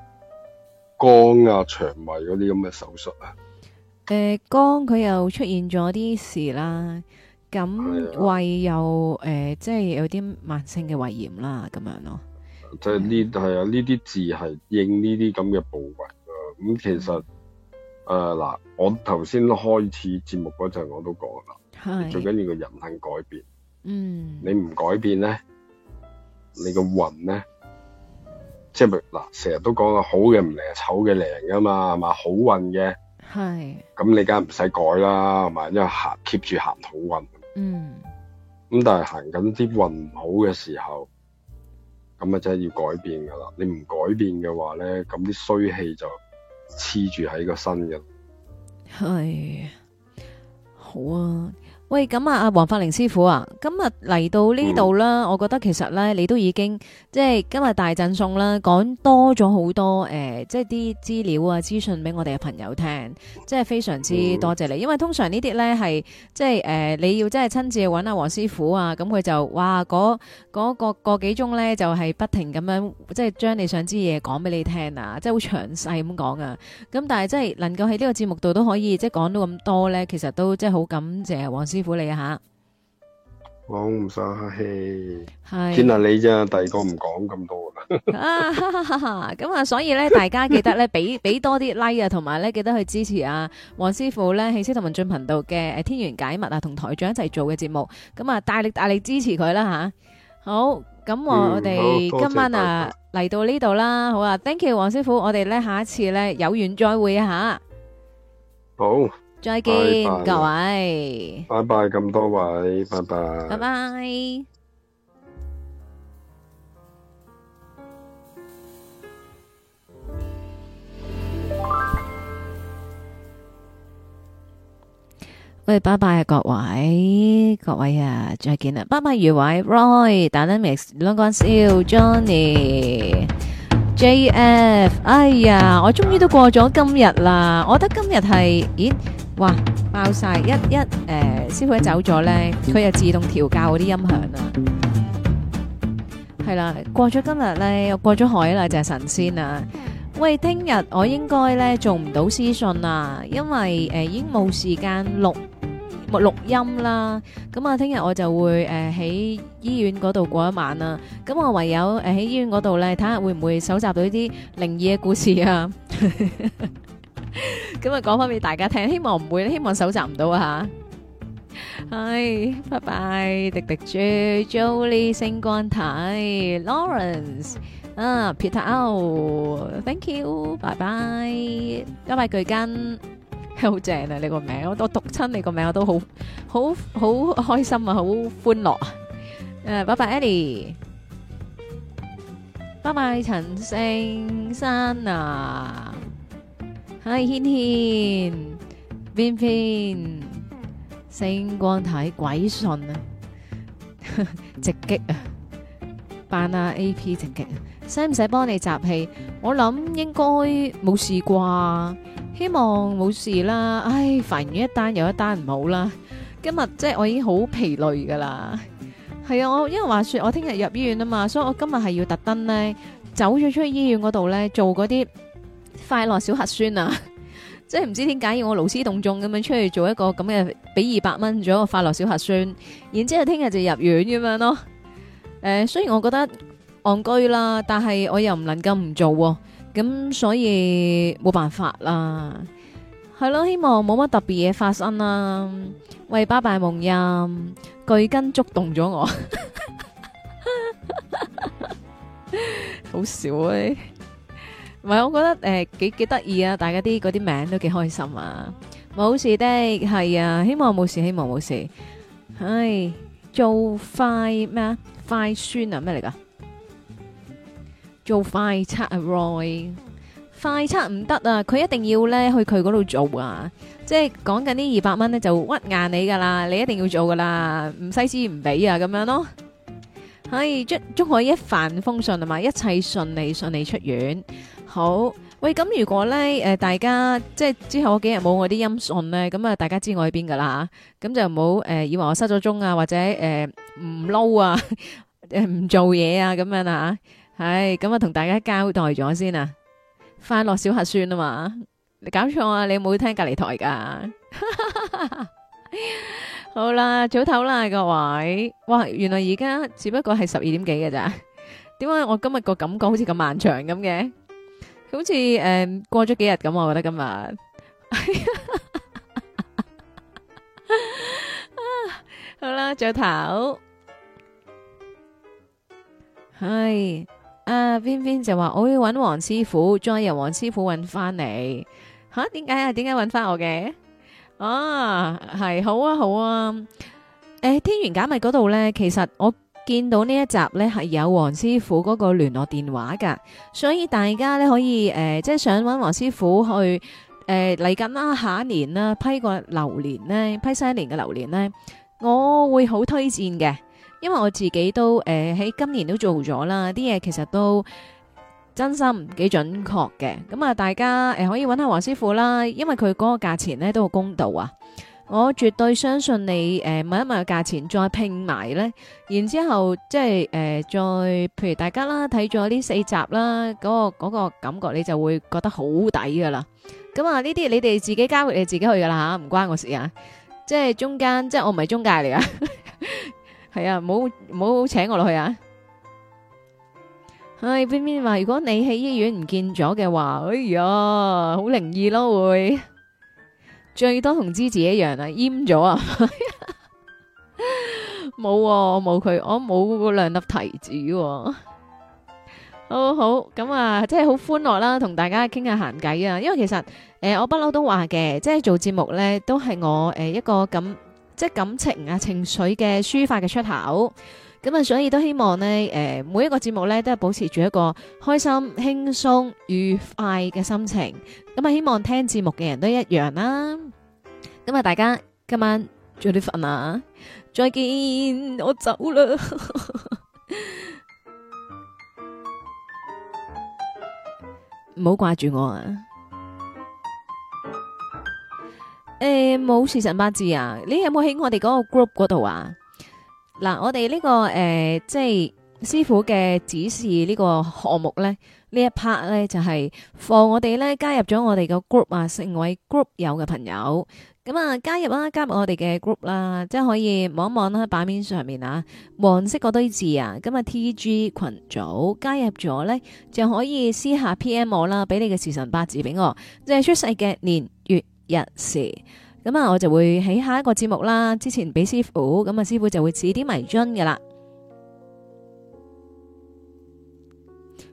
肝啊、腸胃嗰啲咁嘅手術啊，誒、呃，肝佢又出現咗啲事啦，咁胃又誒、啊呃，即係有啲慢性嘅胃炎啦，咁樣咯。即係呢，係啊，呢啲、啊、字係應呢啲咁嘅部位。咁其實誒，嗱、呃，我頭先開始節目嗰陣，我都講啦，最緊要個人性改變。嗯。你唔改變咧，你個魂咧。即係嗱，成日都講啊，好嘅唔靈，醜嘅靈噶嘛，係嘛？好運嘅，係，咁你梗係唔使改啦，係嘛？因為行 keep 住行好運，嗯，咁但係行緊啲運唔好嘅時候，咁啊真係要改變噶啦，你唔改變嘅話咧，咁啲衰氣就黐住喺個身嘅，係，好啊。喂，咁啊，阿黃法寧師傅啊，今日嚟到呢度啦。嗯、我覺得其實咧，你都已經即係今日大贈送啦，講多咗好多、呃、即係啲資料啊、資訊俾我哋嘅朋友聽，即係非常之多謝你。因為通常呢啲咧係即係、呃、你要真係親自揾阿黃師傅啊，咁、嗯、佢就哇嗰個個個幾鐘咧就係、是、不停咁樣即係將你想知嘢講俾你聽啊，即係好詳細咁講啊。咁但係即係能夠喺呢個節目度都可以即係講到咁多咧，其實都即係好感謝黃師傅。師傅你啊吓，我唔使客氣，見下你咋，第二個唔講咁多啦。咁啊，所以咧，大家記得咧，俾俾多啲 like 啊，同埋咧，記得去支持啊，黃師傅咧，嘅司徒文進頻道嘅誒，天喵解密啊，同台長一齊做嘅節目，咁啊，大力大力支持佢啦吓。好，咁我哋今晚啊嚟到呢度啦，好啊，thank you，黃師傅，我哋咧下一次咧有緣再會啊吓。好。再見各位，拜拜咁多位，拜拜，拜拜。喂，拜拜啊各位，各位啊再見啦，拜拜余偉 Roy，Daniel Mix，梁冠少 Johnny，JF，哎呀，我終於都過咗今日啦，我覺得今日係，咦？哇！爆曬一一誒師傅一走咗呢，佢又自動調校嗰啲音響啦。係啦，過咗今日呢，又過咗海啦就係神仙啦。喂，聽日我應該呢做唔到私信啊，因為誒已經冇時間錄錄音啦。咁啊，聽日我就會誒喺醫院嗰度過一晚啦。咁我唯有誒喺醫院嗰度呢，睇下會唔會搜集到啲靈異嘅故事啊！今日講翻俾大家聽，希望唔會，希望搜集唔到啊吓。係，拜拜，迪迪豬 Jolie 星光體，Lawrence 啊，Peter O，Thank you，拜拜。拜拜巨根，好正啊！你個名，我我讀親你個名，我都好好好開心啊，好歡樂啊。誒，拜拜，Eddie，拜拜，陳勝山啊。嗨軒軒，邊邊，星光睇鬼信啊！直擊扮啊，A P 直擊，使唔使幫你集氣？我諗應該冇事啩，希望冇事啦。唉，煩完一單又一單唔好啦。今日即係我已經好疲累噶啦。係啊，我因為話說我聽日入醫院啊嘛，所以我今日係要特登咧走咗出去醫院嗰度咧做嗰啲。快樂小核酸啊，即係唔知點解要我勞師動眾咁樣出去做一個咁嘅，俾二百蚊做一個快樂小核酸，然之後聽日就入院咁樣咯。誒、呃，雖然我覺得戇居啦，但係我又唔能夠唔做、啊，咁所以冇辦法啦。係咯，希望冇乜特別嘢發生啦、啊。為巴拜夢音，巨根觸動咗我， *laughs* 好笑誒、啊。唔、嗯、係，我覺得誒、呃、幾幾得意啊！大家啲嗰啲名都幾開心啊！冇事的，係啊，希望冇事，希望冇事。唉，做快咩啊？快酸啊？咩嚟噶？做快測啊，Roy！快測唔得啊！佢、啊、一定要咧去佢嗰度做啊！即係講緊呢二百蚊咧就屈硬你噶啦，你一定要做噶啦，唔使試唔俾啊，咁樣咯。係祝祝我一帆風順啊嘛，一切順利順利出院。好喂，咁如果咧誒，大家即係之後嗰幾日冇我啲音訊咧，咁啊，大家知我喺邊噶啦吓，咁就唔好誒，以為我失咗蹤啊，或者誒唔撈啊，誒唔做嘢啊，咁樣啦吓，係咁啊，同大家交代咗先啊，快樂小核酸啊嘛，你搞錯啊，你冇聽隔籬台噶，好啦，早唞啦各位，哇，原來而家只不過係十二點幾嘅咋，點解我今日個感覺好似咁漫長咁嘅？好似誒過咗幾日咁，我覺得今日好啦，早唞係啊，邊邊就話我要搵黃師傅，再由黃師傅搵翻你。吓，點解啊？點解搵翻我嘅？啊，係好啊，好啊。誒，天喵解密嗰度咧，其實我。見到呢一集咧，係有黃師傅嗰個聯絡電話噶所以大家咧可以誒、呃，即係想揾黃師傅去誒嚟緊啦，下一年啦，批個流年呢，批新一年嘅流年呢，我會好推薦嘅，因為我自己都誒喺、呃、今年都做咗啦，啲嘢其實都真心幾準確嘅，咁啊大家誒可以揾下黃師傅啦，因為佢嗰個價錢呢都好公道啊。我絕對相信你，誒問一問個價錢，再拼埋咧，然之後即係誒，再譬如大家啦，睇咗呢四集啦，嗰個嗰個感覺，你就會覺得好抵噶啦。咁啊，呢啲你哋自己交易，你自己去噶啦吓，唔關我事啊。即係中間，即係我唔係中介嚟啊。係啊，唔好唔好請我落去啊。唉，邊邊話如果你喺醫院唔見咗嘅話，哎呀，好靈異咯會。最多同芝士一樣啦，閹咗 *laughs* 啊！冇，我冇佢，我冇嗰兩粒提子啊。好好咁啊，即係好歡樂啦，同大家傾下閒偈啊！因為其實誒、呃，我不嬲都話嘅，即係做節目咧，都係我誒、呃、一個感，即係感情啊、情緒嘅抒發嘅出口。咁啊，所以都希望呢，誒、呃，每一個節目咧，都係保持住一個開心、輕鬆、愉快嘅心情。咁啊！希望聽節目嘅人都一樣啦。咁啊，大家今晚早啲瞓啊。再見，我走啦。唔好掛住我啊！誒、欸，冇時辰八字啊？你有冇喺我哋嗰個 group 嗰度啊？嗱，我哋呢、這個誒、呃，即係師傅嘅指示個項呢個項目咧。一呢一 part 咧就係、是、放我哋咧加入咗我哋個 group 啊，成為 group 友嘅朋友，咁啊加入啦、啊，加入我哋嘅 group 啦、啊，即係可以望一望啦，喺版面上面啊黃色嗰堆字啊，咁啊 TG 群組加入咗咧，就可以私下 PM 我啦，俾、啊、你嘅時辰八字俾我，即、就、係、是、出世嘅年月日時，咁啊我就會喺下一個節目啦、啊，之前俾師傅，咁啊師傅就會指點迷津噶啦。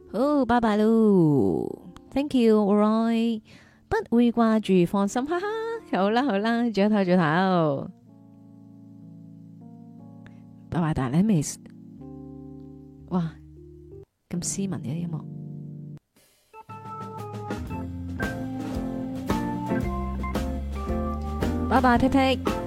好，拜拜咯，thank you，all right，不會掛住，放心，哈哈，好啦好啦，轉頭轉頭，拜拜，但係你未，哇，咁斯文嘅音樂，拜拜，聽聽。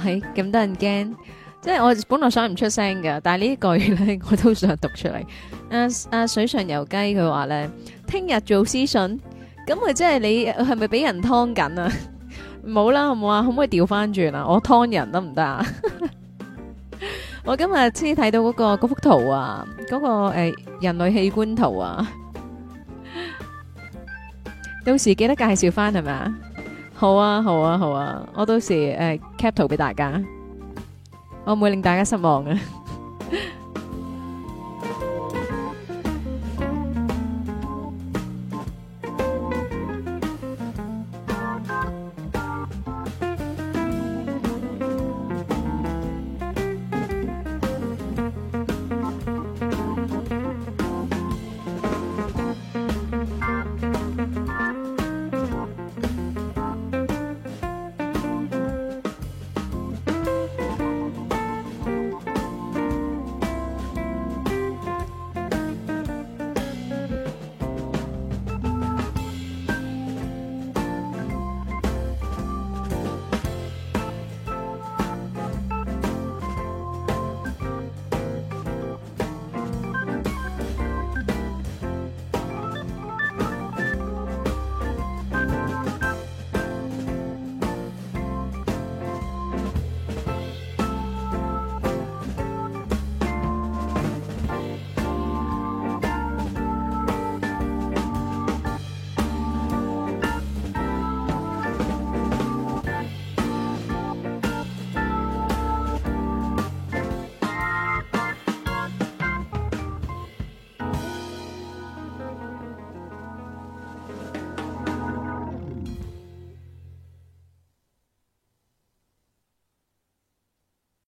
係咁多人驚，即係我本來想唔出聲噶，但係呢句咧，我都想讀出嚟。阿阿水上游雞佢話咧，聽日做私信，咁咪即係你係咪俾人劏緊啊？冇啦，好唔好啊？可唔可以調翻轉啊？我㓥人得唔得啊？我今日先睇到嗰個嗰幅圖啊，嗰個誒人類器官圖啊，到時記得介紹翻係咪？好啊，好啊，好啊！我到時誒，cap、呃、圖俾大家，我唔會令大家失望嘅。 *laughs*